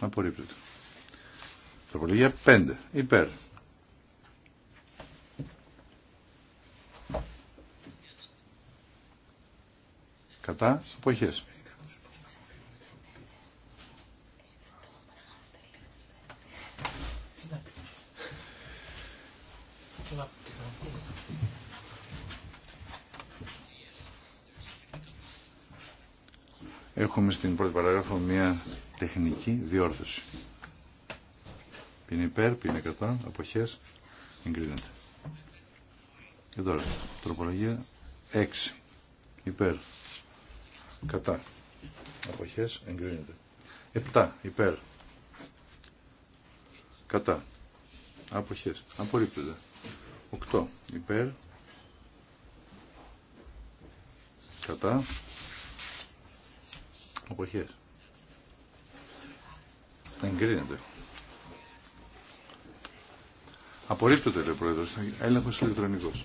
Απορρίπτεται. Τροπολογία 5. Υπέρ. Κατά. Αποχές. Έχουμε στην πρώτη παράγραφο μια τεχνική διόρθωση. Πίνει υπέρ, πίνει κατά, αποχές, εγκρίνεται. Και τώρα, τροπολογία 6. Υπέρ. Κατά. Αποχές, εγκρίνεται. 7. Υπέρ. Κατά. Αποχές. Απορρίπτεται. 8. Υπέρ. Κατά. Δεν Εγκρίνεται. Απορρίπτεται, λέει ο Πρόεδρος. Έλεγχος ηλεκτρονικός.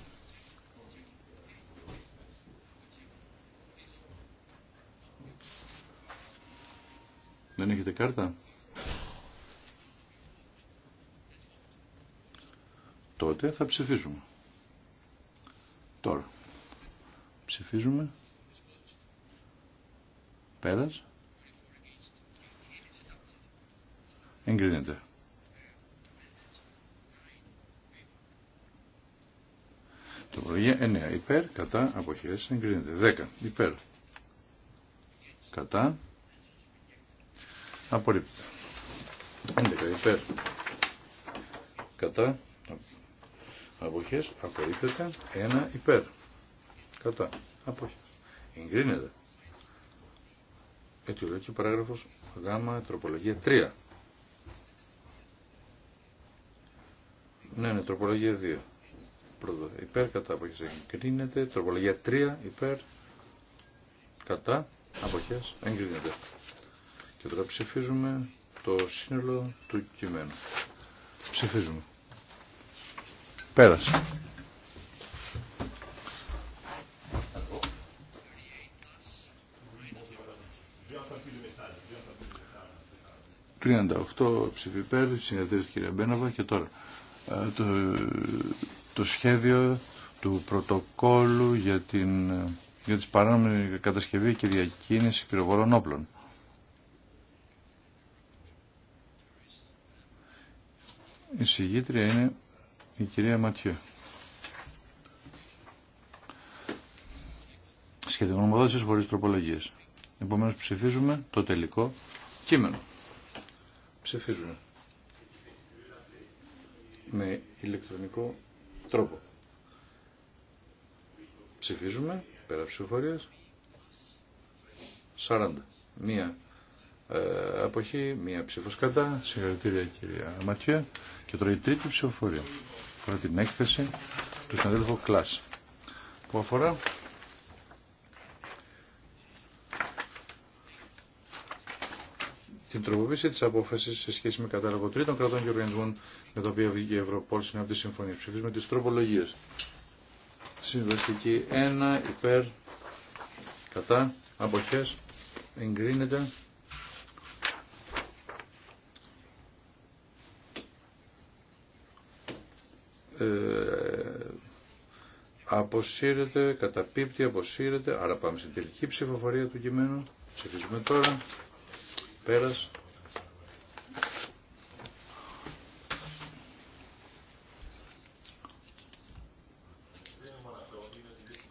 Δεν έχετε κάρτα. Τότε θα ψηφίσουμε. Τώρα. Ψηφίζουμε. Πέρας. Εγκρίνεται. Τροπολογία ε, ναι, 9. Υπέρ, κατά, αποχές, εγκρίνεται. 10. Υπέρ. Κατά. Απορρίπτεται. 11. Υπέρ. Κατά. Αποχές. Απορρίπτεται. 1. Υπέρ. Κατά. Αποχές. Εγκρίνεται αιτιολογική παράγραφος Γ τροπολογία 3. Ναι, ναι, τροπολογία 2. Πρώτο, υπέρ, κατά, αποχές εγκρίνεται. Τροπολογία 3, υπέρ, κατά, αποχές εγκρίνεται. Και τώρα ψηφίζουμε το σύνολο του κειμένου. Ψηφίζουμε. Πέρασε. 38 ψηφί υπέρ, συνεδρίες κυρία Μπένοβα και τώρα ε, το, το σχέδιο του πρωτοκόλου για, την, για τις παράνομη κατασκευή και διακίνηση πυροβολών όπλων. Η συγγήτρια είναι η κυρία Ματιέ. Σχεδόν χωρίς τροπολογίες. Επομένως ψηφίζουμε το τελικό κείμενο. Ψηφίζουμε. Με ηλεκτρονικό τρόπο. Ψηφίζουμε. Πέρα ψηφοφορίας. 40. Μία ε, αποχή, μία ψήφος κατά. Συγχαρητήρια κυρία Ματιέ. Και τώρα η τρίτη ψηφοφορία. Αφορά την έκθεση του συναδέλφου Κλάς. Που αφορά την τροποποίηση τη απόφαση σε σχέση με κατάλογο τρίτων κρατών και οργανισμών με τα οποία βγήκε η Ευρωπόλ στην αυτή συμφωνία. Ψηφίζουμε τι τροπολογίε. Συμβαστική 1 υπέρ κατά αποχέ εγκρίνεται. Ε, αποσύρεται, καταπίπτει, αποσύρεται, άρα πάμε στην τελική ψηφοφορία του κειμένου. Ψηφίζουμε τώρα. Πέρας.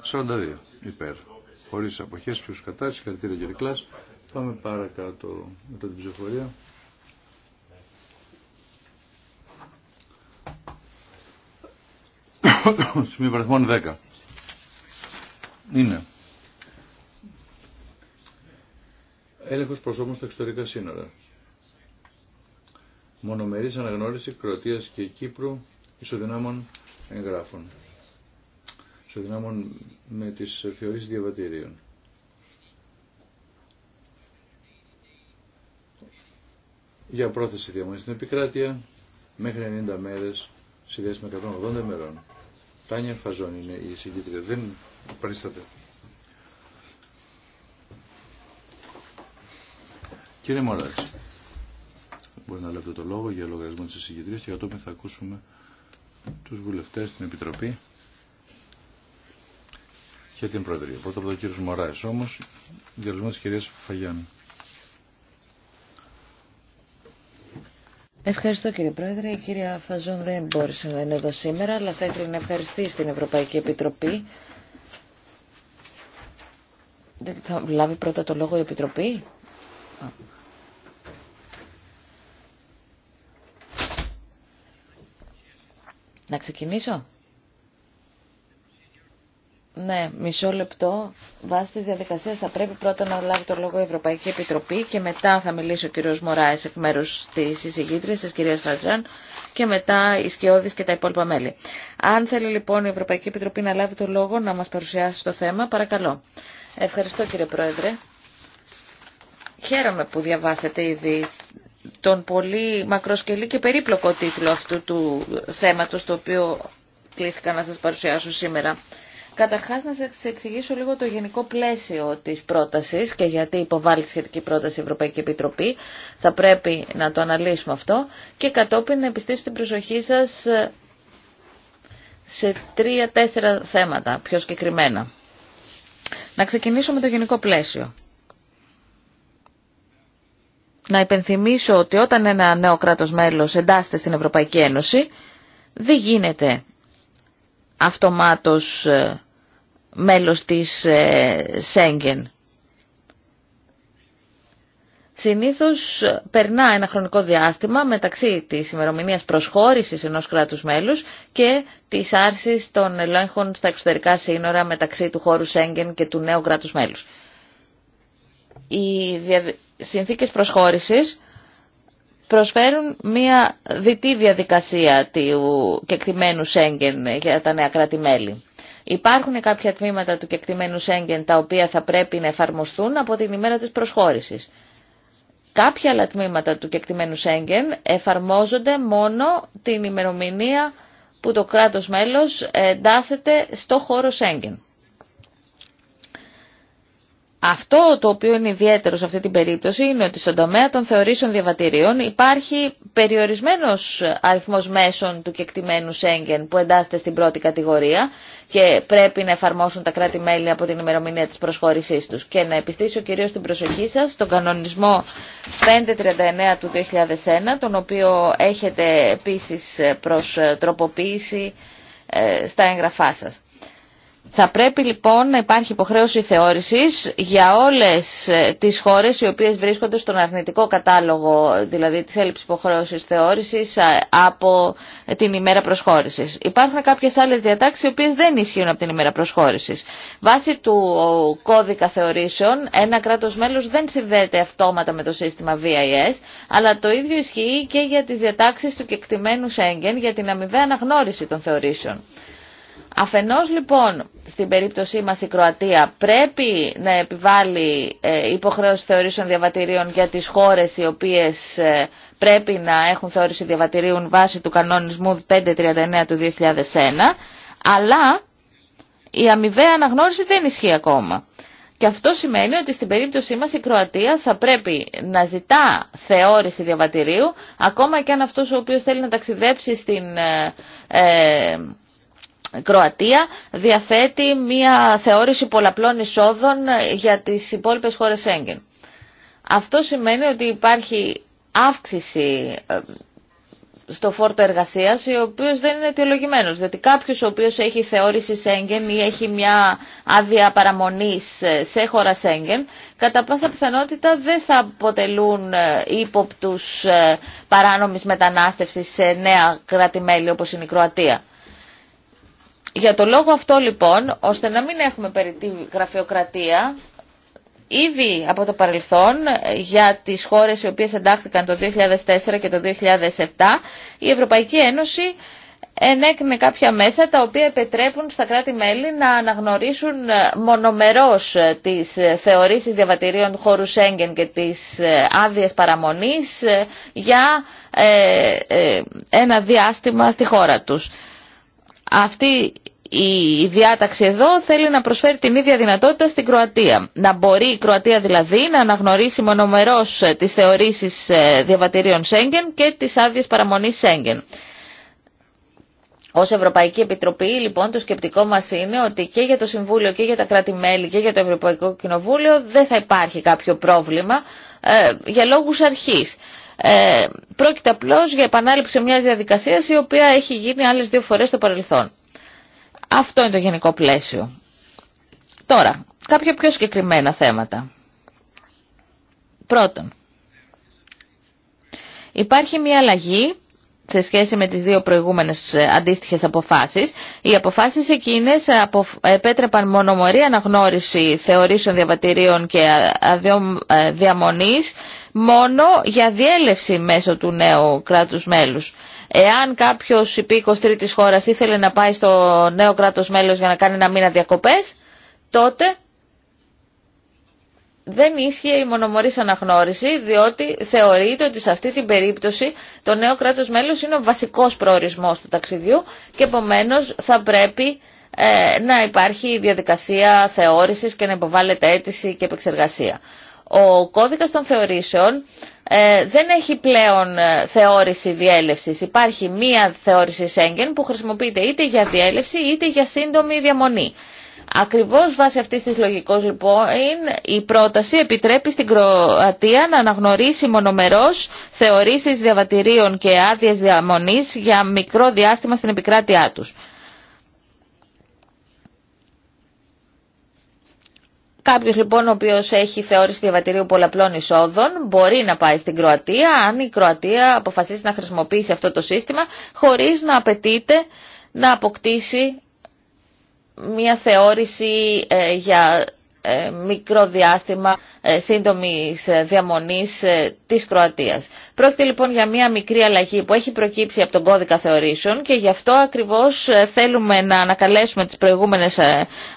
Σαράντα υπέρ. Χωρί αποχέ, ποιου κατά, συγχαρητήρια κύριε Κλάς. Πάμε παρακάτω μετά την ψηφοφορία. Σημείο 10. Είναι έλεγχος προσώπων στα εξωτερικά σύνορα. Μονομερής αναγνώριση Κροατίας και Κύπρου ισοδυνάμων εγγράφων. Ισοδυνάμων με τις θεωρήσεις διαβατηρίων. Για πρόθεση διαμονής στην επικράτεια μέχρι 90 μέρες σε με 180 μερών. Τάνια Φαζόν είναι η συγκίτρια. Δεν παρίσταται. Κύριε Μωράξη, μπορεί να λέτε το λόγο για λογαριασμό της εισηγητρίας και κατόπιν θα ακούσουμε τους βουλευτές στην Επιτροπή και την Προεδρία. Πρώτα από τον κύριο Μωράης όμως, λογαριασμό της κυρίας Φαγιάννη. Ευχαριστώ κύριε Πρόεδρε. Η κυρία Φαζόν δεν μπόρεσε να είναι εδώ σήμερα, αλλά θα ήθελα να ευχαριστήσει την Ευρωπαϊκή Επιτροπή. Δεν θα λάβει πρώτα το λόγο η Επιτροπή. Να ξεκινήσω. Ναι, μισό λεπτό. Βάσει τη διαδικασία θα πρέπει πρώτα να λάβει το λόγο η Ευρωπαϊκή Επιτροπή και μετά θα μιλήσει ο κύριο Μωράη εκ μέρου τη εισηγήτρια τη κυρία Φατζάν και μετά οι σκιώδει και τα υπόλοιπα μέλη. Αν θέλει λοιπόν η Ευρωπαϊκή Επιτροπή να λάβει το λόγο να μα παρουσιάσει το θέμα, παρακαλώ. Ευχαριστώ κύριε Πρόεδρε. Χαίρομαι που διαβάσετε ήδη τον πολύ μακροσκελή και περίπλοκο τίτλο αυτού του θέματος το οποίο κλήθηκα να σας παρουσιάσω σήμερα. Καταρχάς να σας εξηγήσω λίγο το γενικό πλαίσιο της πρότασης και γιατί υποβάλλει σχετική πρόταση η Ευρωπαϊκή Επιτροπή. Θα πρέπει να το αναλύσουμε αυτό και κατόπιν να επιστήσω την προσοχή σας σε τρία-τέσσερα θέματα πιο συγκεκριμένα. Να ξεκινήσω με το γενικό πλαίσιο να υπενθυμίσω ότι όταν ένα νέο κράτος μέλος εντάσσεται στην Ευρωπαϊκή Ένωση, δεν γίνεται αυτομάτως ε, μέλος της ε, Σέγγεν. Συνήθως ε, περνά ένα χρονικό διάστημα μεταξύ της ημερομηνία προσχώρησης ενός κράτους μέλους και της άρσης των ελέγχων στα εξωτερικά σύνορα μεταξύ του χώρου Σέγγεν και του νέου κράτους μέλους συνθήκες προσχώρησης προσφέρουν μια διτή διαδικασία του κεκτημένου Σέγγεν για τα νέα κράτη-μέλη. Υπάρχουν κάποια τμήματα του κεκτημένου Σέγγεν τα οποία θα πρέπει να εφαρμοστούν από την ημέρα της προσχώρησης. Κάποια άλλα τμήματα του κεκτημένου Σέγγεν εφαρμόζονται μόνο την ημερομηνία που το κράτος μέλος εντάσσεται στο χώρο Σέγγεν. Αυτό το οποίο είναι ιδιαίτερο σε αυτή την περίπτωση είναι ότι στον τομέα των θεωρήσεων διαβατηρίων υπάρχει περιορισμένος αριθμός μέσων του κεκτημένου Σέγγεν που εντάσσεται στην πρώτη κατηγορία και πρέπει να εφαρμόσουν τα κράτη-μέλη από την ημερομηνία της προσχώρησής τους. Και να επιστήσω κυρίως την προσοχή σας στον κανονισμό 539 του 2001, τον οποίο έχετε επίσης προς τροποποίηση ε, στα έγγραφά σας. Θα πρέπει λοιπόν να υπάρχει υποχρέωση θεώρησης για όλες ε, τις χώρες οι οποίες βρίσκονται στον αρνητικό κατάλογο, δηλαδή της έλλειψης υποχρέωσης θεώρησης ε, από την ημέρα προσχώρησης. Υπάρχουν κάποιες άλλες διατάξεις οι οποίες δεν ισχύουν από την ημέρα προσχώρησης. Βάσει του κώδικα θεωρήσεων, ένα κράτος μέλος δεν συνδέεται αυτόματα με το σύστημα VIS, αλλά το ίδιο ισχύει και για τις διατάξεις του κεκτημένου Σέγγεν για την αμοιβαία αναγνώριση των θεωρήσεων. Αφενός λοιπόν στην περίπτωσή μας η Κροατία πρέπει να επιβάλλει ε, υποχρέωση θεωρήσεων διαβατηρίων για τις χώρες οι οποίες ε, πρέπει να έχουν θεώρηση διαβατηρίων βάσει του κανονισμού 539 του 2001, αλλά η αμοιβαία αναγνώριση δεν ισχύει ακόμα. Και αυτό σημαίνει ότι στην περίπτωσή μας η Κροατία θα πρέπει να ζητά θεώρηση διαβατηρίου, ακόμα και αν αυτός ο οποίος θέλει να ταξιδέψει στην ε, Κροατία διαθέτει μία θεώρηση πολλαπλών εισόδων για τις υπόλοιπες χώρες Σέγγεν. Αυτό σημαίνει ότι υπάρχει αύξηση ε, στο φόρτο εργασίας, ο οποίο δεν είναι αιτιολογημένος. Διότι κάποιο ο οποίο έχει θεώρηση Σέγγεν ή έχει μια άδεια παραμονής ε, σε χώρα Σέγγεν, κατά πάσα πιθανότητα δεν θα αποτελούν ε, ύποπτους παράνομη μετανάστευση σε νέα κράτη-μέλη όπω είναι η Κροατία. Για το λόγο αυτό λοιπόν, ώστε να μην έχουμε περί τη γραφειοκρατία, ήδη από το παρελθόν για τις χώρες οι οποίες εντάχθηκαν το 2004 και το 2007, η Ευρωπαϊκή Ένωση ενέκρινε κάποια μέσα τα οποία επιτρέπουν στα κράτη-μέλη να αναγνωρίσουν μονομερώς τις θεωρήσεις διαβατηρίων χώρου Σέγγεν και τις ε, άδειες παραμονής ε, για ε, ένα διάστημα στη χώρα τους. Αυτή η διάταξη εδώ θέλει να προσφέρει την ίδια δυνατότητα στην Κροατία. Να μπορεί η Κροατία δηλαδή να αναγνωρίσει μονομερώς ε, τις θεωρήσεις ε, διαβατηρίων Σέγγεν και τις άδειες παραμονής Σέγγεν. Ως Ευρωπαϊκή Επιτροπή, λοιπόν, το σκεπτικό μας είναι ότι και για το Συμβούλιο και για τα κράτη-μέλη και για το Ευρωπαϊκό Κοινοβούλιο δεν θα υπάρχει κάποιο πρόβλημα ε, για λόγους αρχής. πρόκειται απλώς για επανάληψη μιας διαδικασίας η οποία έχει γίνει άλλε δύο φορέ στο παρελθόν. Αυτό είναι το γενικό πλαίσιο. Τώρα, κάποια πιο συγκεκριμένα θέματα. Πρώτον, υπάρχει μια αλλαγή σε σχέση με τις δύο προηγούμενες ε, αντίστοιχες αποφάσεις. Οι αποφάσεις εκείνες ε, επέτρεπαν μονομορή αναγνώριση θεωρήσεων διαβατηρίων και ε, διαμονής μόνο για διέλευση μέσω του νέου κράτους μέλους. Εάν κάποιος υπήκος τρίτης χώρα ήθελε να πάει στο νέο κράτο μέλος για να κάνει ένα μήνα διακοπές, τότε δεν ίσχυε η μονομορή αναγνώριση, διότι θεωρείται ότι σε αυτή την περίπτωση το νέο κράτο μέλος είναι ο βασικός προορισμό του ταξιδιού και επομένως θα πρέπει ε, να υπάρχει διαδικασία θεώρησης και να υποβάλλεται αίτηση και επεξεργασία. Ο κώδικας των θεωρήσεων ε, δεν έχει πλέον ε, θεώρηση διέλευσης. Υπάρχει μία θεώρηση Σέγγεν που χρησιμοποιείται είτε για διέλευση είτε για σύντομη διαμονή. Ακριβώς βάσει αυτής της λογικός λοιπόν η πρόταση επιτρέπει στην Κροατία να αναγνωρίσει μονομερώς θεωρήσεις διαβατηρίων και άδειες διαμονής για μικρό διάστημα στην επικράτειά τους. Κάποιο λοιπόν ο οποίος έχει θεώρηση διαβατηρίου πολλαπλών εισόδων μπορεί να πάει στην Κροατία αν η Κροατία αποφασίσει να χρησιμοποιήσει αυτό το σύστημα χωρίς να απαιτείται να αποκτήσει μια θεώρηση ε, για ε, μικρό διάστημα ε, σύντομης ε, διαμονής της Κροατίας. Πρόκειται λοιπόν για μια μικρή αλλαγή που έχει προκύψει από τον κώδικα θεωρήσεων και γι' αυτό ακριβώς θέλουμε να ανακαλέσουμε τις προηγούμενες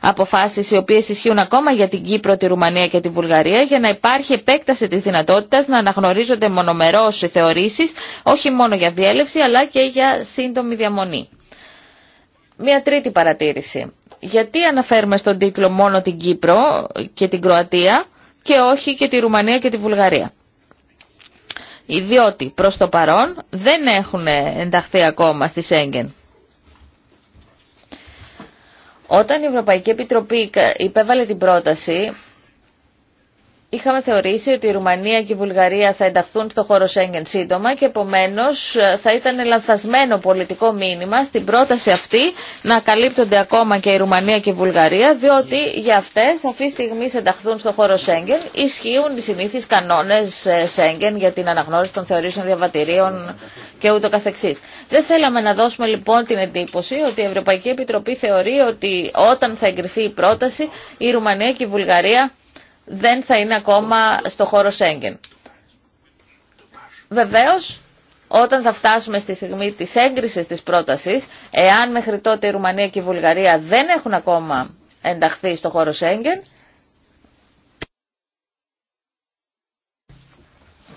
αποφάσεις οι οποίες ισχύουν ακόμα για την Κύπρο, τη Ρουμανία και τη Βουλγαρία για να υπάρχει επέκταση της δυνατότητας να αναγνωρίζονται μονομερώς οι θεωρήσεις όχι μόνο για διέλευση αλλά και για σύντομη διαμονή. Μια τρίτη παρατήρηση γιατί αναφέρουμε στον τίτλο μόνο την Κύπρο και την Κροατία και όχι και τη Ρουμανία και τη Βουλγαρία. Διότι προς το παρόν δεν έχουν ενταχθεί ακόμα στη Σέγγεν. Όταν η Ευρωπαϊκή Επιτροπή υπέβαλε την πρόταση, Είχαμε θεωρήσει ότι η Ρουμανία και η Βουλγαρία θα ενταχθούν στο χώρο Σέγγεν σύντομα και επομένω ε, θα ήταν λανθασμένο πολιτικό μήνυμα στην πρόταση αυτή να καλύπτονται ακόμα και η Ρουμανία και η Βουλγαρία διότι για αυτέ, αυτή τη στιγμή θα ενταχθούν στο χώρο Σέγγεν ισχύουν οι συνήθει κανόνε ε, Σέγγεν για την αναγνώριση των θεωρήσεων διαβατηρίων και ούτω καθεξής. Δεν θέλαμε να δώσουμε λοιπόν την εντύπωση ότι η Ευρωπαϊκή Επιτροπή θεωρεί ότι όταν θα εγκριθεί η πρόταση η Ρουμανία και η Βουλγαρία δεν θα είναι ακόμα στο χώρο Σέγγεν. Βεβαίως, όταν θα φτάσουμε στη στιγμή της έγκρισης της πρότασης, εάν μέχρι τότε η Ρουμανία και η Βουλγαρία δεν έχουν ακόμα ενταχθεί στο χώρο Σέγγεν,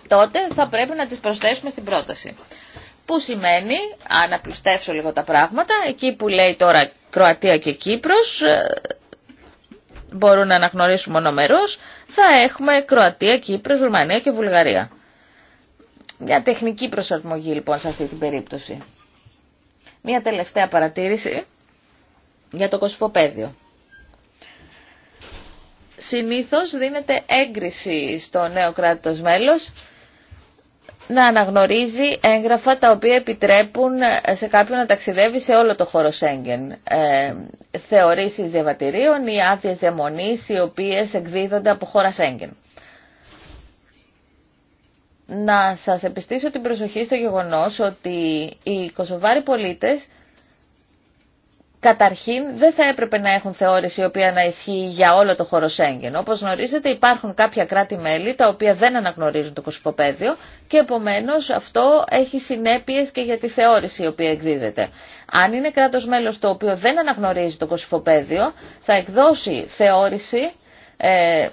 τότε θα πρέπει να τις προσθέσουμε στην πρόταση. Που σημαίνει, αν απλουστεύσω λίγο τα πράγματα, εκεί που λέει τώρα Κροατία και Κύπρος, ε, μπορούν να αναγνωρίσουν μονομερούς, θα έχουμε Κροατία, Κύπρος, Ρουμανία και Βουλγαρία. Μια τεχνική προσαρμογή λοιπόν σε αυτή την περίπτωση. Μια τελευταία παρατήρηση για το κοσμοπέδιο. Συνήθως δίνεται έγκριση στο νέο κράτος μέλος να αναγνωρίζει έγγραφα τα οποία επιτρέπουν ε, σε κάποιον να ταξιδεύει σε όλο το χώρο Σέγγεν. Ε, θεωρήσεις διαβατηρίων ή άδειες διαμονής οι οποίες εκδίδονται από χώρα Σέγγεν. Να σας επιστήσω την προσοχή στο γεγονός ότι οι Κωσοβάροι πολίτες Καταρχήν, δεν θα έπρεπε να έχουν θεώρηση η οποία να ισχύει για όλο το χώρο Σέγγεν. Όπω γνωρίζετε, υπάρχουν κάποια κράτη-μέλη τα οποία δεν αναγνωρίζουν το κοσμοπέδιο και επομένω αυτό έχει συνέπειε και για τη θεώρηση η οποία εκδίδεται. Αν είναι κράτο μέλο το οποίο δεν αναγνωρίζει το κοσμοπέδιο, θα εκδώσει θεώρηση ε,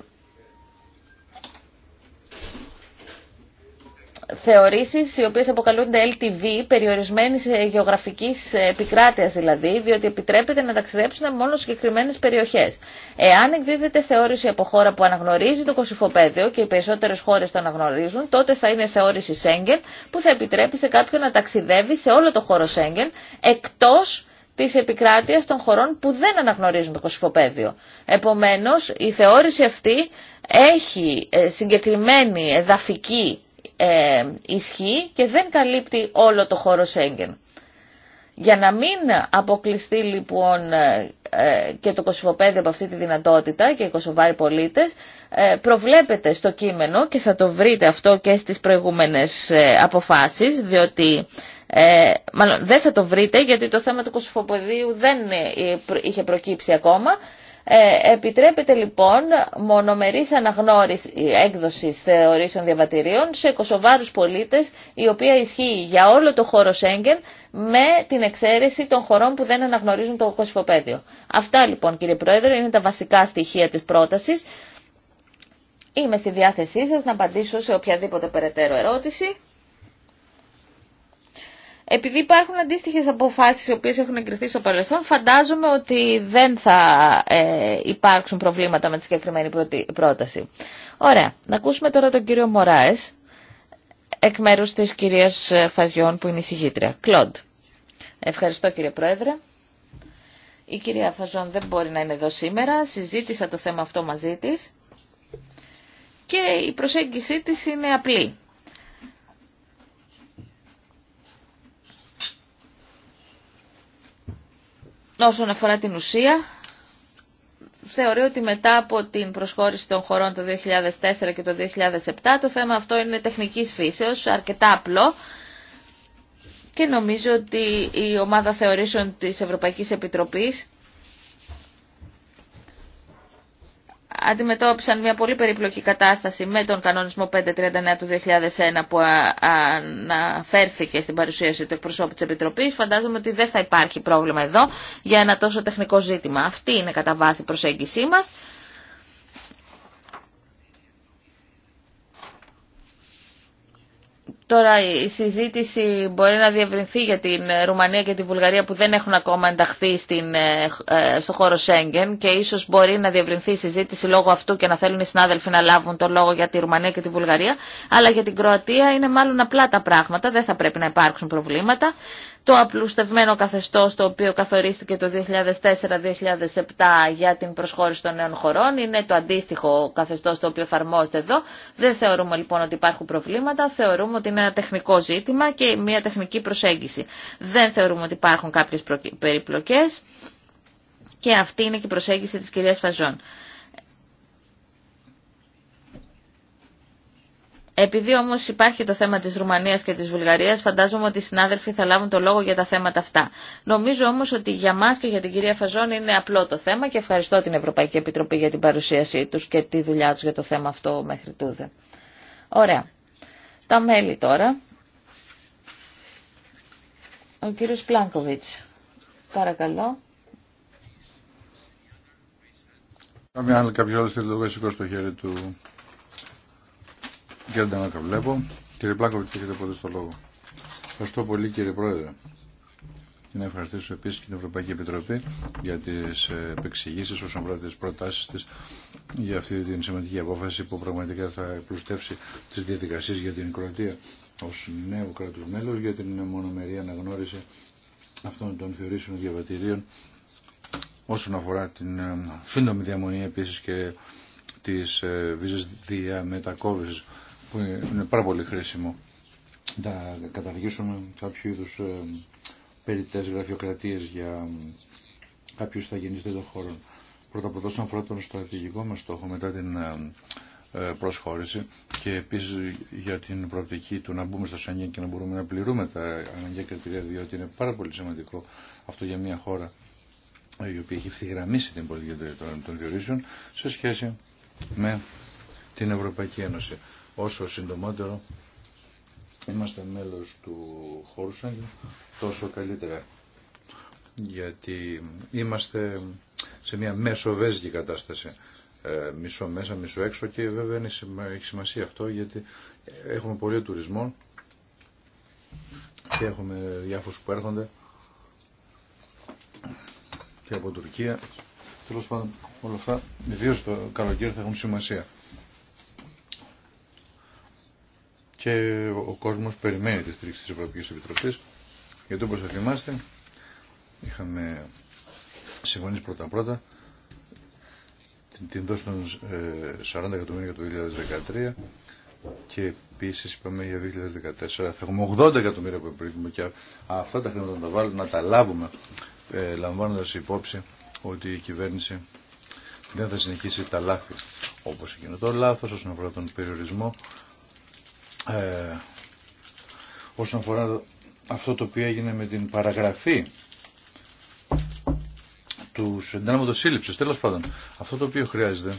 θεωρήσεις οι οποίες αποκαλούνται LTV, περιορισμένης ε, γεωγραφική ε, επικράτειας δηλαδή, διότι επιτρέπεται να ταξιδέψουν μόνο συγκεκριμένες περιοχές. Εάν εκδίδεται θεώρηση από χώρα που αναγνωρίζει το κοσυφοπαίδιο και οι περισσότερες χώρες το αναγνωρίζουν, τότε θα είναι θεώρηση Σέγγεν που θα επιτρέπει σε κάποιον να ταξιδεύει σε όλο το χώρο Σέγγεν, εκτός τη επικράτεια των χωρών που δεν αναγνωρίζουν το κοσυφοπαίδιο. Επομένω, η θεώρηση αυτή έχει ε, συγκεκριμένη εδαφική ε, ισχύει και δεν καλύπτει όλο το χώρο Σέγγεν. Για να μην αποκλειστεί λοιπόν ε, ε, και το Κωσυφοπέδιο από αυτή τη δυνατότητα και οι Κωσοβάροι πολίτες, ε, προβλέπεται στο κείμενο και θα το βρείτε αυτό και στις προηγούμενες αποφάσεις, διότι ε, μάλλον δεν θα το βρείτε γιατί το θέμα του Κωσυφοπεδίου δεν είχε προκύψει ακόμα, ε, επιτρέπεται λοιπόν μονομερής αναγνώριση έκδοσης θεωρήσεων διαβατηρίων σε κοσοβάρους πολίτες η οποία ισχύει για όλο το χώρο Σέγγεν με την εξαίρεση των χωρών που δεν αναγνωρίζουν το κοσυφοπαίδιο. Αυτά λοιπόν κύριε Πρόεδρε είναι τα βασικά στοιχεία της πρότασης. Είμαι στη διάθεσή σας να απαντήσω σε οποιαδήποτε περαιτέρω ερώτηση. Επειδή υπάρχουν αντίστοιχε αποφάσει οι οποίε έχουν εγκριθεί στο παρελθόν, φαντάζομαι ότι δεν θα ε, υπάρξουν προβλήματα με τη συγκεκριμένη πρόταση. Ωραία. Να ακούσουμε τώρα τον κύριο Μωράε, εκ μέρου τη κυρία Φαγιών που είναι η συγγήτρια. Κλοντ. Ευχαριστώ κύριε Πρόεδρε. Η κυρία Φαζόν δεν μπορεί να είναι εδώ σήμερα. Συζήτησα το θέμα αυτό μαζί της και η προσέγγιση της είναι απλή. Όσον αφορά την ουσία, θεωρεί ότι μετά από την προσχώρηση των χωρών το 2004 και το 2007 το θέμα αυτό είναι τεχνικής φύσεως, αρκετά απλό και νομίζω ότι η ομάδα θεωρήσεων της Ευρωπαϊκής Επιτροπής αντιμετώπισαν μια πολύ περίπλοκη κατάσταση με τον κανονισμό 539 του 2001 που αναφέρθηκε στην παρουσίαση του εκπροσώπου της Επιτροπής. Φαντάζομαι ότι δεν θα υπάρχει πρόβλημα εδώ για ένα τόσο τεχνικό ζήτημα. Αυτή είναι κατά βάση προσέγγισή μας. Τώρα η συζήτηση μπορεί να διευρυνθεί για την ε, Ρουμανία και τη Βουλγαρία που δεν έχουν ακόμα ενταχθεί στην, ε, ε, στο χώρο Σέγγεν και ίσως μπορεί να διευρυνθεί η συζήτηση λόγω αυτού και να θέλουν οι συνάδελφοι να λάβουν το λόγο για τη Ρουμανία και τη Βουλγαρία αλλά για την Κροατία είναι μάλλον απλά τα πράγματα, δεν θα πρέπει να υπάρξουν προβλήματα το απλουστευμένο καθεστώς το οποίο καθορίστηκε το 2004-2007 για την προσχώρηση των νέων χωρών είναι το αντίστοιχο καθεστώς το οποίο εφαρμόζεται εδώ. Δεν θεωρούμε λοιπόν ότι υπάρχουν προβλήματα, θεωρούμε ότι είναι ένα τεχνικό ζήτημα και μια τεχνική προσέγγιση. Δεν θεωρούμε ότι υπάρχουν κάποιες περιπλοκές και αυτή είναι και η προσέγγιση της κυρίας Φαζόν. Επειδή όμως υπάρχει το θέμα της Ρουμανίας και της Βουλγαρίας, φαντάζομαι ότι οι συνάδελφοι θα λάβουν το λόγο για τα θέματα αυτά. Νομίζω όμως ότι για μα και για την κυρία Φαζόν είναι απλό το θέμα και ευχαριστώ την Ευρωπαϊκή Επιτροπή για την παρουσίασή του και τη δουλειά του για το θέμα αυτό μέχρι τούδε. Ωραία. Τα μέλη τώρα. Ο κύριος Πλάνκοβιτς. Παρακαλώ. θέλει το χέρι του Κύριε Ντανάκα, βλέπω. Κύριε Πλάκοβιτ, έχετε πρώτα στο λόγο. Ευχαριστώ πολύ κύριε Πρόεδρε. Και να ευχαριστήσω επίση και την Ευρωπαϊκή Επιτροπή για τι επεξηγήσει όσον αφορά τι προτάσει τη για αυτή την σημαντική απόφαση που πραγματικά θα πλουστεύσει τι διαδικασίε για την Κροατία ω νέο κράτο μέλο για την μονομερή αναγνώριση αυτών των θεωρήσεων διαβατηρίων όσον αφορά την ε, σύντομη διαμονή επίση και τι ε, βίζε διαμετακόβηση που είναι πάρα πολύ χρήσιμο να καταργήσουμε κάποιο είδους ε, περιττές γραφειοκρατίες για κάποιους θαγενείς τέτοιων χώρων. Πρώτα απ' όσον αφορά τον στρατηγικό μα στόχο μετά την ε, ε, προσχώρηση και επίσης για την προοπτική του να μπούμε στο Σανγκέν και να μπορούμε να πληρούμε τα αναγκαία κριτήρια διότι είναι πάρα πολύ σημαντικό αυτό για μια χώρα η οποία έχει ευθυγραμμίσει την πολιτική των διορίσεων σε σχέση με την Ευρωπαϊκή Ένωση όσο συντομότερο είμαστε μέλος του χώρου τόσο καλύτερα. Γιατί είμαστε σε μια μεσοβέζικη κατάσταση. Ε, μισό μέσα, μισό έξω και βέβαια είναι, έχει σημασία αυτό γιατί έχουμε πολύ τουρισμό και έχουμε διάφορους που έρχονται και από Τουρκία. Τέλος πάντων όλα αυτά, ιδίω το καλοκαίρι θα έχουν σημασία. και ο κόσμος περιμένει τη στήριξη της Ευρωπαϊκής Επιτροπής γιατί όπως θα θυμάστε είχαμε συμφωνήσει πρώτα πρώτα την, την δόση των 40 ε, εκατομμύρια το 2013 και επίσης είπαμε για 2014 θα έχουμε 80 εκατομμύρια που επρίχνουμε και αυτά τα χρήματα να τα βάλουμε, να τα λάβουμε ε, λαμβάνοντας υπόψη ότι η κυβέρνηση δεν θα συνεχίσει τα λάθη όπως εκείνο το λάθος όσον αφορά τον περιορισμό ε, όσον αφορά αυτό το οποίο έγινε με την παραγραφή του του σύλληψη, Τέλο πάντων, αυτό το οποίο χρειάζεται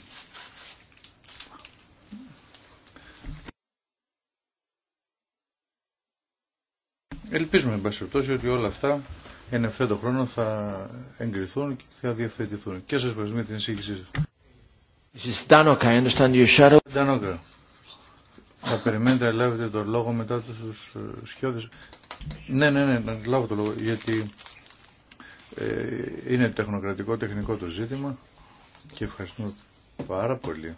Ελπίζουμε, εν πάση περιπτώσει, ότι όλα αυτά εν ευθέτω χρόνο θα εγκριθούν και θα διευθετηθούν. Και σα ευχαριστούμε την εισήγησή σα. Είναι θα περιμένετε να λάβετε το λόγο μετά τους ε, σιώδες. Ναι, ναι, ναι, να λάβω το λόγο, γιατί ε, είναι τεχνοκρατικό, τεχνικό το ζήτημα και ευχαριστούμε πάρα πολύ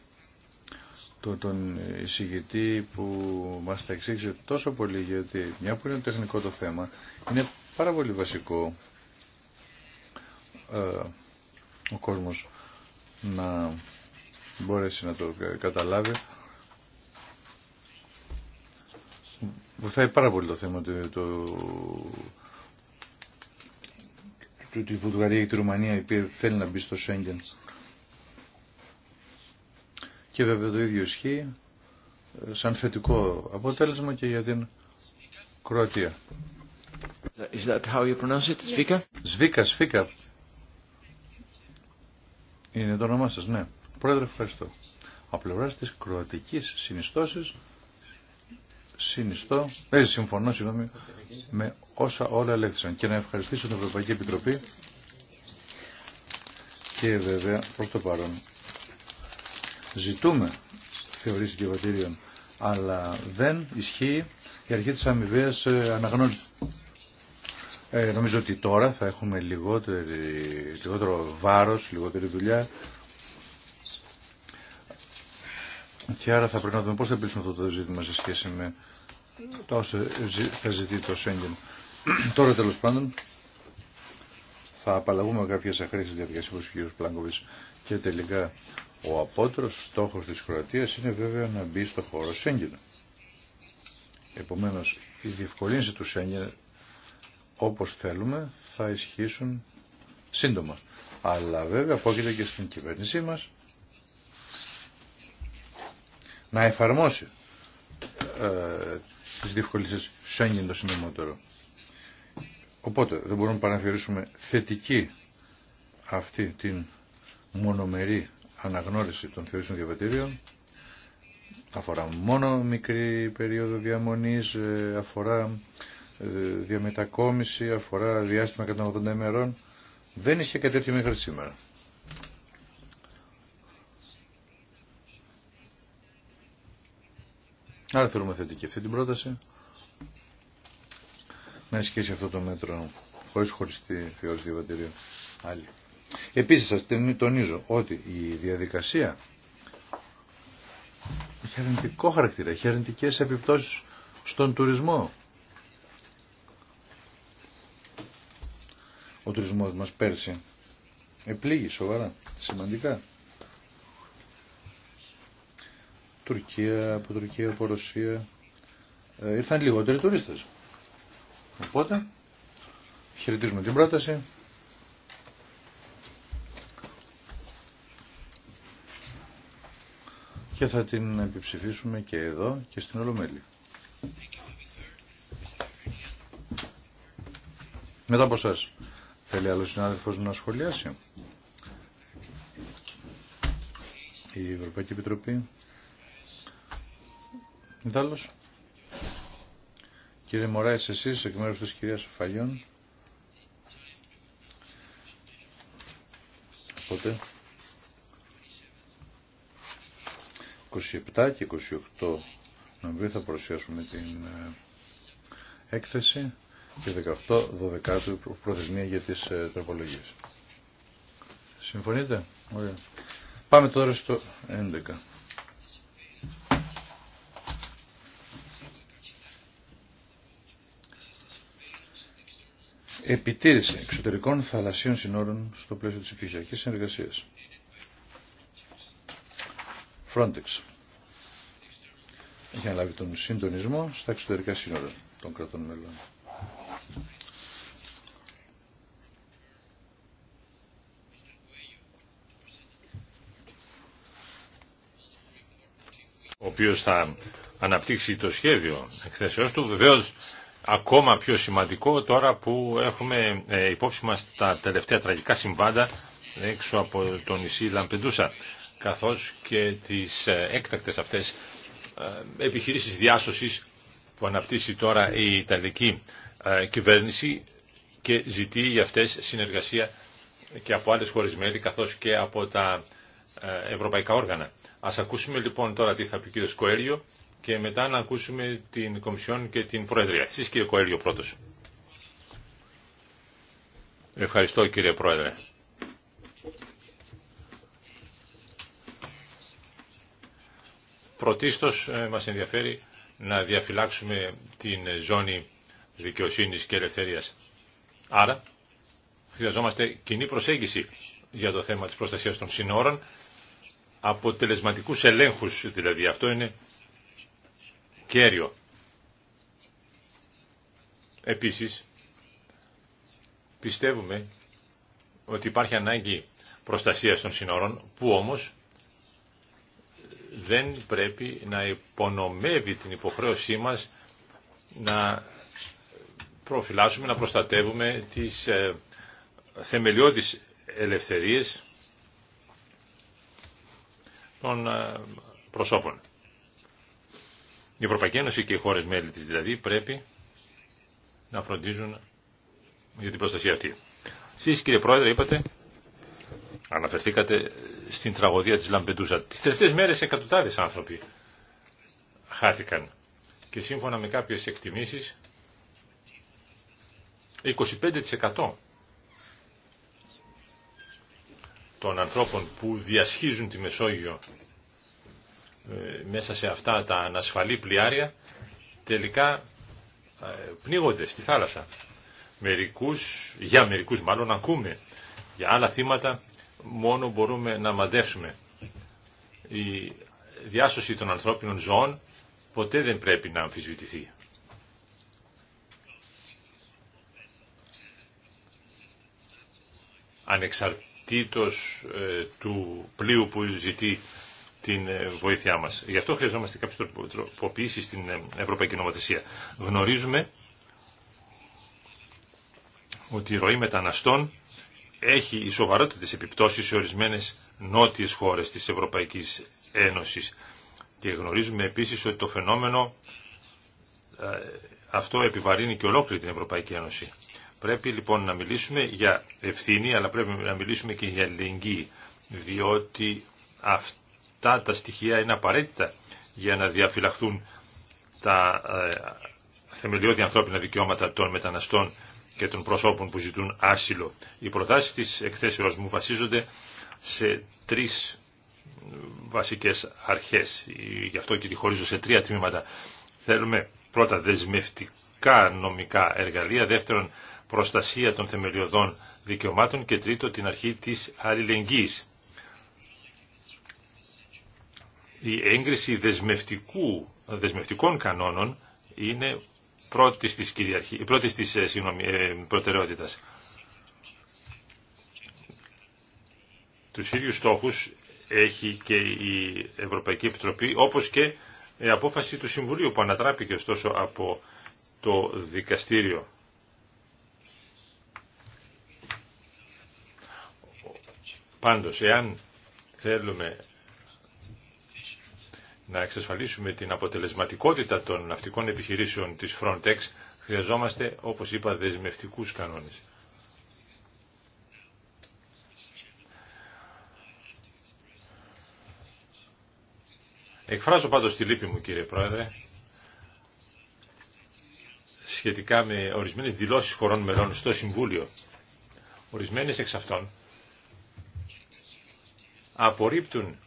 το, τον εισηγητή που μας τα εξήγησε τόσο πολύ, γιατί μια που είναι τεχνικό το θέμα, είναι πάρα πολύ βασικό ε, ο κόσμος να μπορέσει να το καταλάβει βοηθάει πάρα πολύ το θέμα του, το, το, τη Βουλγαρία και τη Ρουμανία η οποία θέλει να μπει στο Σέγγεν. Και βέβαια το ίδιο ισχύει ε, σαν θετικό αποτέλεσμα και για την Κροατία. Is that how you pronounce it, Σβίκα? Σβίκα, Σφίκα. Είναι το όνομά σας, ναι. Πρόεδρε, ευχαριστώ. Από πλευρά της κροατικής συνιστώσης συνιστώ, ε, συμφωνώ συγγνώμη, με όσα όλα λέγθησαν και να ευχαριστήσω την Ευρωπαϊκή Επιτροπή και βέβαια προς το παρόν. Ζητούμε θεωρήσεις διαβατήριων, αλλά δεν ισχύει η αρχή της αμοιβαίας ε, αναγνώριση. Ε, νομίζω ότι τώρα θα έχουμε λιγότερο, λιγότερο βάρος, λιγότερη δουλειά, Και άρα θα πρέπει να δούμε πώς θα επιλύσουμε αυτό το ζήτημα σε σχέση με τα όσα θα ζητεί το Σέγγεν. Τώρα τέλος πάντων θα απαλλαγούμε κάποιες αχρήσεις διαδικασίες ο κ. Πλάνκοβιτς και τελικά ο απότερος στόχος της κροατία είναι βέβαια να μπει στο χώρο Σέγγεν. Επομένως η διευκολύνση του Σέγγεν όπως θέλουμε θα ισχύσουν σύντομα. Αλλά βέβαια απόκειται και στην κυβέρνησή μας να εφαρμόσει ε, τις διευκολύνσεις Σέγγεν το Οπότε δεν μπορούμε να παραφερήσουμε θετική αυτή την μονομερή αναγνώριση των θεωρήσεων διαβατήριων. Αφορά μόνο μικρή περίοδο διαμονής, ε, αφορά ε, διαμετακόμιση, αφορά διάστημα 180 ημερών. Δεν είχε κάτι μέχρι σήμερα. Άρα θέλουμε θετική αυτή την πρόταση. Να ισχύσει αυτό το μέτρο χωρίς χωριστή θεώρηση διαβατηρίου. Άλλη. Επίσης σας τονίζω ότι η διαδικασία έχει αρνητικό χαρακτήρα, έχει αρνητικέ επιπτώσει στον τουρισμό. Ο τουρισμός μας πέρσι επλήγει σοβαρά, σημαντικά. Τουρκία, από Τουρκία, από Ρωσία. Ε, ήρθαν λιγότεροι τουρίστες. Οπότε, χαιρετίζουμε την πρόταση. Και θα την επιψηφίσουμε και εδώ και στην Ολομέλη. Μετά από εσάς, θέλει άλλο συνάδελφος να σχολιάσει. Η Ευρωπαϊκή Επιτροπή. Δάλλος. Κύριε Μωράης, εσείς εκ μέρους της κυρίας Φαγιών. Οπότε 27 και 28 Νοεμβρίου θα παρουσιάσουμε την ε, έκθεση και 18-12 προθεσμία για τις ε, τροπολογίες. Συμφωνείτε? Ωραία. Πάμε τώρα στο 11. επιτήρηση εξωτερικών θαλασσίων συνόρων στο πλαίσιο της επιχειρηματική συνεργασίας. Frontex έχει αναλάβει τον συντονισμό στα εξωτερικά σύνορα των κρατών μελών. ο οποίος θα αναπτύξει το σχέδιο εκθέσεώς του. Βεβαίως ακόμα πιο σημαντικό τώρα που έχουμε ε, υπόψη μας τα τελευταία τραγικά συμβάντα έξω από το νησί Λαμπεντούσα καθώς και τις ε, έκτακτες αυτές ε, επιχειρήσεις διάσωσης που αναπτύσσει τώρα η Ιταλική κυβέρνηση και ζητεί για αυτές συνεργασία και από άλλες χώρες μέλη καθώς και από τα ευρωπαϊκά όργανα. Ας ακούσουμε λοιπόν τώρα τι θα πει ο κ. Σκοέριο και μετά να ακούσουμε την Κομισιόν και την Προεδρία. Εσείς κύριε Κοέλιο πρώτος. Ευχαριστώ κύριε Πρόεδρε. Πρωτίστως ε, μας ενδιαφέρει να διαφυλάξουμε την ζώνη δικαιοσύνης και ελευθερίας. Άρα χρειαζόμαστε κοινή προσέγγιση για το θέμα της προστασίας των συνόρων, αποτελεσματικούς ελέγχους δηλαδή. Αυτό είναι κέριο. Επίσης, πιστεύουμε ότι υπάρχει ανάγκη προστασίας των συνόρων, που όμως δεν πρέπει να υπονομεύει την υποχρέωσή μας να προφυλάσσουμε, να προστατεύουμε τις ε, θεμελιώδεις ελευθερίες των ε, προσώπων. Η Ευρωπαϊκή Ένωση και οι χώρες μέλη της δηλαδή πρέπει να φροντίζουν για την προστασία αυτή. Εσείς κύριε Πρόεδρε είπατε, αναφερθήκατε στην τραγωδία της Λαμπεντούσα. Τις τελευταίες μέρες εκατοντάδες άνθρωποι χάθηκαν και σύμφωνα με κάποιες εκτιμήσεις 25% των ανθρώπων που διασχίζουν τη Μεσόγειο ε, μέσα σε αυτά τα ανασφαλή πλοιάρια τελικά ε, πνίγονται στη θάλασσα. Μερικούς, για μερικούς μάλλον ακούμε. Για άλλα θύματα μόνο μπορούμε να μαντεύσουμε. Η διάσωση των ανθρώπινων ζώων ποτέ δεν πρέπει να αμφισβητηθεί. Ανεξαρτήτως ε, του πλοίου που ζητεί την ε, βοήθειά μας. Γι' αυτό χρειαζόμαστε κάποιες τροποποιήσεις στην ε, Ευρωπαϊκή Νομοθεσία. Γνωρίζουμε ότι η ροή μεταναστών έχει σοβαρότητες επιπτώσεις σε ορισμένες νότιες χώρες της Ευρωπαϊκής Ένωσης. Και γνωρίζουμε επίσης ότι το φαινόμενο ε, αυτό επιβαρύνει και ολόκληρη την Ευρωπαϊκή Ένωση. Πρέπει λοιπόν να μιλήσουμε για ευθύνη, αλλά πρέπει να μιλήσουμε και για λυγγί διότι αυτό αυτά τα στοιχεία είναι απαραίτητα για να διαφυλαχθούν τα ε, θεμελιώδη ανθρώπινα δικαιώματα των μεταναστών και των προσώπων που ζητούν άσυλο. Οι προτάσεις της εκθέσεως μου βασίζονται σε τρεις βασικές αρχές. Γι' αυτό και τη χωρίζω σε τρία τμήματα. Θέλουμε πρώτα δεσμευτικά νομικά εργαλεία, δεύτερον προστασία των θεμελιωδών δικαιωμάτων και τρίτο την αρχή της αλληλεγγύης. η έγκριση δεσμευτικού, δεσμευτικών κανόνων είναι πρώτη της, κυριαρχή, πρώτης της ε, στόχου ε, προτεραιότητας. Τους ίδιους στόχους έχει και η Ευρωπαϊκή Επιτροπή, όπως και η ε, απόφαση του Συμβουλίου που ανατράπηκε ωστόσο από το δικαστήριο. Πάντως, εάν θέλουμε να εξασφαλίσουμε την αποτελεσματικότητα των ναυτικών επιχειρήσεων της Frontex, χρειαζόμαστε, όπως είπα, δεσμευτικούς κανόνες. Εκφράζω πάντως τη λύπη μου, κύριε Πρόεδρε, σχετικά με ορισμένες δηλώσεις χωρών μελών στο Συμβούλιο. Ορισμένες εξ αυτών απορρίπτουν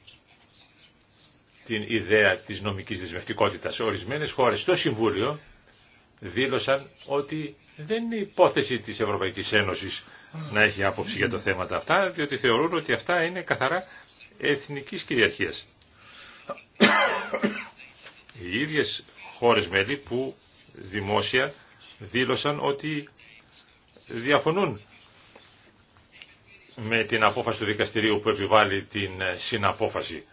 την ιδέα της νομικής δεσμευτικότητας. Ορισμένες χώρες στο Συμβούλιο δήλωσαν ότι δεν είναι υπόθεση της Ευρωπαϊκής Ένωσης να έχει άποψη για τα θέματα αυτά, διότι θεωρούν ότι αυτά είναι καθαρά εθνικής κυριαρχίας. Οι ίδιες χώρες μέλη που δημόσια δήλωσαν ότι διαφωνούν με την απόφαση του δικαστηρίου που επιβάλλει την συναπόφαση.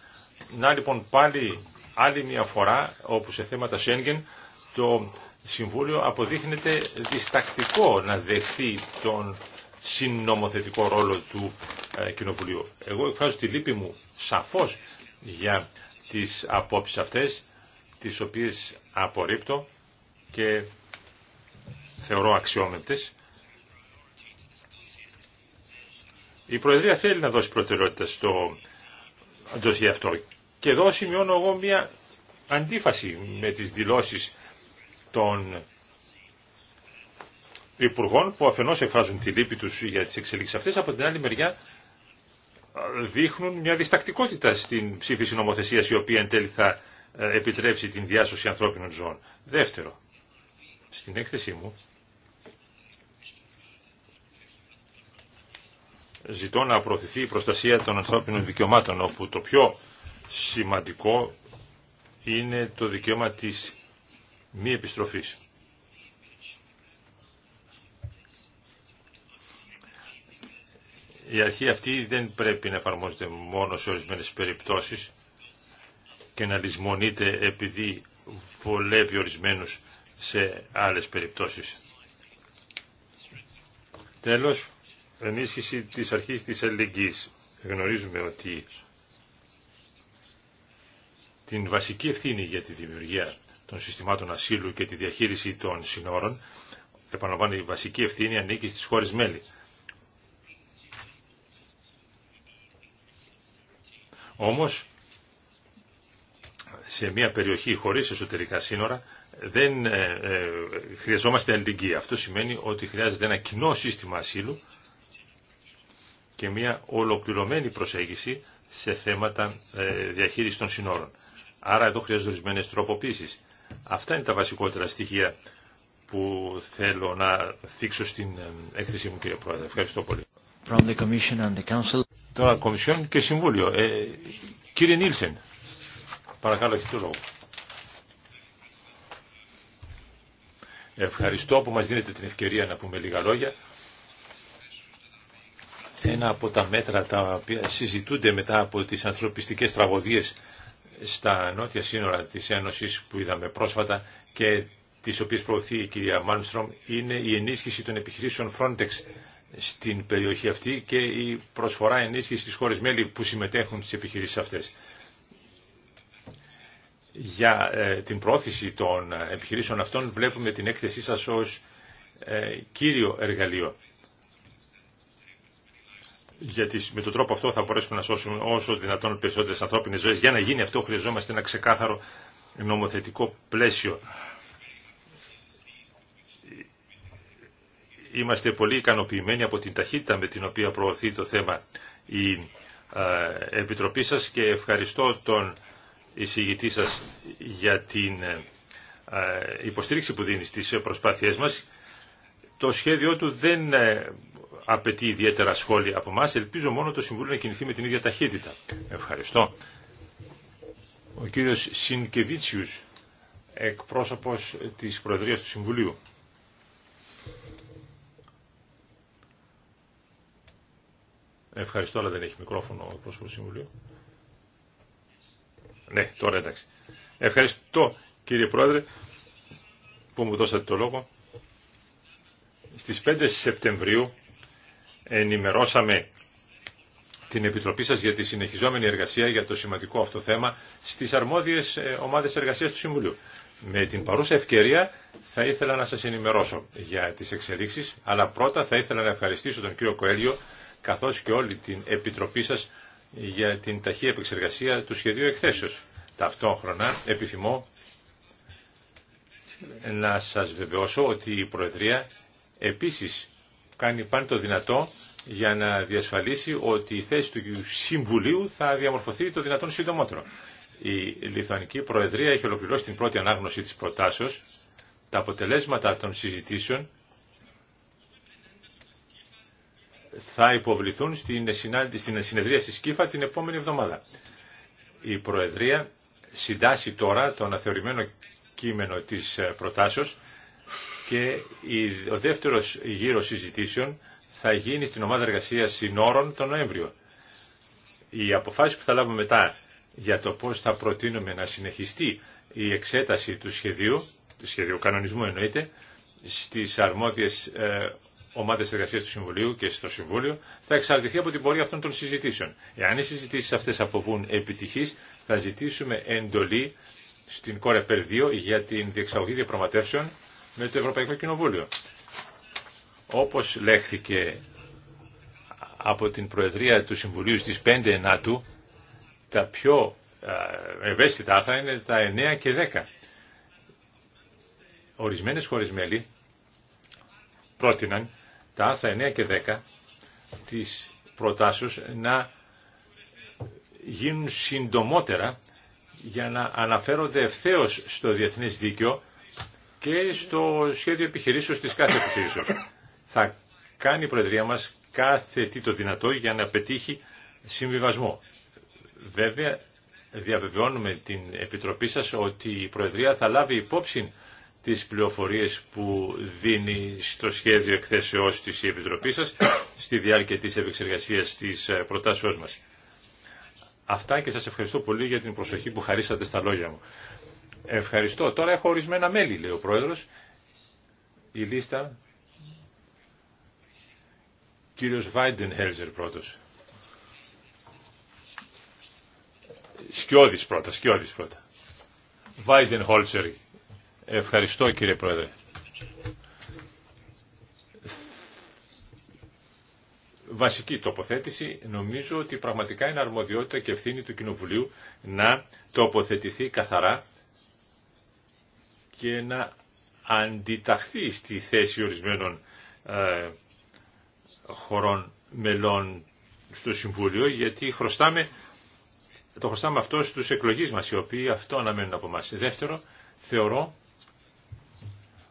Να λοιπόν πάλι άλλη μια φορά όπου σε θέματα Σέγγεν το Συμβούλιο αποδείχνεται διστακτικό να δεχθεί τον συνομοθετικό ρόλο του ε, Κοινοβουλίου. Εγώ εκφράζω τη λύπη μου σαφώς για τις απόψεις αυτές τις οποίες απορρίπτω και θεωρώ αξιόμεντες. Η Προεδρία θέλει να δώσει προτεραιότητα στο αυτό. Και εδώ σημειώνω εγώ μια αντίφαση με τις δηλώσεις των υπουργών που αφενός εκφράζουν τη λύπη τους για τις εξελίξεις αυτές, από την άλλη μεριά ε, δείχνουν μια διστακτικότητα στην ψήφιση νομοθεσίας η οποία εν τέλει θα ε, επιτρέψει την διάσωση ανθρώπινων ζώων. Δεύτερο, στην έκθεσή μου ζητώ να προωθηθεί η προστασία των ανθρώπινων δικαιωμάτων, όπου το πιο σημαντικό είναι το δικαίωμα της μη επιστροφής. Η αρχή αυτή δεν πρέπει να εφαρμόζεται μόνο σε ορισμένες περιπτώσεις και να λησμονείται επειδή βολεύει ορισμένους σε άλλες περιπτώσεις. Τέλος, ενίσχυση της αρχής της ελεγγύης. Γνωρίζουμε ότι την βασική ευθύνη για τη δημιουργία των συστημάτων ασύλου και τη διαχείριση των συνόρων, επαναλαμβάνω η βασική ευθύνη ανήκει στις χώρες μέλη. Όμως, σε μια περιοχή χωρίς εσωτερικά σύνορα, δεν ε, ε, χρειαζόμαστε αλληλεγγύη. Αυτό σημαίνει ότι χρειάζεται ένα κοινό σύστημα ασύλου και μια ολοκληρωμένη προσέγγιση σε θέματα ε, διαχείριση των συνόρων. Άρα εδώ χρειάζονται ορισμένε τροποποίησεις. Αυτά είναι τα βασικότερα στοιχεία που θέλω να θίξω στην ε, έκθεσή μου κύριε Πρόεδρε. Ευχαριστώ πολύ. From the Commission and the Council. Τώρα Κομισιόν και Συμβούλιο. Ε, κύριε Νίλσεν, παρακαλώ έχετε το λόγο. Ευχαριστώ που μας δίνετε την ευκαιρία να πούμε λίγα λόγια ένα από τα μέτρα τα οποία συζητούνται μετά από τις ανθρωπιστικές τραγωδίες στα νότια σύνορα της Ένωσης που είδαμε πρόσφατα και τις οποίες προωθεί η κυρία Μάνστρομ είναι η ενίσχυση των επιχειρήσεων Frontex στην περιοχή αυτή και η προσφορά ενίσχυση στις χώρες μέλη που συμμετέχουν στις επιχειρήσεις αυτές. Για ε, την πρόθεση των επιχειρήσεων αυτών βλέπουμε την έκθεσή σας ως ε, κύριο εργαλείο γιατί με τον τρόπο αυτό θα μπορέσουμε να σώσουμε όσο δυνατόν περισσότερες ανθρώπινες ζωές. Για να γίνει αυτό χρειαζόμαστε ένα ξεκάθαρο νομοθετικό πλαίσιο. Είμαστε πολύ ικανοποιημένοι από την ταχύτητα με την οποία προωθεί το θέμα η Επιτροπή σας και ευχαριστώ τον εισηγητή σας για την ε, υποστήριξη που δίνει στις προσπάθειές μας. Το σχέδιό του δεν ε, απαιτεί ιδιαίτερα σχόλια από εμά. Ελπίζω μόνο το Συμβούλιο να κινηθεί με την ίδια ταχύτητα. Ευχαριστώ. Ο κύριος Σινκεβίτσιους, εκπρόσωπος της Προεδρίας του Συμβουλίου. Ευχαριστώ, αλλά δεν έχει μικρόφωνο ο εκπρόσωπος του Συμβουλίου. Ναι, τώρα εντάξει. Ευχαριστώ κύριε Πρόεδρε που μου δώσατε το λόγο. Στις 5 Σεπτεμβρίου ενημερώσαμε την Επιτροπή σας για τη συνεχιζόμενη εργασία για το σημαντικό αυτό θέμα στις αρμόδιες ε, ομάδες εργασίας του Συμβουλίου. Με την παρούσα ευκαιρία θα ήθελα να σας ενημερώσω για τις εξελίξεις, αλλά πρώτα θα ήθελα να ευχαριστήσω τον κύριο Κοέλιο καθώς και όλη την Επιτροπή σας για την ταχεία επεξεργασία του σχεδίου εκθέσεως. Ταυτόχρονα επιθυμώ να σας βεβαιώσω ότι η Προεδρία επίσης κάνει πάντα το δυνατό για να διασφαλίσει ότι η θέση του Συμβουλίου θα διαμορφωθεί το δυνατόν συντομότερο. Η Λιθουανική Προεδρία έχει ολοκληρώσει την πρώτη ανάγνωση της προτάσεως. Τα αποτελέσματα των συζητήσεων θα υποβληθούν στην, στην συνεδρία στη Σκύφα την επόμενη εβδομάδα. Η Προεδρία συντάσσει τώρα το αναθεωρημένο κείμενο της ε, προτάσεως και ο δεύτερος γύρος συζητήσεων θα γίνει στην ομάδα εργασίας συνόρων τον Νοέμβριο. Η αποφάσεις που θα λάβουμε μετά για το πώς θα προτείνουμε να συνεχιστεί η εξέταση του σχεδίου, του σχεδίου κανονισμού εννοείται, στις αρμόδιες ε, ομάδες εργασίας του Συμβουλίου και στο Συμβούλιο, θα εξαρτηθεί από την πορεία αυτών των συζητήσεων. Εάν οι συζητήσεις αυτές αποβούν επιτυχής, θα ζητήσουμε εντολή στην Κορεπέρ 2 για την διεξαγωγή διαπραγματεύσεων με το Ευρωπαϊκό Κοινοβούλιο. Όπως λέχθηκε από την Προεδρία του Συμβουλίου στις 5 Ενάτου, τα πιο ευαίσθητα άρθρα είναι τα 9 και 10. Ορισμένες χώρες μέλη πρότειναν τα άρθρα 9 και 10 της προτάσεως να γίνουν συντομότερα για να αναφέρονται ευθέως στο διεθνές δίκαιο και στο σχέδιο επιχειρήσεως της κάθε επιχειρήσεως. Θα κάνει η Προεδρία μας κάθε τι το δυνατό για να πετύχει συμβιβασμό. Βέβαια, διαβεβαιώνουμε την Επιτροπή σας ότι η Προεδρία θα λάβει υπόψη τις πληροφορίες που δίνει στο σχέδιο εκθέσεώς της η Επιτροπή σας στη διάρκεια της επεξεργασίας της ε, προτάσεώς μας. Αυτά και σας ευχαριστώ πολύ για την προσοχή που χαρίσατε στα λόγια μου. Ευχαριστώ. Τώρα έχω ορισμένα μέλη, λέει ο Πρόεδρος. Η λίστα... Κύριος Χέλζερ πρώτος. Σκιώδης πρώτα, Σκιώδης πρώτα. Χόλτσερ. Ευχαριστώ κύριε Πρόεδρε. βασική τοποθέτηση νομίζω ότι πραγματικά είναι αρμοδιότητα και ευθύνη του Κοινοβουλίου να τοποθετηθεί καθαρά και να αντιταχθεί στη θέση ορισμένων ε, χωρών μελών στο Συμβούλιο, γιατί χρωστάμε, το χρωστάμε αυτό στους εκλογείς μας, οι οποίοι αυτό αναμένουν από μας. Δεύτερο, θεωρώ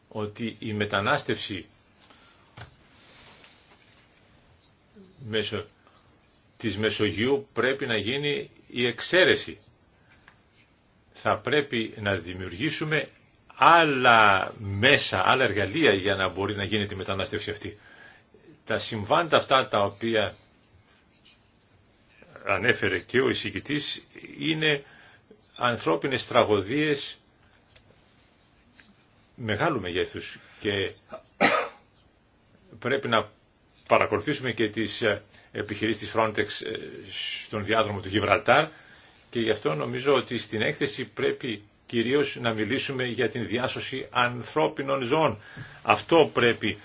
ότι η μετανάστευση μέσω της Μεσογείου πρέπει να γίνει η εξαίρεση. Θα πρέπει να δημιουργήσουμε άλλα μέσα, άλλα εργαλεία για να μπορεί να γίνεται η μετανάστευση αυτή. Τα συμβάντα αυτά τα οποία ανέφερε και ο εισηγητής είναι ανθρώπινες τραγωδίες μεγάλου μεγέθους και πρέπει να παρακολουθήσουμε και τις ε, επιχειρήσεις της Frontex ε, στον διάδρομο του Γιβραλτάρ και γι' αυτό νομίζω ότι στην έκθεση πρέπει κυρίως να μιλήσουμε για την διάσωση ανθρώπινων ζώων. Αυτό πρέπει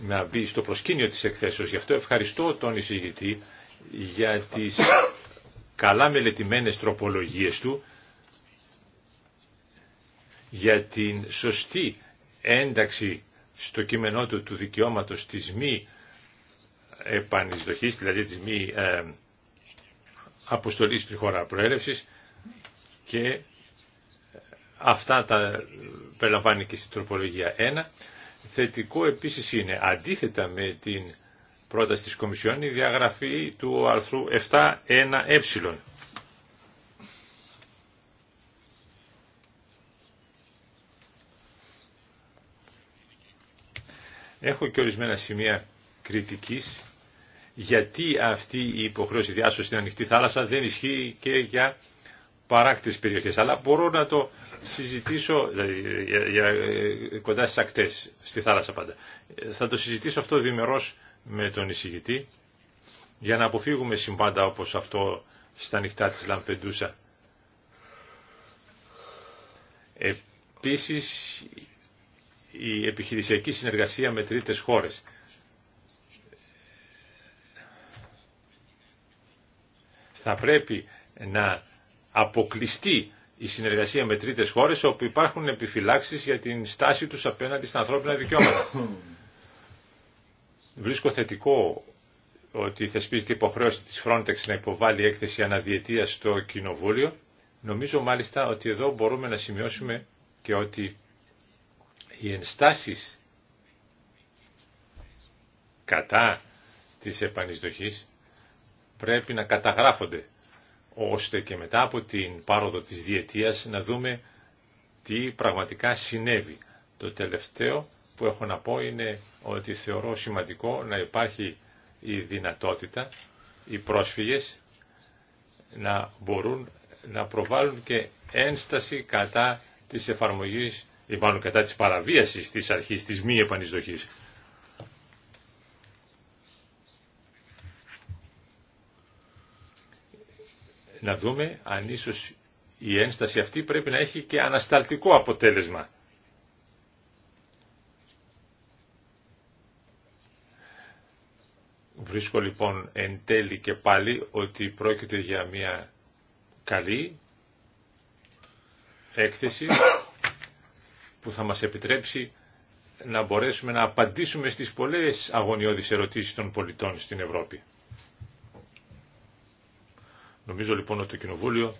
να μπει στο προσκήνιο της εκθέσεως. Γι' αυτό ευχαριστώ τον εισηγητή για τις καλά μελετημένες τροπολογίες του, για την σωστή ένταξη στο κείμενό του του δικαιώματος της μη επανεισδοχής, δηλαδή της μη ε, αποστολής στη χώρα προέλευσης και Αυτά τα ε, περιλαμβάνει και στην τροπολογία 1. Θετικό επίσης είναι, αντίθετα με την πρόταση της Κομισιόν, η διαγραφή του αρθρού 7.1.ε. Έχω και ορισμένα σημεία κριτικής γιατί αυτή η υποχρέωση διάσωση στην ανοιχτή θάλασσα δεν ισχύει και για παράκτης περιοχές. Αλλά μπορώ να το συζητήσω, δηλαδή, για, ε, κοντά στις ακτές, στη θάλασσα πάντα, ε, θα το συζητήσω αυτό διμερώς με τον εισηγητή για να αποφύγουμε συμβάντα όπως αυτό στα νυχτά της Λαμπεντούσα. Επίσης η επιχειρησιακή συνεργασία με τρίτες χώρες. Θα πρέπει να αποκλειστεί η συνεργασία με τρίτες χώρες όπου υπάρχουν επιφυλάξει για την στάση τους απέναντι στα ανθρώπινα δικαιώματα. Βρίσκω θετικό ότι θεσπίζεται υποχρέωση της Frontex να υποβάλει έκθεση αναδιαιτία στο Κοινοβούλιο. Νομίζω μάλιστα ότι εδώ μπορούμε να σημειώσουμε και ότι οι ενστάσεις κατά της επανεισδοχής πρέπει να καταγράφονται ώστε και μετά από την πάροδο της διετίας να δούμε τι πραγματικά συνέβη. Το τελευταίο που έχω να πω είναι ότι θεωρώ σημαντικό να υπάρχει η δυνατότητα οι πρόσφυγες να μπορούν να προβάλλουν και ένσταση κατά της εφαρμογής ή μάλλον κατά της παραβίασης της αρχής της μη επανεισδοχής. να δούμε αν ίσως η ένσταση αυτή πρέπει να έχει και ανασταλτικό αποτέλεσμα. Βρίσκω λοιπόν εν τέλει και πάλι ότι πρόκειται για μια καλή έκθεση που θα μας επιτρέψει να μπορέσουμε να απαντήσουμε στις πολλές αγωνιώδεις ερωτήσεις των πολιτών στην Ευρώπη. Νομίζω λοιπόν ότι το Κοινοβούλιο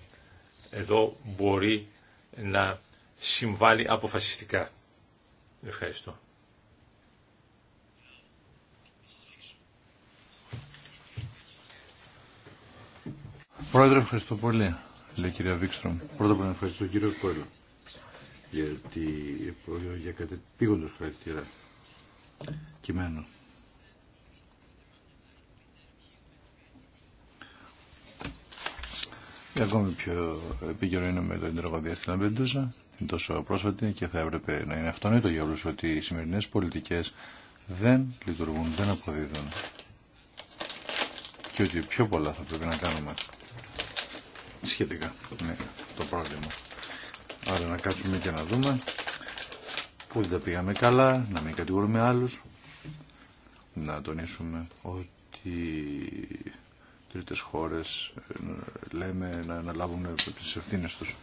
εδώ μπορεί να συμβάλλει αποφασιστικά. Ευχαριστώ. Πρόεδρε, ευχαριστώ πολύ, λέει κυρία Βίξτρομ. Πρώτα απ' όλα ευχαριστώ τον κύριο Κόλλο, γιατί για κάτι πήγοντος χαρακτήρα κειμένου. Και ακόμη πιο επίκαιρο είναι με το τραγωδία στην Αμπεντούζα, είναι τόσο πρόσφατη και θα έπρεπε να είναι αυτονόητο για όλους ότι οι σημερινές πολιτικές δεν λειτουργούν, δεν αποδίδουν. Και ότι πιο πολλά θα πρέπει να κάνουμε σχετικά με το πρόβλημα. Άρα να κάτσουμε και να δούμε που δεν τα πήγαμε καλά, να μην κατηγορούμε άλλους, να τονίσουμε ότι τρίτες χώρες ε, λέμε να αναλάβουν τις ευθύνες τους.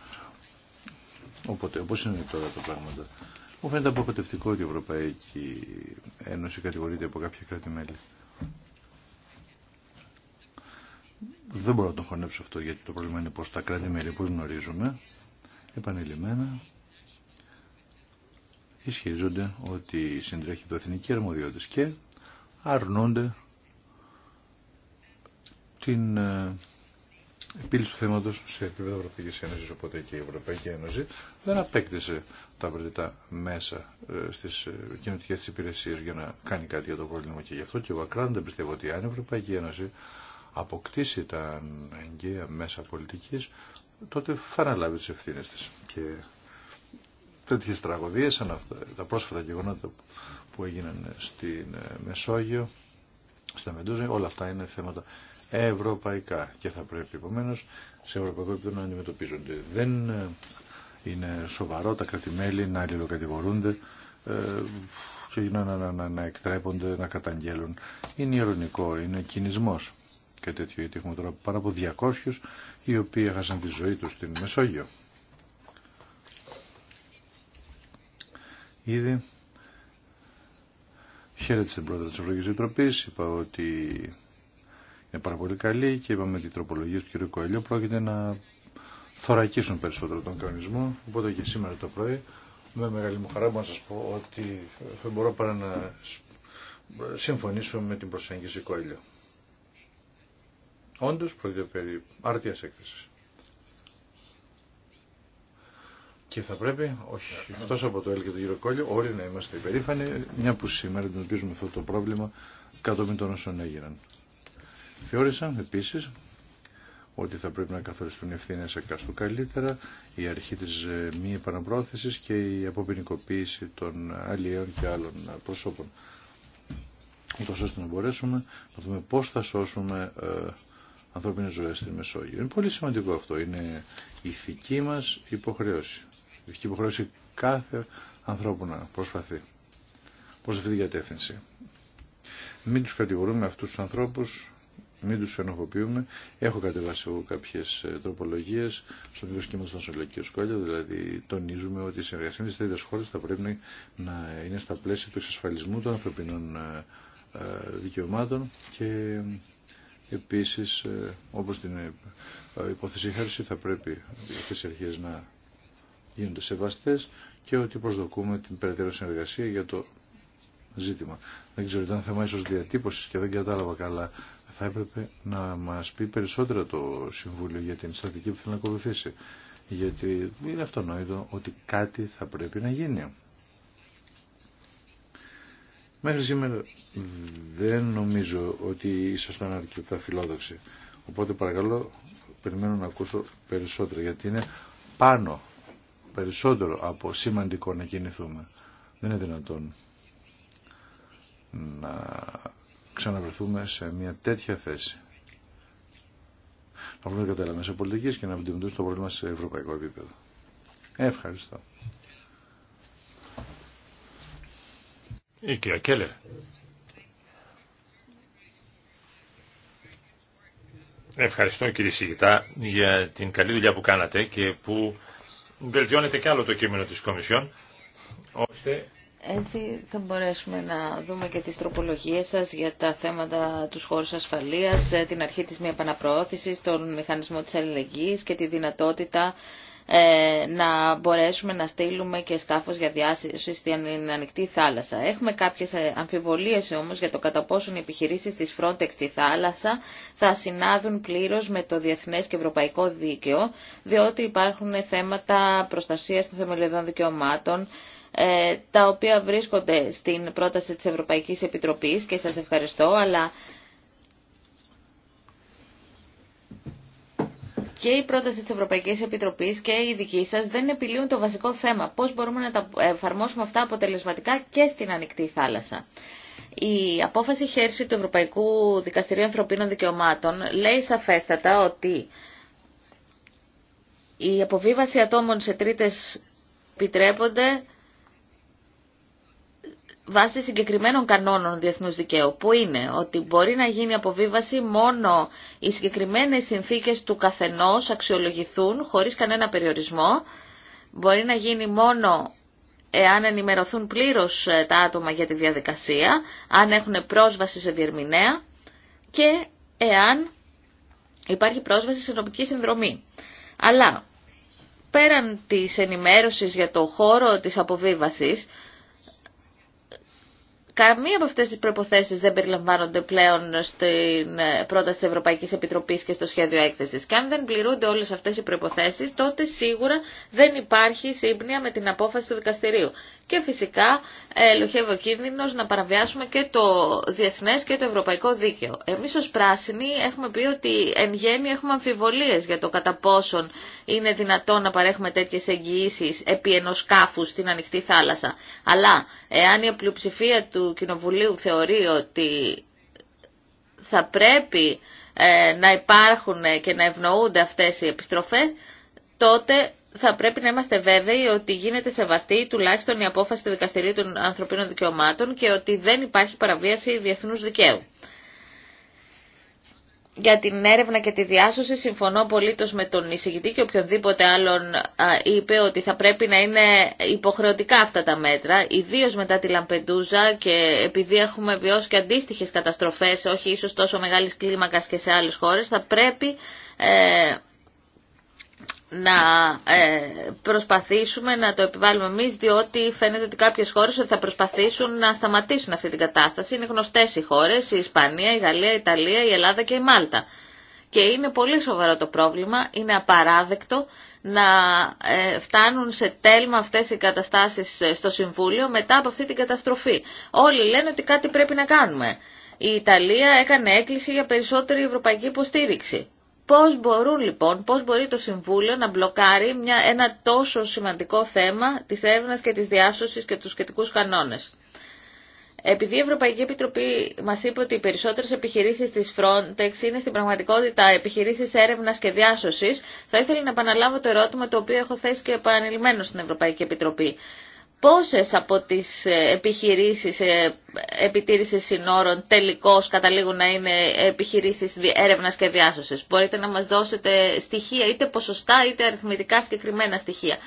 Οπότε, όπως είναι τώρα τα πράγματα. Μου φαίνεται αποκοτευτικό ότι η Ευρωπαϊκή Ένωση κατηγορείται από κάποια κράτη-μέλη. Δεν μπορώ να τον χωνέψω αυτό γιατί το πρόβλημα είναι πως τα κράτη-μέλη που γνωρίζουμε επανειλημμένα ισχυρίζονται ότι συντρέχει το εθνική αρμοδιότητα και αρνούνται την ε, επίλυση του θέματος σε επίπεδο Ευρωπαϊκής Ένωσης, οπότε και η Ευρωπαϊκή Ένωση δεν απέκτησε τα απαραίτητα μέσα ε, στις ε, κοινωτικές της υπηρεσίες για να κάνει κάτι για το πρόβλημα και γι' αυτό και εγώ δεν πιστεύω ότι αν η Ευρωπαϊκή Ένωση αποκτήσει τα εγγύα μέσα πολιτικής, τότε θα αναλάβει τις ευθύνες της. Και τέτοιε τραγωδίες, σαν αυτά, τα πρόσφατα γεγονότα που έγιναν στην Μεσόγειο, στα Μεντούζα, όλα αυτά είναι θέματα ευρωπαϊκά και θα πρέπει επομένω σε ευρωπαϊκό επίπεδο να αντιμετωπίζονται. Δεν ε, είναι σοβαρό τα κρατημέλη να αλληλοκατηγορούνται ε, και να, να, να, να εκτρέπονται, να καταγγέλουν. Είναι ηρωνικό, είναι κινησμό και τέτοιο, γιατί έχουμε τώρα πάνω από 200 οι οποίοι έχασαν τη ζωή του στην Μεσόγειο. Ήδη χαίρεται στην πρόεδρο της Ευρωπαϊκής Επιτροπής, είπα ότι είναι πάρα πολύ καλή και είπαμε ότι οι τροπολογίε του κ. Κοελιό πρόκειται να θωρακίσουν περισσότερο τον κανονισμό. Οπότε και σήμερα το πρωί με μεγάλη μου χαρά μπορώ να σα πω ότι δεν μπορώ παρά να συμφωνήσω με την προσέγγιση Κοέλιο. όντω πρόκειται περί άρτια έκθεση. Και θα πρέπει, όχι εκτό από το ΕΛ και το κύριο Κόλλιο, όλοι να είμαστε υπερήφανοι, μια που σήμερα αντιμετωπίζουμε αυτό το πρόβλημα κατόπιν των όσων έγιναν. Θεώρησα επίσης ότι θα πρέπει να καθοριστούν ευθύνες εκάστου καλύτερα, η αρχή της ε, μη επαναπρόθεσης και η αποποινικοποίηση των αλλιέων και άλλων προσώπων. Ούτως ώστε να μπορέσουμε να δούμε πώς θα σώσουμε ε, ανθρώπινες ζωές στη Μεσόγειο. Είναι πολύ σημαντικό αυτό. Είναι η ηθική μας υποχρέωση. Η ηθική υποχρέωση κάθε ανθρώπου να προσπαθεί προς αυτή την κατεύθυνση. Μην τους κατηγορούμε αυτούς τους ανθρώπους μην τους ενοχοποιούμε. Έχω κατεβάσει εγώ κάποιες ε, τροπολογίες στο μικρό σχήμα των Σολοκίων Σκόλια, δηλαδή τονίζουμε ότι η συνεργασία με τις τρίτες θα πρέπει να είναι στα πλαίσια του εξασφαλισμού των ανθρωπινών ε, ε, δικαιωμάτων και επίσης όπως την υπόθεση χάρηση θα πρέπει αυτέ οι αρχέ να γίνονται σεβαστές και ότι προσδοκούμε την περαιτέρω συνεργασία για το ζήτημα. Δεν ξέρω, ήταν θέμα ίσως διατύπωσης και δεν κατάλαβα καλά θα έπρεπε να μας πει περισσότερα το Συμβούλιο για την στρατηγική που θέλει να ακολουθήσει. Γιατί είναι αυτονόητο ότι κάτι θα πρέπει να γίνει. Μέχρι σήμερα δεν νομίζω ότι ήσασταν αρκετά φιλόδοξοι. Οπότε παρακαλώ περιμένω να ακούσω περισσότερο γιατί είναι πάνω περισσότερο από σημαντικό να κινηθούμε. Δεν είναι δυνατόν να ξαναβρεθούμε σε μια τέτοια θέση. Να βρούμε κατάλληλα μέσα πολιτική και να αντιμετωπίσουμε το πρόβλημα σε ευρωπαϊκό επίπεδο. Ευχαριστώ. Η κυρία Κέλλερ. Ευχαριστώ κύριε Σιγητά για την καλή δουλειά που κάνατε και που βελτιώνετε κι άλλο το κείμενο της Κομισιόν ώστε έτσι θα μπορέσουμε να δούμε και τις τροπολογίες σας για τα θέματα του χώρου ασφαλείας, ε, την αρχή της μη επαναπροώθησης, τον μηχανισμό της αλληλεγγύης και τη δυνατότητα ε, να μπορέσουμε να στείλουμε και σκάφος για διάσωση στην ανοιχτή θάλασσα. Έχουμε κάποιες ε, αμφιβολίες όμως για το κατά πόσον οι επιχειρήσεις της Frontex στη θάλασσα θα συνάδουν πλήρως με το διεθνές και ευρωπαϊκό δίκαιο, διότι υπάρχουν θέματα προστασίας των θεμελιωδών δικαιωμάτων, ε, τα οποία βρίσκονται στην πρόταση της Ευρωπαϊκής Επιτροπής και σας ευχαριστώ, αλλά και η πρόταση της Ευρωπαϊκής Επιτροπής και η δική σας δεν επιλύουν το βασικό θέμα. Πώς μπορούμε να τα εφαρμόσουμε αυτά αποτελεσματικά και στην ανοιχτή θάλασσα. Η απόφαση χέρση του Ευρωπαϊκού Δικαστηρίου Ανθρωπίνων Δικαιωμάτων λέει σαφέστατα ότι η αποβίβαση ατόμων σε τρίτες επιτρέπονται βάσει συγκεκριμένων κανόνων διεθνούς δικαίου, που είναι ότι μπορεί να γίνει αποβίβαση μόνο οι συγκεκριμένες συνθήκες του καθενός αξιολογηθούν χωρίς κανένα περιορισμό, μπορεί να γίνει μόνο εάν ενημερωθούν πλήρως ε, τα άτομα για τη διαδικασία, αν έχουν πρόσβαση σε διερμηνέα και εάν υπάρχει πρόσβαση σε νομική συνδρομή. Αλλά πέραν της ενημέρωσης για το χώρο της αποβίβασης, Καμία από αυτές τις προϋποθέσεις δεν περιλαμβάνονται πλέον στην ε, πρόταση της Ευρωπαϊκής Επιτροπής και στο σχέδιο έκθεσης. Και αν δεν πληρούνται όλες αυτές οι προϋποθέσεις, τότε σίγουρα δεν υπάρχει σύμπνοια με την απόφαση του δικαστηρίου. Και φυσικά ε, ελοχεύει ο κίνδυνο να παραβιάσουμε και το διεθνέ και το ευρωπαϊκό δίκαιο. Εμεί ω πράσινοι έχουμε πει ότι εν γέννη έχουμε αμφιβολίε για το κατά πόσον είναι δυνατόν να παρέχουμε τέτοιε εγγυήσει επί ενό σκάφου στην ανοιχτή θάλασσα. Αλλά εάν η πλειοψηφία του του Κοινοβουλίου θεωρεί ότι θα πρέπει ε, να υπάρχουν και να ευνοούνται αυτές οι επιστροφές, τότε θα πρέπει να είμαστε βέβαιοι ότι γίνεται σεβαστή τουλάχιστον η απόφαση του Δικαστηρίου των Ανθρωπίνων Δικαιωμάτων και ότι δεν υπάρχει παραβίαση διεθνούς δικαίου για την έρευνα και τη διάσωση συμφωνώ απολύτως με τον εισηγητή και οποιονδήποτε άλλον είπε ότι θα πρέπει να είναι υποχρεωτικά αυτά τα μέτρα, ιδίως μετά τη Λαμπεντούζα και επειδή έχουμε βιώσει και αντίστοιχες καταστροφές, όχι ίσως τόσο μεγάλης κλίμακας και σε άλλες χώρες, θα πρέπει ε, να ε, προσπαθήσουμε να το επιβάλλουμε εμείς διότι φαίνεται ότι κάποιες χώρες θα προσπαθήσουν να σταματήσουν αυτή την κατάσταση. Είναι γνωστές οι χώρες, η Ισπανία, η Γαλλία, η Ιταλία, η Ελλάδα και η Μάλτα. Και είναι πολύ σοβαρό το πρόβλημα, είναι απαράδεκτο να ε, φτάνουν σε τέλμα αυτές οι καταστάσεις ε, στο Συμβούλιο μετά από αυτή την καταστροφή. Όλοι λένε ότι κάτι πρέπει να κάνουμε. Η Ιταλία έκανε έκκληση για περισσότερη ευρωπαϊκή υποστήριξη. Πώς μπορούν λοιπόν, πώς μπορεί το Συμβούλιο να μπλοκάρει μια, ένα τόσο σημαντικό θέμα της έρευνας και της διάσωσης και τους σχετικούς κανόνες. Επειδή η Ευρωπαϊκή Επιτροπή μα είπε ότι οι περισσότερες επιχειρήσεις της Frontex είναι στην πραγματικότητα επιχειρήσεις έρευνα και διάσωσης, θα ήθελα να επαναλάβω το ερώτημα το οποίο έχω θέσει και επανειλημμένο στην Ευρωπαϊκή Επιτροπή πόσες από τις ε, επιχειρήσεις ε, επιτήρησης συνόρων τελικώς καταλήγουν να είναι επιχειρήσεις έρευνας και διάσωσης. Μπορείτε να μας δώσετε στοιχεία είτε ποσοστά είτε αριθμητικά συγκεκριμένα στοιχεία.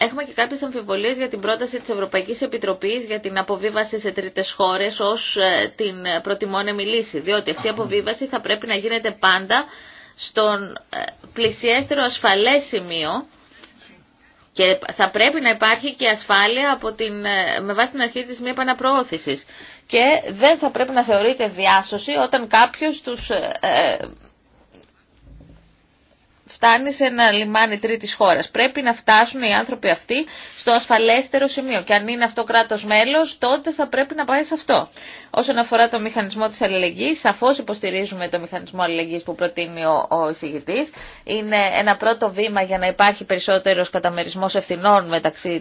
Έχουμε και κάποιες αμφιβολίες για την πρόταση της Ευρωπαϊκής Επιτροπής για την αποβίβαση σε τρίτες χώρες ως ε, την προτιμόνεμη λύση, διότι αυτή η αποβίβαση θα πρέπει να γίνεται πάντα στον πλησιέστερο ασφαλές σημείο και θα πρέπει να υπάρχει και ασφάλεια από την, ε, με βάση την αρχή της μη επαναπροώθησης. Και δεν θα πρέπει να θεωρείται διάσωση όταν κάποιος τους ε, ε, φτάνει σε ένα λιμάνι τρίτης χώρας. Πρέπει να φτάσουν οι άνθρωποι αυτοί στο ασφαλέστερο σημείο. Και αν είναι αυτό κράτο μέλο, τότε θα πρέπει να πάει σε αυτό. Όσον αφορά το μηχανισμό τη αλληλεγγύη, σαφώ υποστηρίζουμε το μηχανισμό αλληλεγγύη που προτείνει ο, ο Είναι ένα πρώτο βήμα για να υπάρχει περισσότερο καταμερισμό ευθυνών μεταξύ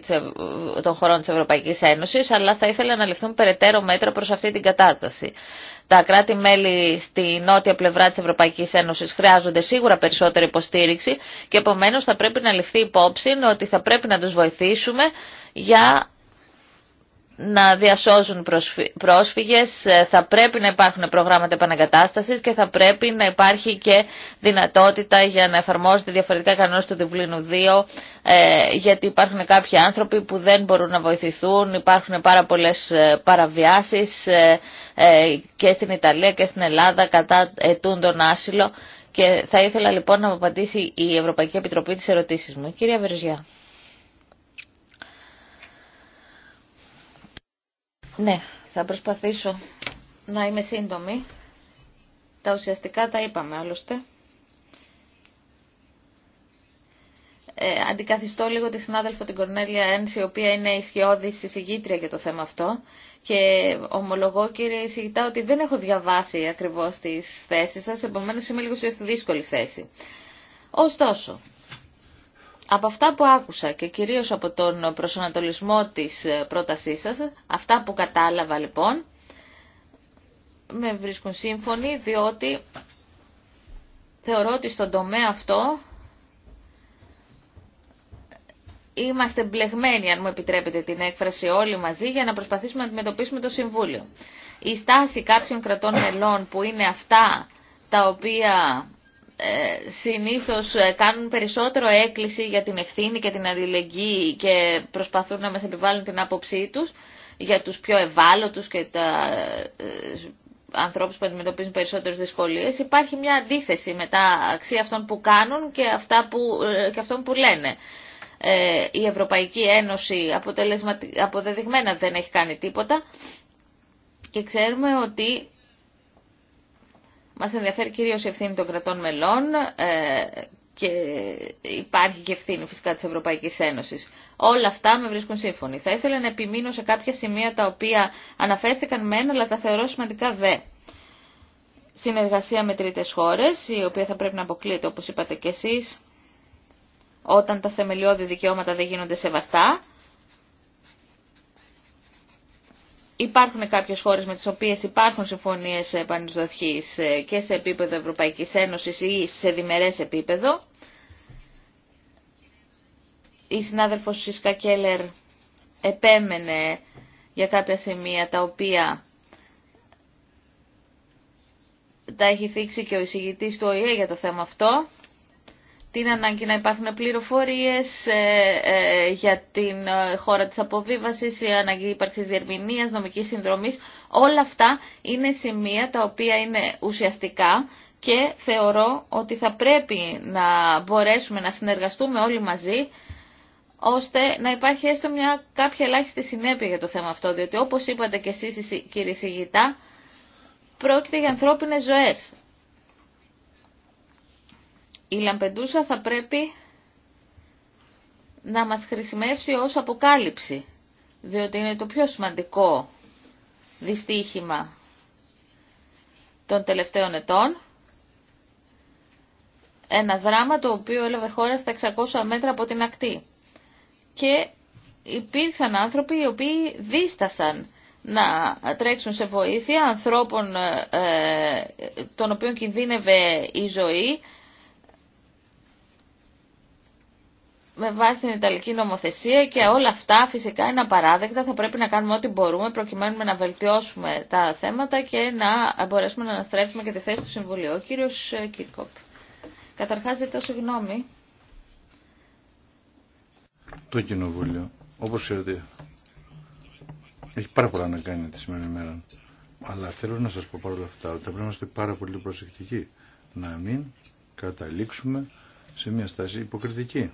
των χωρών τη Ευρωπαϊκή Ένωση, αλλά θα ήθελα να ληφθούν περαιτέρω μέτρα προ αυτή την κατάσταση. Τα κράτη-μέλη στη νότια πλευρά της Ευρωπαϊκής Ένωσης χρειάζονται σίγουρα περισσότερη υποστήριξη και επομένως θα πρέπει να ληφθεί υπόψη ότι θα πρέπει να τους βοηθήσουμε για να διασώζουν πρόσφυγες, ε, θα πρέπει να υπάρχουν προγράμματα επαναγκατάστασης και θα πρέπει να υπάρχει και δυνατότητα για να εφαρμόζεται διαφορετικά κανόνες του Διβλίνου 2 ε, γιατί υπάρχουν κάποιοι άνθρωποι που δεν μπορούν να βοηθηθούν, υπάρχουν πάρα πολλές ε, παραβιάσεις και στην Ιταλία και στην Ελλάδα κατά ετούν τον άσυλο και θα ήθελα λοιπόν να μου απαντήσει η Ευρωπαϊκή Επιτροπή τις ερωτήσεις μου. Κυρία Βερυζιά. Ναι, θα προσπαθήσω να είμαι σύντομη. Τα ουσιαστικά τα είπαμε άλλωστε. Ε, αντικαθιστώ λίγο τη συνάδελφο την Κορνέλια Ένση, η οποία είναι ισχυώδη συζητήτρια για το θέμα αυτό. Και ομολογώ, κύριε Σιγητά, ότι δεν έχω διαβάσει ακριβώ τι θέσει σα, επομένω είμαι λίγο σε δύσκολη θέση. Ωστόσο, από αυτά που άκουσα και κυρίως από τον προσανατολισμό της ε, πρότασής σας, αυτά που κατάλαβα λοιπόν, με βρίσκουν σύμφωνοι διότι θεωρώ ότι στον τομέα αυτό είμαστε μπλεγμένοι, αν μου επιτρέπετε την έκφραση, όλοι μαζί για να προσπαθήσουμε να αντιμετωπίσουμε το Συμβούλιο. Η στάση κάποιων κρατών μελών που είναι αυτά τα οποία ε, συνήθως ε, κάνουν περισσότερο έκκληση για την ευθύνη και την αλληλεγγύη και προσπαθούν να μας επιβάλλουν την άποψή τους για τους πιο ευάλωτους και τα ε, ανθρώπους που αντιμετωπίζουν περισσότερες δυσκολίες. Υπάρχει μια αντίθεση μεταξύ αυτών που κάνουν και, αυτά που, και αυτών που λένε. η Ευρωπαϊκή Ένωση αποτελεσματι... αποδεδειγμένα δεν έχει κάνει τίποτα και ξέρουμε ότι μας ενδιαφέρει κυρίως η ευθύνη των κρατών μελών ε, και υπάρχει και ευθύνη φυσικά της Ευρωπαϊκής Ένωσης. Όλα αυτά με βρίσκουν σύμφωνοι. Θα ήθελα να επιμείνω σε κάποια σημεία τα οποία αναφέρθηκαν μεν, αλλά τα θεωρώ σημαντικά δε. Συνεργασία με τρίτες χώρες, η οποία θα πρέπει να αποκλείεται όπως είπατε και εσείς, όταν τα θεμελιώδη δικαιώματα δεν γίνονται σεβαστά. Υπάρχουν κάποιες χώρες με τις οποίες υπάρχουν συμφωνίες επανεισδοχής ε, και σε επίπεδο Ευρωπαϊκής Ένωσης ή σε διμερές επίπεδο. Η συνάδελφος Σίσκα Κέλλερ επέμενε για κάποια σημεία τα οποία τα έχει θίξει και ο εισηγητής του ΟΗΕ για το θέμα αυτό την ανάγκη να υπάρχουν πληροφορίες ε, ε, για την ε, χώρα της αποβίβασης, η ανάγκη ύπαρξης διερμηνίας, νομικής συνδρομής. Όλα αυτά είναι σημεία τα οποία είναι ουσιαστικά και θεωρώ ότι θα πρέπει να μπορέσουμε να συνεργαστούμε όλοι μαζί ώστε να υπάρχει έστω μια κάποια ελάχιστη συνέπεια για το θέμα αυτό, διότι όπως είπατε και εσείς κύριε Σιγητά, πρόκειται για ανθρώπινες ζωές η Λαμπεντούσα θα πρέπει να μας χρησιμεύσει ως αποκάλυψη, διότι είναι το πιο σημαντικό δυστύχημα των τελευταίων ετών. Ένα δράμα το οποίο έλαβε χώρα στα 600 μέτρα από την ακτή. Και υπήρξαν άνθρωποι οι οποίοι δίστασαν να τρέξουν σε βοήθεια ανθρώπων ε, ε, των οποίων κινδύνευε η ζωή με βάση την Ιταλική νομοθεσία και όλα αυτά φυσικά είναι απαράδεκτα. Θα πρέπει να κάνουμε ό,τι μπορούμε προκειμένου να βελτιώσουμε τα θέματα και να μπορέσουμε να αναστρέψουμε και τη θέση του Συμβουλίου. Ο κύριος ε, Κίρκοπ. Καταρχά, ζητώ συγγνώμη. Το Κοινοβούλιο, όπω ξέρετε, έχει πάρα πολλά να κάνει τη σημερινή μέρα. Αλλά θέλω να σα πω παρόλα αυτά ότι θα πρέπει να είμαστε πάρα πολύ προσεκτικοί να μην καταλήξουμε σε μια στάση υποκριτική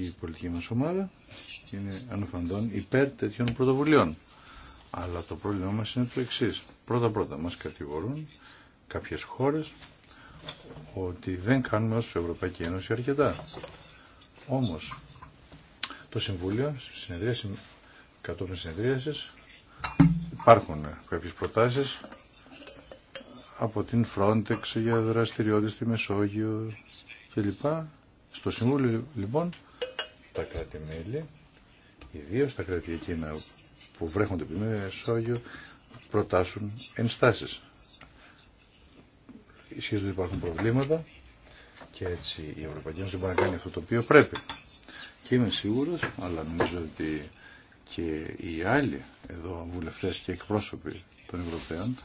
η πολιτική μας ομάδα είναι ανοφαντών υπέρ τέτοιων πρωτοβουλειών. Αλλά το πρόβλημα μας είναι το εξή. Πρώτα πρώτα μας κατηγορούν κάποιες χώρες ότι δεν κάνουμε ως Ευρωπαϊκή Ένωση αρκετά. Όμως το Συμβούλιο συνεδρίαση, κατόπιν συνεδρίασης υπάρχουν κάποιες προτάσεις από την Frontex για δραστηριότητες στη Μεσόγειο κλπ. Στο Συμβούλιο λοιπόν τα κράτη-μέλη, ιδίως τα κράτη εκείνα που βρέχονται πριν Μεσόγειο, προτάσουν ενστάσεις. Ισχύει ότι υπάρχουν προβλήματα και έτσι η Ευρωπαϊκή Ένωση μπορεί να κάνει αυτό το οποίο πρέπει. Και είμαι σίγουρος, αλλά νομίζω ότι και οι άλλοι εδώ βουλευτές και εκπρόσωποι των Ευρωπαίων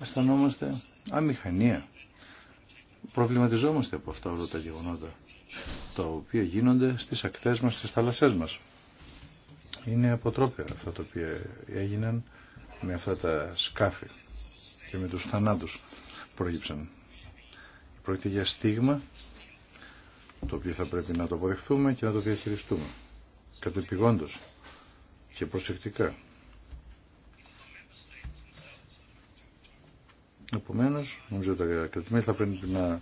αισθανόμαστε αμηχανία. Προβληματιζόμαστε από αυτά όλα τα γεγονότα τα οποία γίνονται στις ακτές μας, στις θάλασσές μας. Είναι αποτρόπια αυτά τα οποία έγιναν με αυτά τα σκάφη και με τους θανάτους προήψαν. Πρόκειται για στίγμα το οποίο θα πρέπει να το βοηθούμε και να το διαχειριστούμε κατεπηγόντως και προσεκτικά. Επομένως, νομίζω ότι τα κρατημένη θα πρέπει να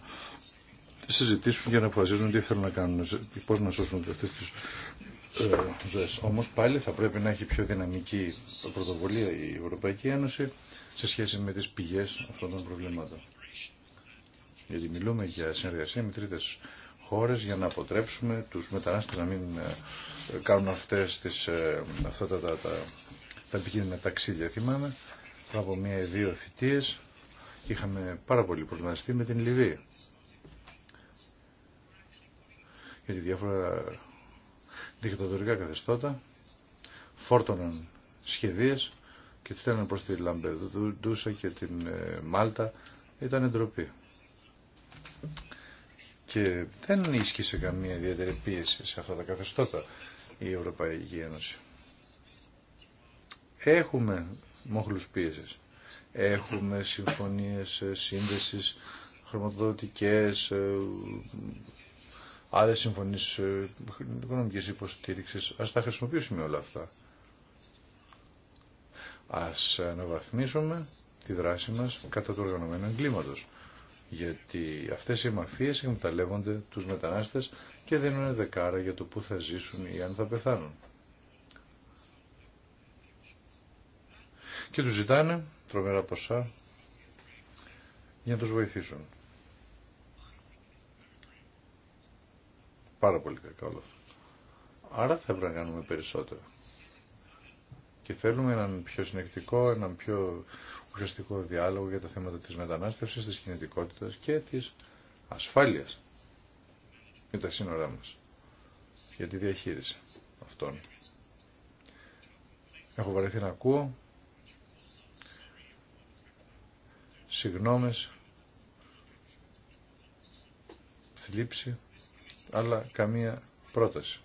συζητήσουν για να αποφασίζουν τι θέλουν να κάνουν και πώς να σώσουν αυτές τις ε, ζωές. Όμως πάλι θα πρέπει να έχει πιο δυναμική πρωτοβουλία η Ευρωπαϊκή Ένωση σε σχέση με τις πηγές αυτών των προβλημάτων. Γιατί μιλούμε για συνεργασία με τρίτες χώρες για να αποτρέψουμε τους μετανάστες να μην ε, κάνουν αυτές τις, ε, αυτά τα, τα, τα, τα επικίνδυνα ταξίδια. Θυμάμαι από μία ή δύο θητείες είχαμε πάρα πολύ προβληματιστεί με την Λιβύη γιατί τη διάφορα δικτατορικά καθεστώτα, φόρτωναν σχεδίες και τις στέλναν προς τη Λαμπεδούσα και την ε, Μάλτα. Ήταν εντροπή. Και δεν ίσχυσε καμία ιδιαίτερη πίεση σε αυτά τα καθεστώτα η Ευρωπαϊκή Ένωση. Έχουμε μόχλους πίεσης. Έχουμε συμφωνίες ε, σύνδεσης, χρωματοδοτικές ε, άλλε συμφωνίε οικονομική υποστήριξη. Α τα χρησιμοποιήσουμε όλα αυτά. Α αναβαθμίσουμε τη δράση μα κατά του οργανωμένου εγκλήματο. Γιατί αυτέ οι μαφίε εκμεταλλεύονται του μετανάστε και δίνουν δεκάρα για το πού θα ζήσουν ή αν θα πεθάνουν. Και του ζητάνε τρομερά ποσά για να τους βοηθήσουν. Πάρα πολύ κακά όλο. αυτό. Άρα θα έπρεπε να κάνουμε περισσότερο. Και θέλουμε έναν πιο συνεκτικό, έναν πιο ουσιαστικό διάλογο για τα θέματα της μετανάστευσης, της κινητικότητας και της ασφάλειας για τα σύνορά μας, για τη διαχείριση αυτών. Έχω βαρεθεί να ακούω συγγνώμες, θλίψη, αλλά καμία πρόταση.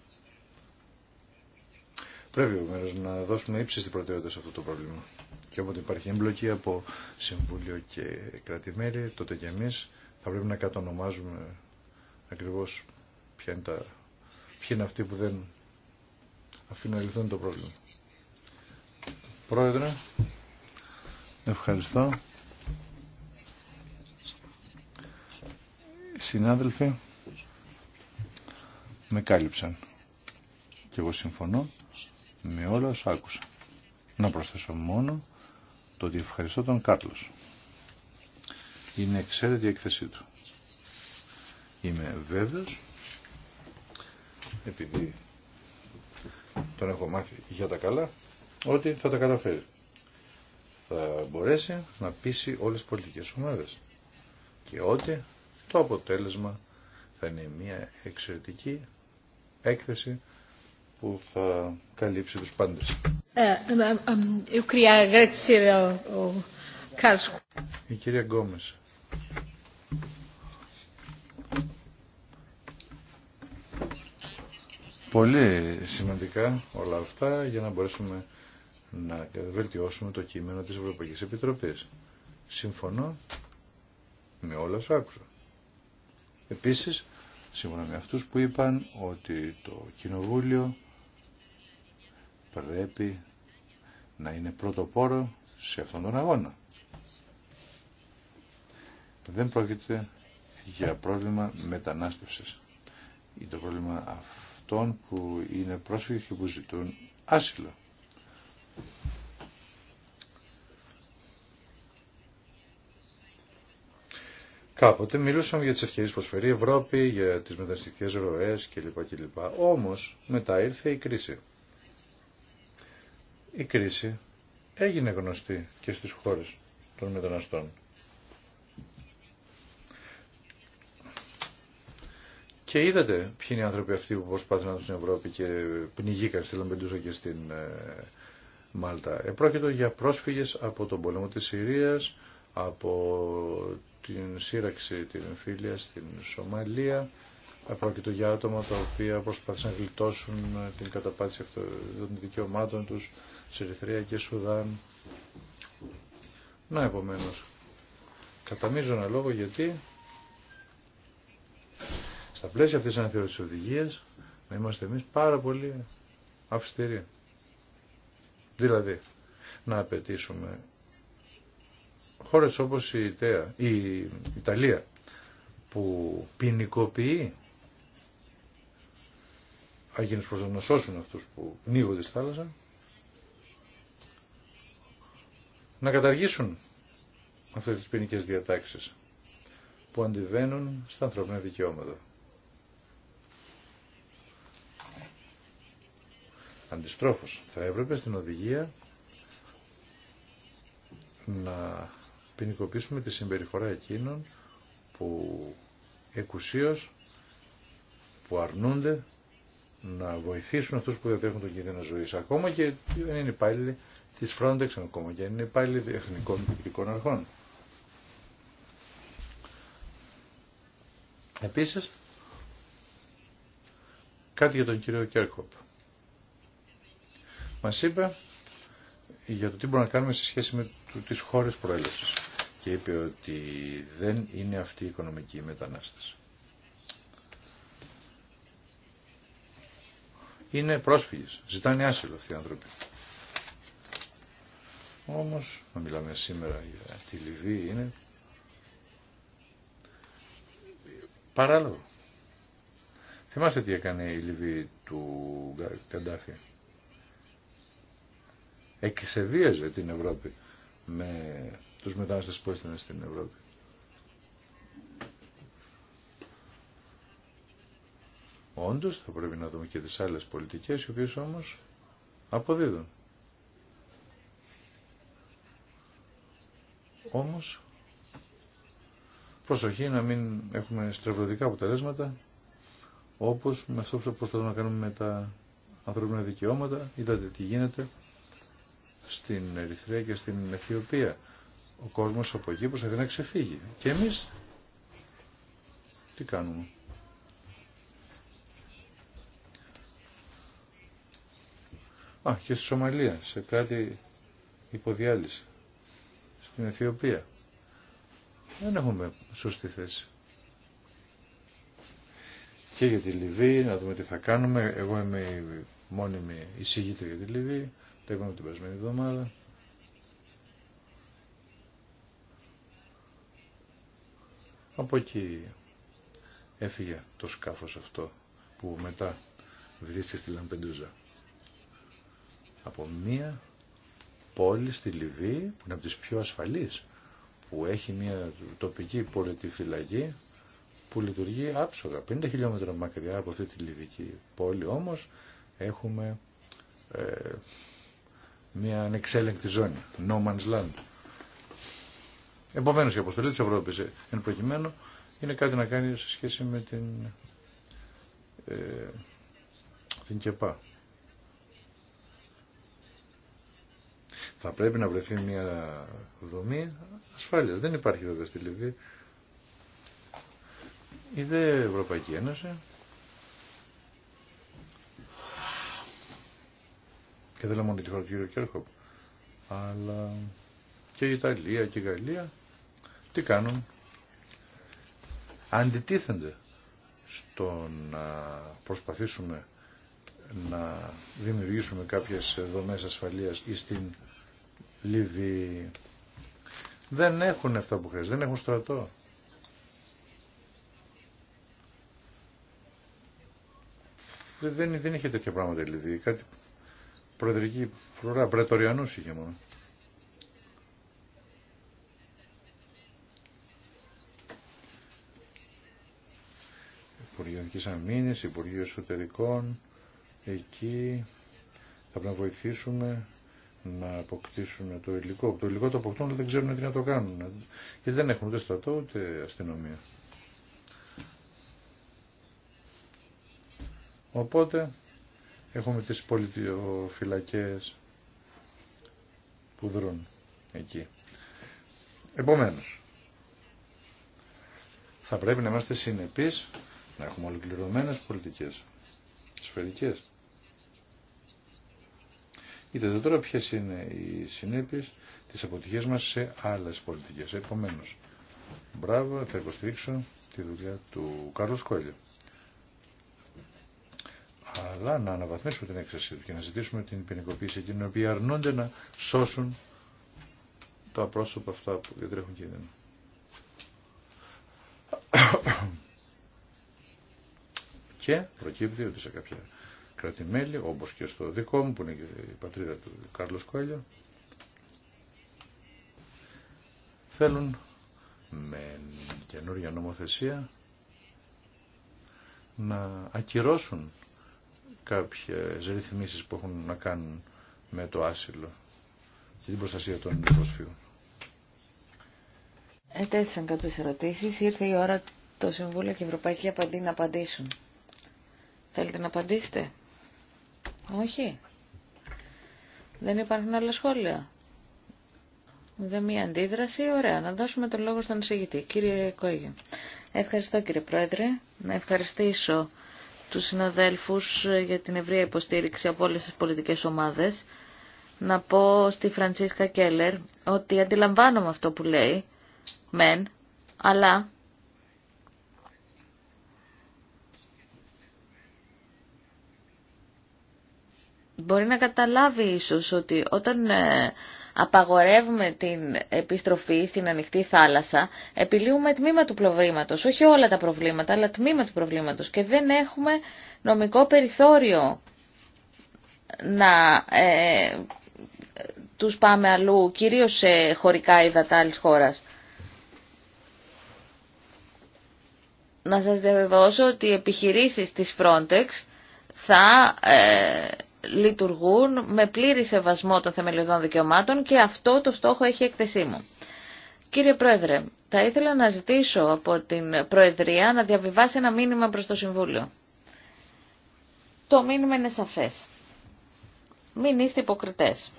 Πρέπει επομένω να δώσουμε στην προτεραιότητα σε αυτό το πρόβλημα. Και όποτε υπάρχει εμπλοκή από Συμβούλιο και κρατημέλη, τότε και εμεί θα πρέπει να κατονομάζουμε ακριβώ ποια είναι τα... ποιοι είναι αυτοί που δεν αφήνουν να λυθούν το πρόβλημα. Πρόεδρε, ευχαριστώ. Συνάδελφοι με κάλυψαν. Και εγώ συμφωνώ με όλα όσα άκουσα. Να προσθέσω μόνο το ότι ευχαριστώ τον Κάρλος. Είναι εξαίρετη η έκθεσή του. Είμαι βέβαιος επειδή τον έχω μάθει για τα καλά ότι θα τα καταφέρει. Θα μπορέσει να πείσει όλες τις πολιτικές ομάδες και ότι το αποτέλεσμα θα είναι μια εξαιρετική έκθεση που θα καλύψει τους πάντες. Ε, ε, ε, η κυρία Γκόμες. Πολύ σημαντικά όλα αυτά για να μπορέσουμε να βελτιώσουμε το κείμενο της Ευρωπαϊκής Επιτροπής. Συμφωνώ με όλα σου άκουσα. Επίσης, σύμφωνα με αυτούς που είπαν ότι το Κοινοβούλιο πρέπει να είναι πρωτοπόρο σε αυτόν τον αγώνα. Δεν πρόκειται για πρόβλημα μετανάστευσης. ή το πρόβλημα αυτών που είναι πρόσφυγες και που ζητούν άσυλο. Κάποτε μιλούσαμε για τις ευκαιρίες που προσφέρει η Ευρώπη, για τις μεταναστευτικές ροές κλπ. κλπ. Όμως μετά ήρθε η κρίση. Η κρίση έγινε γνωστή και στις χώρες των μεταναστών. Και είδατε ποιοι είναι οι άνθρωποι αυτοί που προσπάθησαν στην Ευρώπη και πνιγήκαν στη Λαμπεντούσα και στην ε, Μάλτα. Επρόκειτο για πρόσφυγες από τον πόλεμο της Συρίας, από την σύραξη την εμφύλια στην Σομαλία. Πρόκειται για άτομα τα οποία προσπάθησαν να γλιτώσουν την καταπάτηση των δικαιωμάτων τους σε Ερυθρία και Σουδάν. Να επομένως, Καταμίζω ένα λόγο γιατί στα πλαίσια αυτής της οδηγίας να είμαστε εμείς πάρα πολύ αυστηροί. Δηλαδή, να απαιτήσουμε χώρες όπως η, Ιταλία που ποινικοποιεί αγίνους προς να σώσουν αυτούς που πνίγονται στη θάλασσα να καταργήσουν αυτές τις ποινικέ διατάξεις που αντιβαίνουν στα ανθρωπινά δικαιώματα. Αντιστρόφως, θα έπρεπε στην οδηγία να ποινικοποιήσουμε τη συμπεριφορά εκείνων που εκουσίως που αρνούνται να βοηθήσουν αυτούς που διατρέχουν τον κίνδυνο ζωής. Ακόμα και δεν είναι υπάλληλοι της Frontex, ακόμα και είναι υπάλληλοι εθνικών διοικητικών αρχών. Επίσης, κάτι για τον κύριο Κέρκοπ. Μας είπε για το τι μπορούμε να κάνουμε σε σχέση με της χώρες προέλευσης και είπε ότι δεν είναι αυτή η οικονομική μετανάστες. Είναι πρόσφυγες, ζητάνε άσυλο αυτοί οι άνθρωποι. Όμως, να μιλάμε σήμερα για τη Λιβύη, είναι παράλογο. Θυμάστε τι έκανε η Λιβύη του Καντάφη. Εξεβίαζε την Ευρώπη με τους μετάστες που έστειλαν στην Ευρώπη. Όντως θα πρέπει να δούμε και τις άλλες πολιτικές, οι οποίες όμως αποδίδουν. Όμως, προσοχή να μην έχουμε στρεβλωτικά αποτελέσματα, όπως με αυτό που προσπαθούμε να κάνουμε με τα ανθρώπινα δικαιώματα, είδατε τι γίνεται στην Ερυθρέα και στην Αιθιοπία. Ο κόσμος από εκεί προσπαθεί να ξεφύγει. Και εμείς τι κάνουμε. Α, και στη Σομαλία, σε κάτι υποδιάλυση. Στην Αιθιοπία. Δεν έχουμε σωστή θέση. Και για τη Λιβύη, να δούμε τι θα κάνουμε. Εγώ είμαι η μόνιμη εισηγήτρια για τη Λιβύη. Το είπαμε την περασμένη εβδομάδα. Από εκεί έφυγε το σκάφος αυτό που μετά βρίσκεται στη Λαμπεντούζα. Από μία πόλη στη Λιβύη που είναι από τις πιο ασφαλείς που έχει μια τοπική φυλακή που λειτουργεί άψογα. 50 χιλιόμετρα μακριά από αυτή τη Λιβυκή πόλη όμως έχουμε ε, μια ανεξέλεγκτη ζώνη, no man's land. Επομένω η αποστολή τη Ευρώπη ε, εν προκειμένου είναι κάτι να κάνει σε σχέση με την, ε, την ΚΕΠΑ. Θα πρέπει να βρεθεί μια δομή ασφάλειας. Δεν υπάρχει βέβαια στη Λιβύη. Η δε Ευρωπαϊκή Ένωση Και δεν λέω μόνο τη χώρα του κύριου Κέρχοπ, αλλά και η Ιταλία και η Γαλλία τι κάνουν. Αντιτίθενται στο να προσπαθήσουμε να δημιουργήσουμε κάποιες δομές ασφαλείας ή στην Λιβύη. Δεν έχουν αυτά που χρειάζεται, δεν έχουν στρατό. Δεν, δεν είχε τέτοια πράγματα η Λιβύη, κάτι προεδρική φρουρά, πρετοριανούς είχε μόνο. Υπουργείο Εθνικής Αμήνης, Υπουργείο Εσωτερικών, εκεί θα πρέπει να βοηθήσουμε να αποκτήσουμε το υλικό. Το υλικό το αποκτούν, αλλά δεν ξέρουν τι να το κάνουν. Γιατί δεν έχουν ούτε στρατό ούτε αστυνομία. Οπότε Έχουμε τις πολιτιοφυλακές που δρούν εκεί. Επομένως, θα πρέπει να είμαστε συνεπείς, να έχουμε ολοκληρωμένες πολιτικές, σφαιρικές. Είδατε τώρα ποιες είναι οι συνέπειες της αποτυχίας μας σε άλλες πολιτικές. Επομένως, μπράβο, θα υποστηρίξω τη δουλειά του Κάρλος Κόλλιου αλλά να αναβαθμίσουμε την έξαρση του και να ζητήσουμε την ποινικοποίηση εκείνων οποία αρνούνται να σώσουν τα πρόσωπα αυτά που διατρέχουν κίνδυνο. και προκύπτει ότι σε κάποια κρατημέλη, όπως και στο δικό μου που είναι η πατρίδα του Κάρλος Κόλλιο, θέλουν με καινούργια νομοθεσία να ακυρώσουν κάποιες ρυθμίσεις που έχουν να κάνουν με το άσυλο και την προστασία των προσφύγων. Ετέθησαν κάποιες ερωτήσεις. Ήρθε η ώρα το Συμβούλιο και η Ευρωπαϊκή Απαντή να απαντήσουν. Θέλετε να απαντήσετε. Όχι. Δεν υπάρχουν άλλα σχόλια. Δεν μία αντίδραση. Ωραία. Να δώσουμε τον λόγο στον εισηγητή. Κύριε Κόγιο. Ευχαριστώ κύριε Πρόεδρε. Να ευχαριστήσω του συναδέλφους ε, για την ευρεία υποστήριξη από όλες τις πολιτικές ομάδες. Να πω στη Φρανσίσκα Κέλλερ ότι αντιλαμβάνομαι αυτό που λέει, μεν, αλλά μπορεί να καταλάβει ίσως ότι όταν ε, απαγορεύουμε την επιστροφή στην ανοιχτή θάλασσα, επιλύουμε τμήμα του προβλήματος, όχι όλα τα προβλήματα, αλλά τμήμα του προβλήματος και δεν έχουμε νομικό περιθώριο να ε, τους πάμε αλλού, κυρίως σε χωρικά υδατά άλλης χώρας. Να σας διαβεβαιώσω ότι οι επιχειρήσεις της Frontex θα ε, λειτουργούν με πλήρη σεβασμό των θεμελιωδών δικαιωμάτων και αυτό το στόχο έχει η εκθεσή μου. Κύριε Πρόεδρε, θα ήθελα να ζητήσω από την Προεδρία να διαβιβάσει ένα μήνυμα προς το Συμβούλιο. Το μήνυμα είναι σαφές. Μην είστε υποκριτές.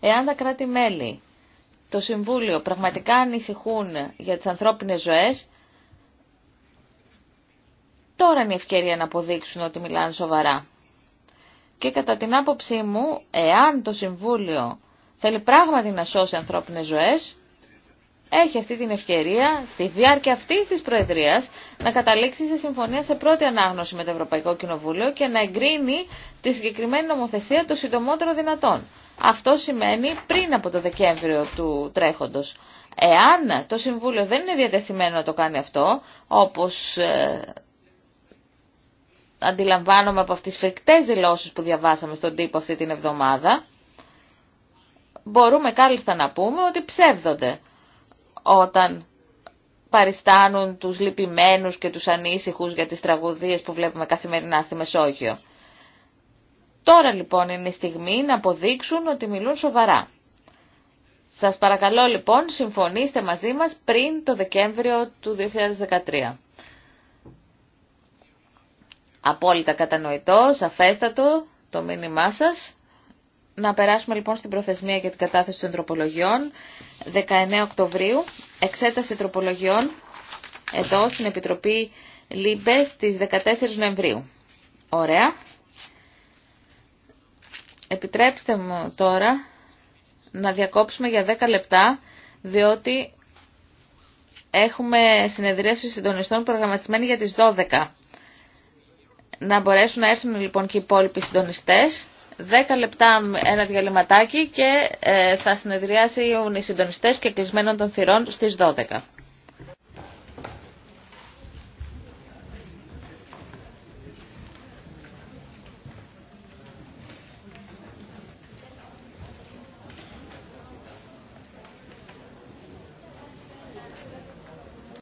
Εάν τα κράτη-μέλη, το Συμβούλιο πραγματικά ανησυχούν για τις ανθρώπινες ζωές, Τώρα είναι η ευκαιρία να αποδείξουν ότι μιλάνε σοβαρά. Και κατά την άποψή μου, εάν το Συμβούλιο θέλει πράγματι να σώσει ανθρώπινες ζωές, έχει αυτή την ευκαιρία στη διάρκεια αυτή τη Προεδρία να καταλήξει σε συμφωνία σε πρώτη ανάγνωση με το Ευρωπαϊκό Κοινοβούλιο και να εγκρίνει τη συγκεκριμένη νομοθεσία το συντομότερο δυνατόν. Αυτό σημαίνει πριν από το Δεκέμβριο του Τρέχοντο. Εάν το Συμβούλιο δεν είναι διατεθειμένο να το κάνει αυτό, όπω. Ε, αντιλαμβάνομαι από αυτές τις φρικτές δηλώσεις που διαβάσαμε στον τύπο αυτή την εβδομάδα, μπορούμε κάλλιστα να πούμε ότι ψεύδονται όταν παριστάνουν τους λυπημένους και τους ανήσυχους για τις τραγωδίες που βλέπουμε καθημερινά στη Μεσόγειο. Τώρα λοιπόν είναι η στιγμή να αποδείξουν ότι μιλούν σοβαρά. Σας παρακαλώ λοιπόν συμφωνήστε μαζί μας πριν το Δεκέμβριο του 2013. Απόλυτα κατανοητό, σαφέστατο το μήνυμά σας. Να περάσουμε λοιπόν στην προθεσμία για την κατάθεση των τροπολογιών 19 Οκτωβρίου, εξέταση τροπολογιών εδώ στην Επιτροπή Λίμπε στις 14 Νοεμβρίου. Ωραία. Επιτρέψτε μου τώρα να διακόψουμε για 10 λεπτά, διότι έχουμε συνεδρίαση συντονιστών προγραμματισμένη για τις 12. Να μπορέσουν να έρθουν λοιπόν και οι υπόλοιποι συντονιστές. Δέκα λεπτά ένα διαλυματάκι και ε, θα συνεδριάσει οι συντονιστές και κλεισμένων των θυρών στις 12.